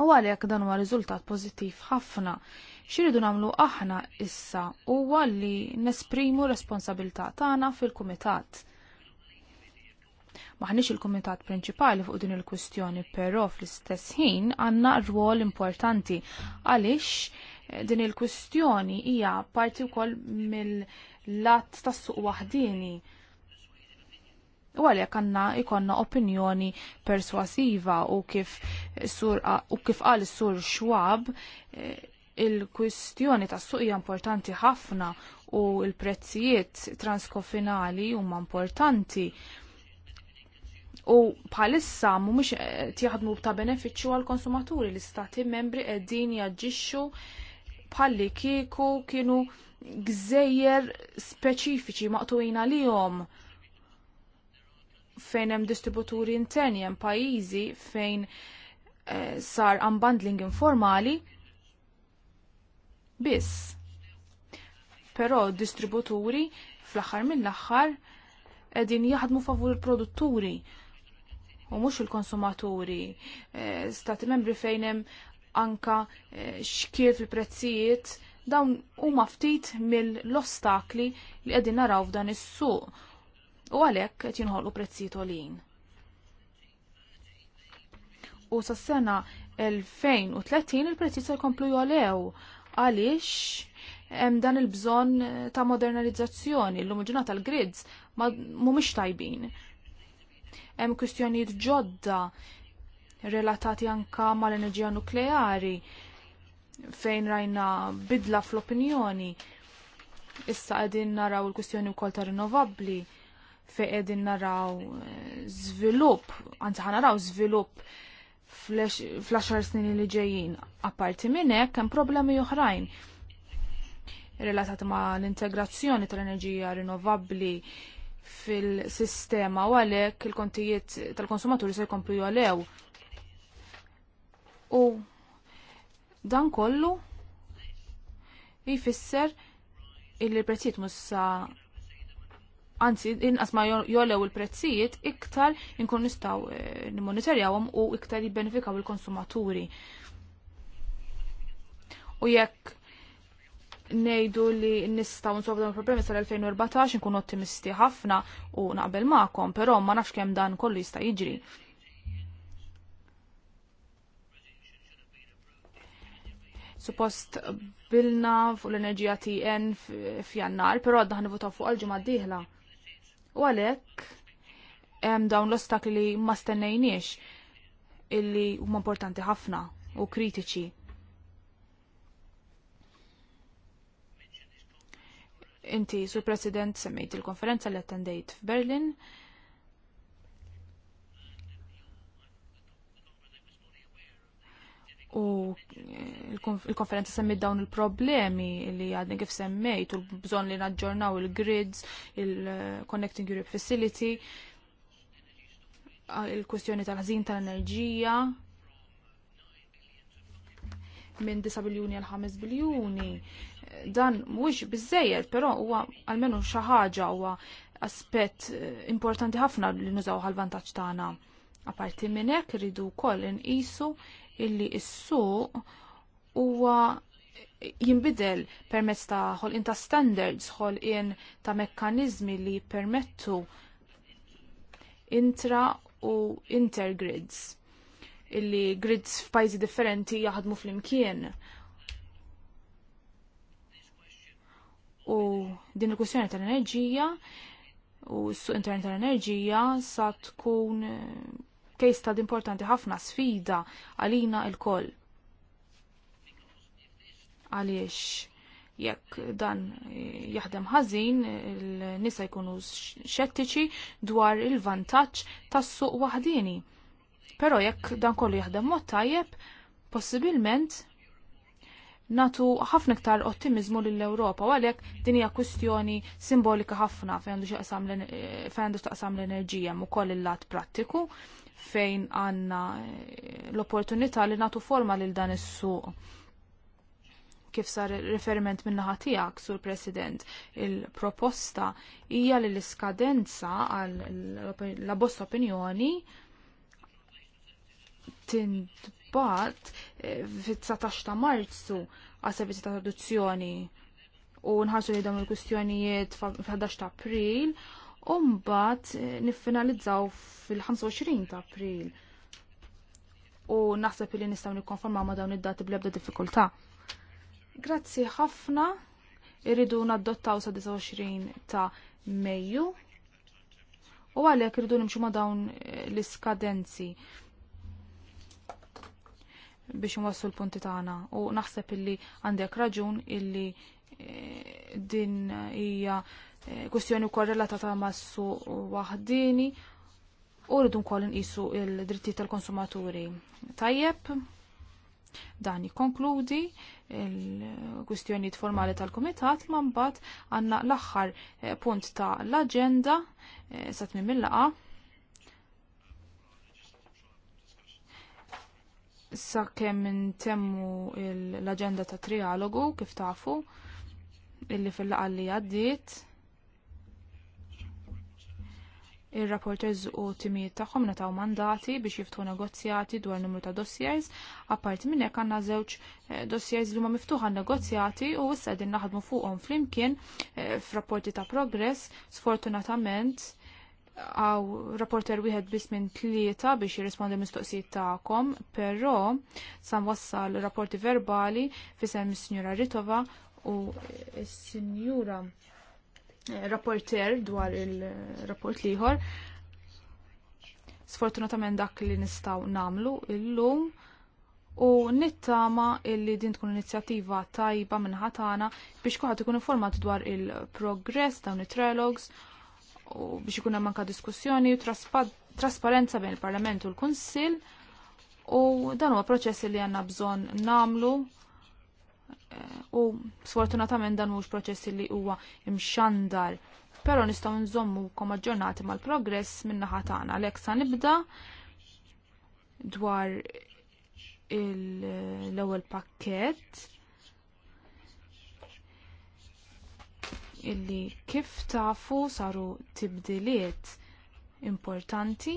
U għalhekk dan huwa riżultat pożittiv ħafna. Xiridu nagħmlu aħna issa huwa li nesprimu responsabilità tagħna fil-kumitat. Maħniex il-kumitat prinċipali fuq din il-kwistjoni, però fl-istess ħin għandna rwol importanti għaliex din il-kustjoni hija parti wkoll mill-lat tas-suq waħdini. U għalhekk għandna ikonna opinjoni perswasiva u kif sur u kif għal sur xwab, eh, il-kwistjoni tas suq hija importanti ħafna u l-prezzijiet transkofinali huma importanti. U bħalissa mhumiex eh, tjaħdmu ta' benefiċċju għall konsumaturi l-istati membri qegħdin jaġixxu palli kieku kienu gżejjer speċifiċi maqtuina li jom fejn hemm distributuri interni hemm pajjiżi fejn eh, sar unbundling informali biss. Però distributuri fl-aħħar mill-aħħar qegħdin jaħdmu favur il-produtturi u mhux il-konsumaturi. Eh, stati membri fejn hemm anka eh, xkiel fil-prezzijiet dawn huma ftit mill-ostakli li qegħdin naraw f'dan is-suq u għalhekk qed jinħolqu prezzijiet għolin. U sas-sena 2030 il-prezzijiet se jkomplu jolew għaliex hemm dan il-bżonn ta' modernizzazzjoni l ġurnata tal-grids ma mhumiex tajbin. Hemm kwistjonijiet ġodda relatati anka mal-enerġija nukleari fejn rajna bidla fl-opinjoni. Issa qegħdin naraw il-kwistjoni wkoll ta' rinnovabbli fejn qegħdin naraw eh, żvilupp, anzi naraw żvilupp fl-10 snin li ġejjin. Apparti minn hekk hemm problemi oħrajn relatati ma' l-integrazzjoni tal-enerġija rinnovabbli fil-sistema u għalhekk il-kontijiet tal-konsumaturi se jkomplu jolew u dan kollu jfisser il-prezzijiet mussa anzi inqas ma jolew il-prezzijiet iktar inkun nistgħu eh, nimmonitorjawhom u iktar jibbenefikaw il-konsumaturi. U jekk ngħidu li nistgħu nsolvu dawn il-problemi sal-2014 nkun ottimisti ħafna u naqbel ma'kom, però ma nafx kemm dan kollu jista' jiġri. suppost bilna fuq l-enerġija TN f'jannar, però għadna votaw fuq għalġu ġimgħa d-dieħla. U għalhekk hemm dawn l-ostakli li ma stennejniex illi huma importanti ħafna u kritiċi. Inti, sur President, semmejt il-konferenza li attendejt f'Berlin, U il-konferenza semmi dawn il-problemi li għadni kif semmejt u l-bżon li naġġornaw il-grids, il-Connecting Europe Facility, il-kwestjoni tal-ħazin tal-enerġija minn 9 biljuni għal 5 biljuni. Dan mhux biżejjed, però huwa għalmenu xi ħaġa huwa aspett eh, importanti ħafna li nużaw għal vantaġġ tagħna. Aparti minn hekk irridu wkoll inqisu illi s-suq huwa jinbidel permezz ta' ħolqien ta' standards, ħolqien ta' mekkaniżmi li permettu intra u intergrids illi grids f'pajzi differenti jaħdmu fl-imkien. U din il-kwestjoni tal-enerġija u s-suq intern tal-enerġija sa tkun case study importanti ħafna sfida għalina il-koll. Għaliex jekk dan jaħdem ħażin, il-nisa jkunu xettiċi dwar il-vantaġġ tas-suq waħdini. Però jekk dan kollu jaħdem mod tajjeb, possibilment natu ħafna iktar ottimizmu lill-Ewropa u għalhekk din hija kwistjoni simbolika ħafna fejn għandu taqsam l-enerġija mu koll il-lat prattiku fejn għanna eh, l-opportunità li natu forma lil dan is-suq. Kif sar referiment minna ħatijak sur President, il-proposta hija li l-iskadenza għal la bosta opinjoni tintbat eh, fit-19 ta' Marzu għal servizzi ta' traduzzjoni u nħarsu li dawn il-kustjonijiet fl-11 ta' April Umbat nifinalizzaw eh, niffinalizzaw fil-25 ta' April. U naħseb li nistgħu nikkonformaw ma' dawn id-dati bl-ebda diffikultà. Grazzi ħafna. Irridu nadottaw sa' 29 ta' Mejju. U għalhekk irridu nimxu ma' dawn eh, l-iskadenzi biex nwassu l-punti tagħna u naħseb illi għandek raġun illi eh, din hija Eh, kwestjoni wkoll relatata massu waħdini u rridu wkoll nqisu il-dritti tal-konsumaturi. Tajjeb, dan jikkonkludi il-kwistjonijiet formali tal-Kumitat ma mbagħad għandna l-aħħar eh, punt ta' l-aġenda eh, sa tmim il-laqa. Sa kemm intemmu l-aġenda ta' trialogu kif tafu illi fil-laqa li għaddiet Ir-rapporters u timijiet tagħhom nataw mandati biex jiftħu negozjati dwar numru ta' dossiers, apparti minn hekk għandna żewġ eh, dossiers li huma miftuħa negozjati u issa qegħdin naħdmu fuqhom flimkien eh, f'rapporti ta' progress. Sfortunatament għaw rapporter wieħed biss minn tlieta biex jirrispondi mistoqsijiet tagħkom, però sa wassal rapporti verbali fisem is-Sinjura Ritova u s-Sinjura eh, rapporter dwar il-rapport liħor. Sfortunatament dak li nistaw namlu illum u nittama illi din tkun inizjattiva tajba minnħatana biex kuħat ikun informat dwar il-progress dawn it-trilogs u biex ikun hemm anke diskussjoni u trasparenza bejn il-Parlament u l-Kunsill u dan huwa proċess li għandna bżonn namlu u sfortunatament dan mhux proċess li huwa imxandar. Però nistgħu nżommu kom aġġornati mal-progress min-naħa tagħna. Lek sa nibda dwar l-ewwel pakkett illi kif tafu saru tibdiliet importanti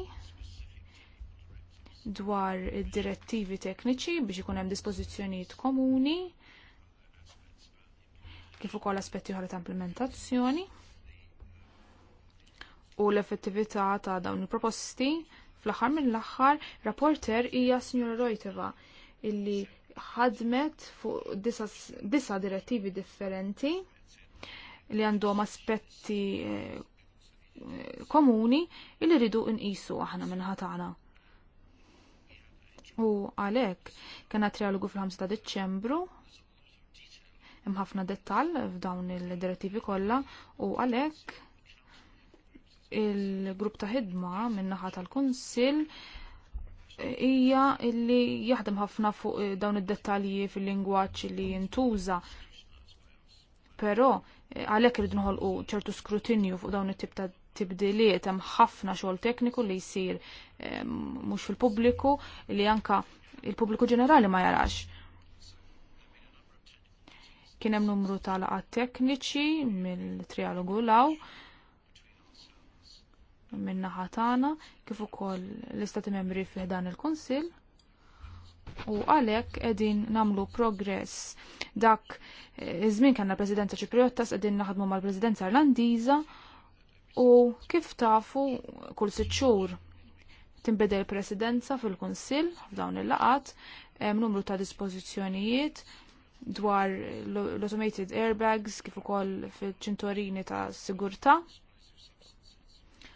dwar id-direttivi tekniċi biex ikun hemm dispożizzjonijiet komuni kif ukoll aspetti oħra ta' implementazzjoni u l-effettività ta' dawn il-proposti fl-aħħar mill-aħħar rapporter hija Sinjora Rojteva illi ħadmet fuq disa, direttivi differenti li għandhom aspetti eh, komuni illi rridu nqisu aħna tagħna. U għalek kena trialogu fil-5 ta' Deċembru hemm ħafna f'dawn il-direttivi kollha u għalhekk il-grupp ta' ħidma min-naħa tal-Kunsill hija li jaħdem ħafna fuq eh, dawn id-dettalji fil-lingwaġġ li jintuża. Però eh, għalhekk irid nħolqu ċertu skrutinju fuq dawn it-tip ta' tibdiliet hemm ħafna xogħol tekniku li jsir eh, mhux fil-pubbliku li anka il-pubbliku ġenerali ma jarax Kien hemm numru ta' laqat tekniċi mill-trialogu law minn naħa tagħna kif ukoll l-istati membri fih dan il-Kunsill. U għalhekk qegħdin nagħmlu progress dak eh, iż-żmien kellna Presidenza Ċipriottas qegħdin naħdmu mal-Presidenza Irlandiża u kif tafu kull sitt xhur tinbeda l-presidenza fil-Kunsill f'dawn il-laqat hemm numru ta' dispożizzjonijiet dwar l-automated airbags kif ukoll fil-ċinturini ta' sigurtà.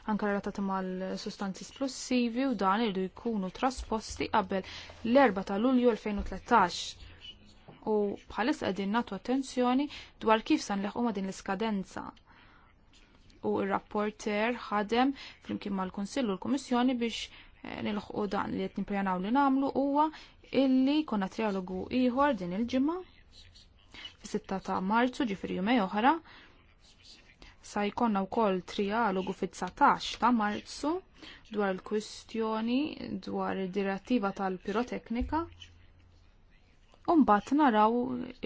Anka relatata mal-sustanzi splussivi u dan irdu jkunu trasposti qabel l-4 ta' Lulju 2013. U bħalissa qegħdin nagħtu attenzjoni dwar kif sanleħqu ma' din l-iskadenza u r-rapporter ħadem flimkien mal u l-Kummissjoni biex eh, nilħqu dan li qed nippjanaw li nagħmlu huwa illi konna trialogu ieħor din il-ġimgħa 6 ta' Marzu ġifiri jumej oħra sa jkonna wkoll trialogu fit-19 ta' Marzu dwar il-kwistjoni dwar id-direttiva tal-piroteknika Umbat naraw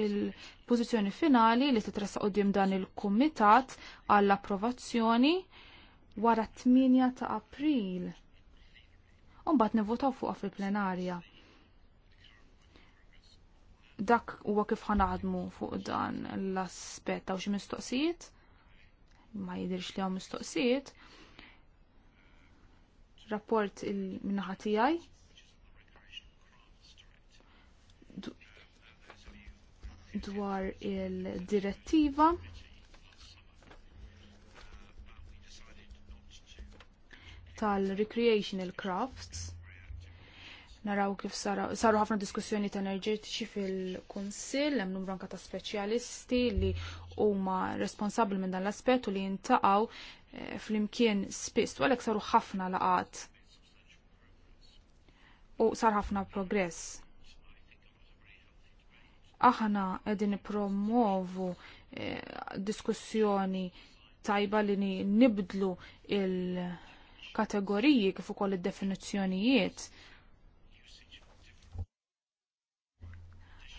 il-pożizzjoni finali li titressa u dan il-kumitat għall-approvazzjoni wara 8 ta' April. Umbat nivvotaw fuqha fil-plenarja dak huwa kif ħanaħdmu fuq dan l-aspett taw xi mistoqsijiet ma jidirx li hawn mistoqsijiet rapport il-minaħa
tiegħi
dwar il-direttiva tal-recreational crafts naraw kif saru ħafna diskussjoni ta' enerġetiċi fil-Kunsill, hemm numru anka ta' speċjalisti li huma responsabbli minn dan l-aspett u li jintaqgħu flimkien eh, fl-imkien spiss, u għalhekk saru ħafna laqat u sar ħafna progress. Aħna qegħdin nippromovu eh, diskussjoni tajba li nibdlu il-kategoriji kif ukoll id-definizzjonijiet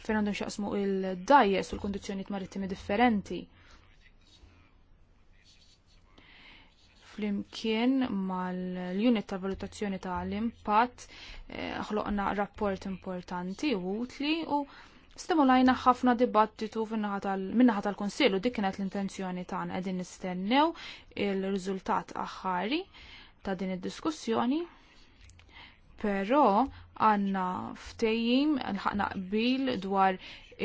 fejn għandhom xaqsmu il dajes u l-kondizjoniet marittimi differenti. Flimkien mal-unit ta' valutazzjoni ta' l-impatt eh, ħloqna rapport importanti u utli u stimolajna ħafna dibattitu minnaħa tal-Konsillu dik kienet l-intenzjoni tagħna qegħdin nistennew il-riżultat aħħari ta' din id-diskussjoni. Però għanna ftejjim, nħaqna qbil dwar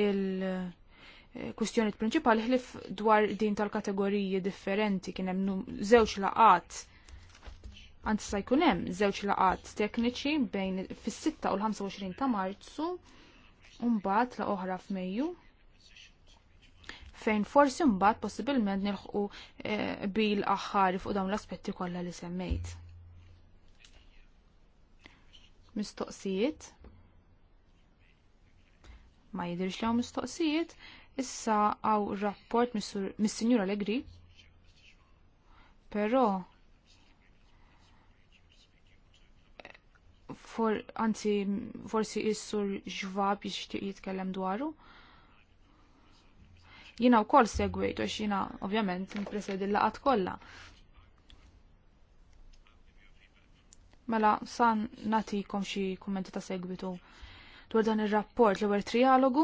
il- eh, kustjoni prinċipali ħlif dwar din tal-kategoriji differenti kien hemm żewġ laqat għant sa jkun hemm żewġ laqat tekniċi bejn fis-6 u l-25 ta' Marzu u mbagħad la oħra f'Mejju fejn forsi mbagħad possibilment nilħqu eh, bil aħħar fuq dawn l-aspetti kollha li semmejt mistoqsijiet. Ma jidirx li għaw mistoqsijiet, issa għaw rapport mis-Sinjura Allegri Pero, for, anzi, forsi is-sur ġvab jixtieq jitkellem dwaru. Jina u kol segwejt għax jina ovvjament n presedilla l kolla. Mela, san kom xi kummenti ta' segwitu dwar dan ir-rapport l-ewwel trialogu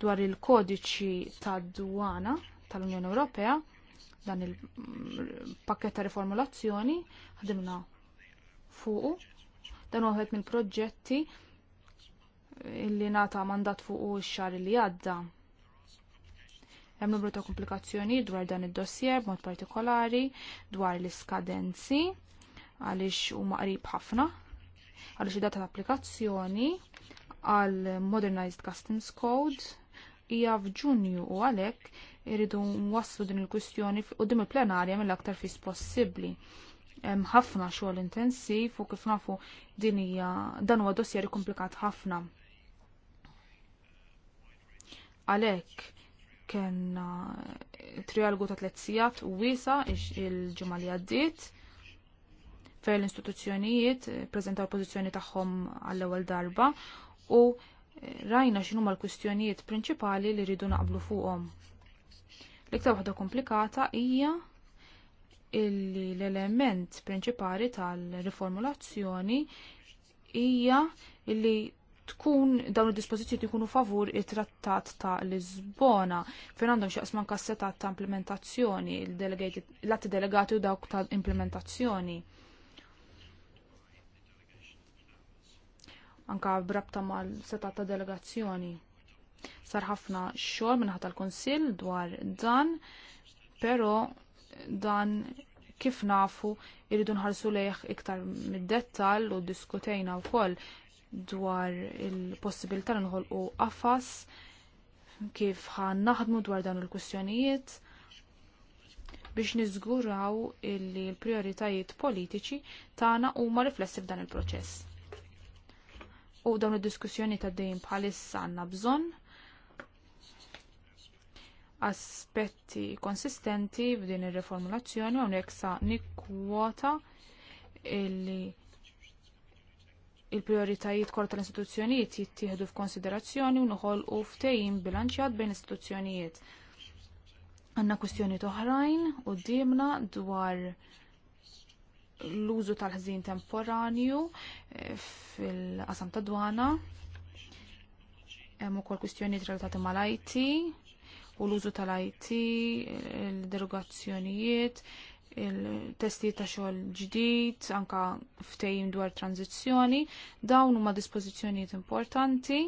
dwar il-kodiċi tad-dwana tal-Unjoni Ewropea dan il-pakket ta' riformulazzjoni ħadimna fuqu dan waħed mill-proġetti li nata mandat fuq x-xar li għadda Hemm numru ta' komplikazzjoni dwar dan id-dossier b'mod partikolari dwar l-iskadenzi għaliex huma qrib ħafna għaliex id-data ta' applikazzjoni għal Modernized Customs Code hija f'Ġunju u għalhekk iridu nwasslu din il-kwistjoni qudiem il-plenarja mill-aktar fis possibbli hemm ħafna xogħol intensiv u kif nafu din hija dan huwa dossier komplikat ħafna. Għalhekk kena trialgu ta' tliet letzijat u wiesa il-ġimgħa li għaddiet fejn l-istituzzjonijiet prezentaw pożizzjoni tagħhom għall-ewwel darba u rajna x'inhu l-kwistjonijiet prinċipali li rridu naqblu fuqhom. L-iktar waħda komplikata hija illi l-element prinċipali tal-riformulazzjoni hija illi tkun dawn id-dispożizzjoni jkunu favur it-trattat ta' Lisbona fejn għandhom xi kasseta ta' implementazzjoni, l-atti delegati u dawk ta' implementazzjoni. Anka brabta mal setat ta' delegazzjoni. Sar ħafna xogħol minn tal-Kunsill dwar dan, però dan kif nafu irridu nħarsu lejħ iktar mid-dettall u diskutejna wkoll dwar il-possibilità li nħolqu qafas kif ħan naħdmu dwar dawn il-kwistjonijiet biex niżguraw illi l-prioritajiet politiċi tagħna huma riflessi f'dan il-proċess. U dawn id-diskussjoni ta' dejjem bħalissa għandna bżonn aspetti konsistenti f'din ir-riformulazzjoni hawnhekk sa nikkwota illi il-prioritajiet kol tal-istituzzjonijiet jittieħdu f'konsiderazzjoni u noħolqu ftejim bilanċjat bejn istituzzjonijiet. Għanna kwistjonijiet oħrajn u d dimna dwar l-użu tal-ħżin temporanju eh, fil-qasam ta' dwana. Hemm ukoll kwistjonijiet relatati mal-IT u l-użu tal-IT, l derogazzjonijiet il-testi ta' xogħol ġdid, anka ftejim dwar tranzizzjoni, dawn huma dispożizzjonijiet importanti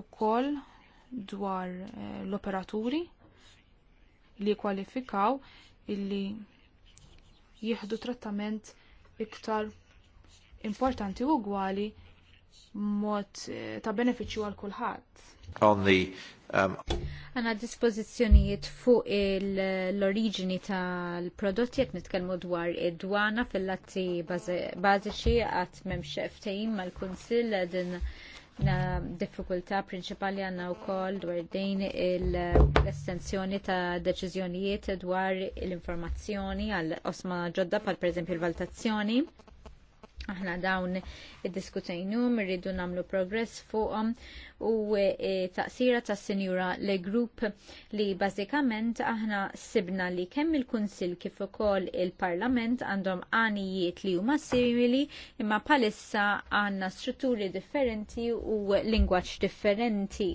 ukoll dwar eh, l-operaturi li kwalifikaw illi jieħdu trattament iktar importanti u
gwali mod eh, ta' beneficju għal kulħadd. On um... Għanna dispozizjonijiet fuq l-oriġini tal-prodotti jek nitkellmu dwar id-dwana fil-latti bażiċi għat memx ftehim mal-Kunsill din na diffikultà prinċipali għanna u koll dwar din l-estensjoni ta' deċizjonijiet dwar l-informazzjoni għal osma ġodda pal per eżempju l valtazzjoni Aħna dawn id-diskutejnum, rridu namlu progress fuqhom u e, taqsira ta' senjura le grupp li bażikament aħna sibna li kemm il-Kunsill kif ukoll il-Parlament għandhom għanijiet li huma simili imma palissa għandna strutturi differenti u lingwaġġ differenti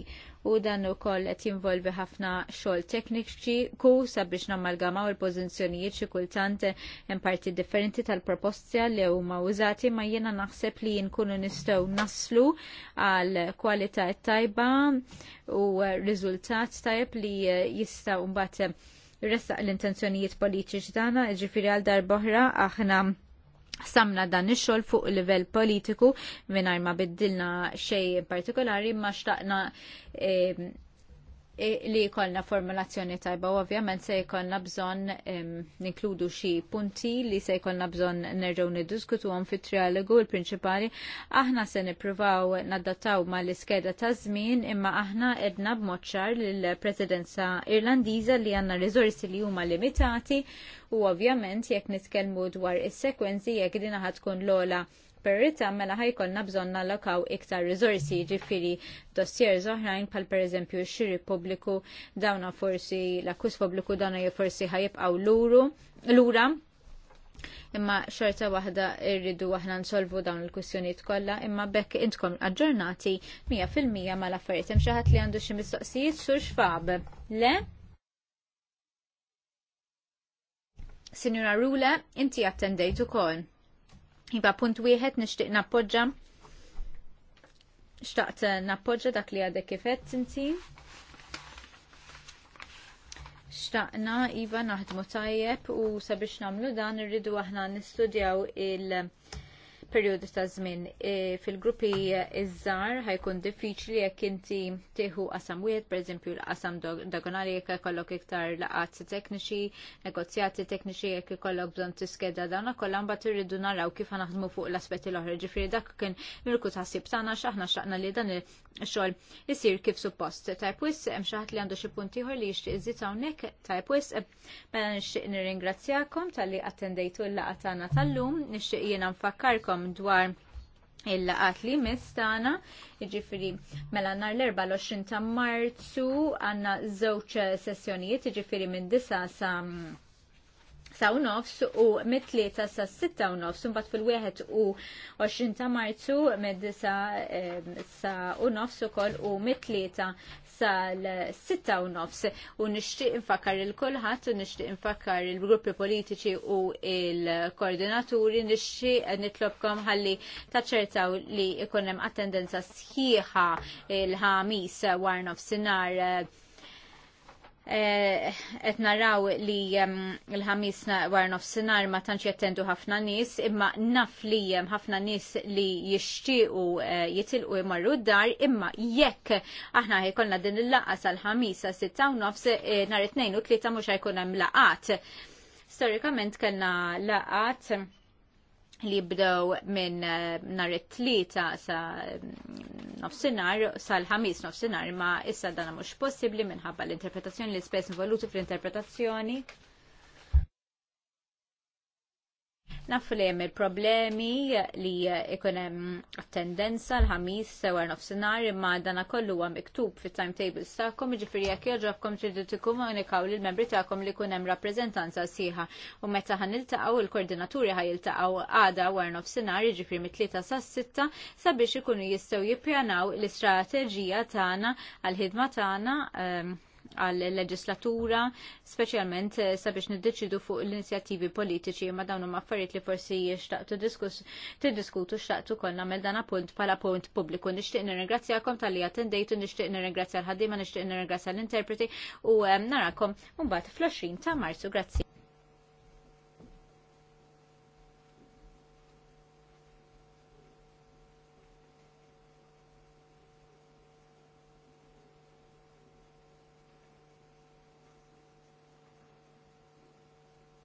u dan ukoll qed jinvolvi ħafna xogħol ku sabiex nammalgamaw il-pożizzjonijiet xi kultant hemm parti differenti tal-proposta li huma użati ma jiena naħseb li jinkunu nistgħu naslu għal kwalità tajba u riżultat tajb li jista' mbagħad restaq l-intenzjonijiet politiċi tagħna, ġifieri għal darboħra aħna samna dan ix-xogħol fuq livell politiku mingħajr ma biddilna xejn partikolari ma xtaqna eh, E, li jkollna formulazzjoni tajba u ovvjament se jkollna bżonn ninkludu xi punti li se jkollna bżonn nerġgħu niddiskutuhom fit-trialogu l-prinċipali aħna se nippruvaw nadattaw ma l-iskeda ta' żmien imma aħna edna b'mod l lill-Presidenza Irlandiża li għandna riżorsi li huma limitati u ovvjament jekk nitkellmu dwar is-sekwenzi jekk din tkun l-ola prosperita mela ħajkolna bżonn nallokaw iktar rizorsi ġifiri dossier oħrajn pal pereżempju x-xiri pubbliku dawna forsi l-akkus pubbliku dawna forsi ħajibqaw luru lura imma xorta waħda irridu aħna nsolvu dawn il-kwistjonijiet kollha imma bekk intkom aġġornati 100% mal-affarijiet hemm xi ħadd li għandu xi mistoqsijiet sur xfab. Le? Sinjura Rula, inti attendejtu ukoll. Iba punt wieħed nixtieq nappoġġa. Xtaqt eh, nappoġġa dak li għadek kifet inti. Xtaqna Iva naħdmu tajjeb u sabiex namlu dan irridu aħna nistudjaw il- perjodu ta' żmien e, fil-gruppi iż-żgħar ħajkun diffiċli jekk inti tieħu qasam wieħed, pereżempju l-qasam dagonali jekk ikollok iktar laqgħat tekniċi, negozjati tekniċi jekk ikollok bżonn tiskeda dawna kollha mbagħad irridu naraw kif naħdmu fuq l-aspetti l-oħra. Ġifieri dak kien mirku taħsib tagħna x'aħna xaqna li dan il-xogħol isir kif suppost. Tajb wiss hemm xi ħadd li għandu xi punt ieħor li jixtieq iżid hawnhekk tajb wiss mela nixtieq nirringrazzjakom talli attendejtu l-laqgħa tagħna tal-lum, nixtieq jiena nfakkarkom nfakkarkom dwar il-laqat li mistana, jiġifieri, mela nar l-24 ta' marzu għanna żewġ sessjonijiet, jiġifieri minn disa sa' sa' nofs u mit-tlieta sa' sitta u nofs, un fil-1 u 20 ta' marzu mid-disa eh, sa' u nofs u koll u mit-tlieta sal-6 u nofs u nixtieq infakar il-kulħadd u nixtieq infakar il-gruppi politiċi u il-koordinaturi nixtieq nitlobkom ħalli taċċertaw li ikun hemm attendenza sħiħa il-ħamis war nofsinhar qed eh, naraw li l-ħamis war nofsinhar ma tantx jattendu ħafna nies, imma naf li hemm ħafna nies li jixtiequ eh, jitilqu jmorru d-dar, imma jekk aħna ħajkolna din il-laqgħa sal-ħamis sa' 6 u nofs eh, nhar it-tnejn u tlieta mhux ħajkun hemm laqat. Storikament kellna laqat li bdew minn eh, nhar it-tlieta sa mm, nofsinhar sal-ħamis nofsinhar ma issa dan mhux possibbli minħabba l-interpretazzjoni li spess involuti fl-interpretazzjoni Nafu li hemm il-problemi li ikun hemm tendenza l-ħamis sewar nofsinhar imma dana kollu għam miktub fit-timetables tagħkom, jiġifieri jekk jogħġobkom tridu tikkomunikaw lill membri tagħkom li jkun hemm rappreżentanza sieħa u meta ħaniltaqgħu il-koordinaturi il-taqaw għada war nofsinhar jiġifieri mit mitlita sas-sitta sabiex ikunu jistgħu jippjanaw l-istrateġija tagħna għall-ħidma tagħna ehm, għal-leġislatura, specialment eh, sabiex niddeċidu fuq l-inizjattivi politiċi ma dawn huma affarijiet li forsi jixtaqtu tiddiskutu xtaqtu kol nagħmel dan punt bħala punt pubbliku. Nixtieq nirringrazzjakom tal-li attendejtu, nixtieq nirringrazzja l ħaddima nixtieq nirringrazzja l-interpreti u eh, narakom mbagħad fl-20 ta' Marzu. Grazzi.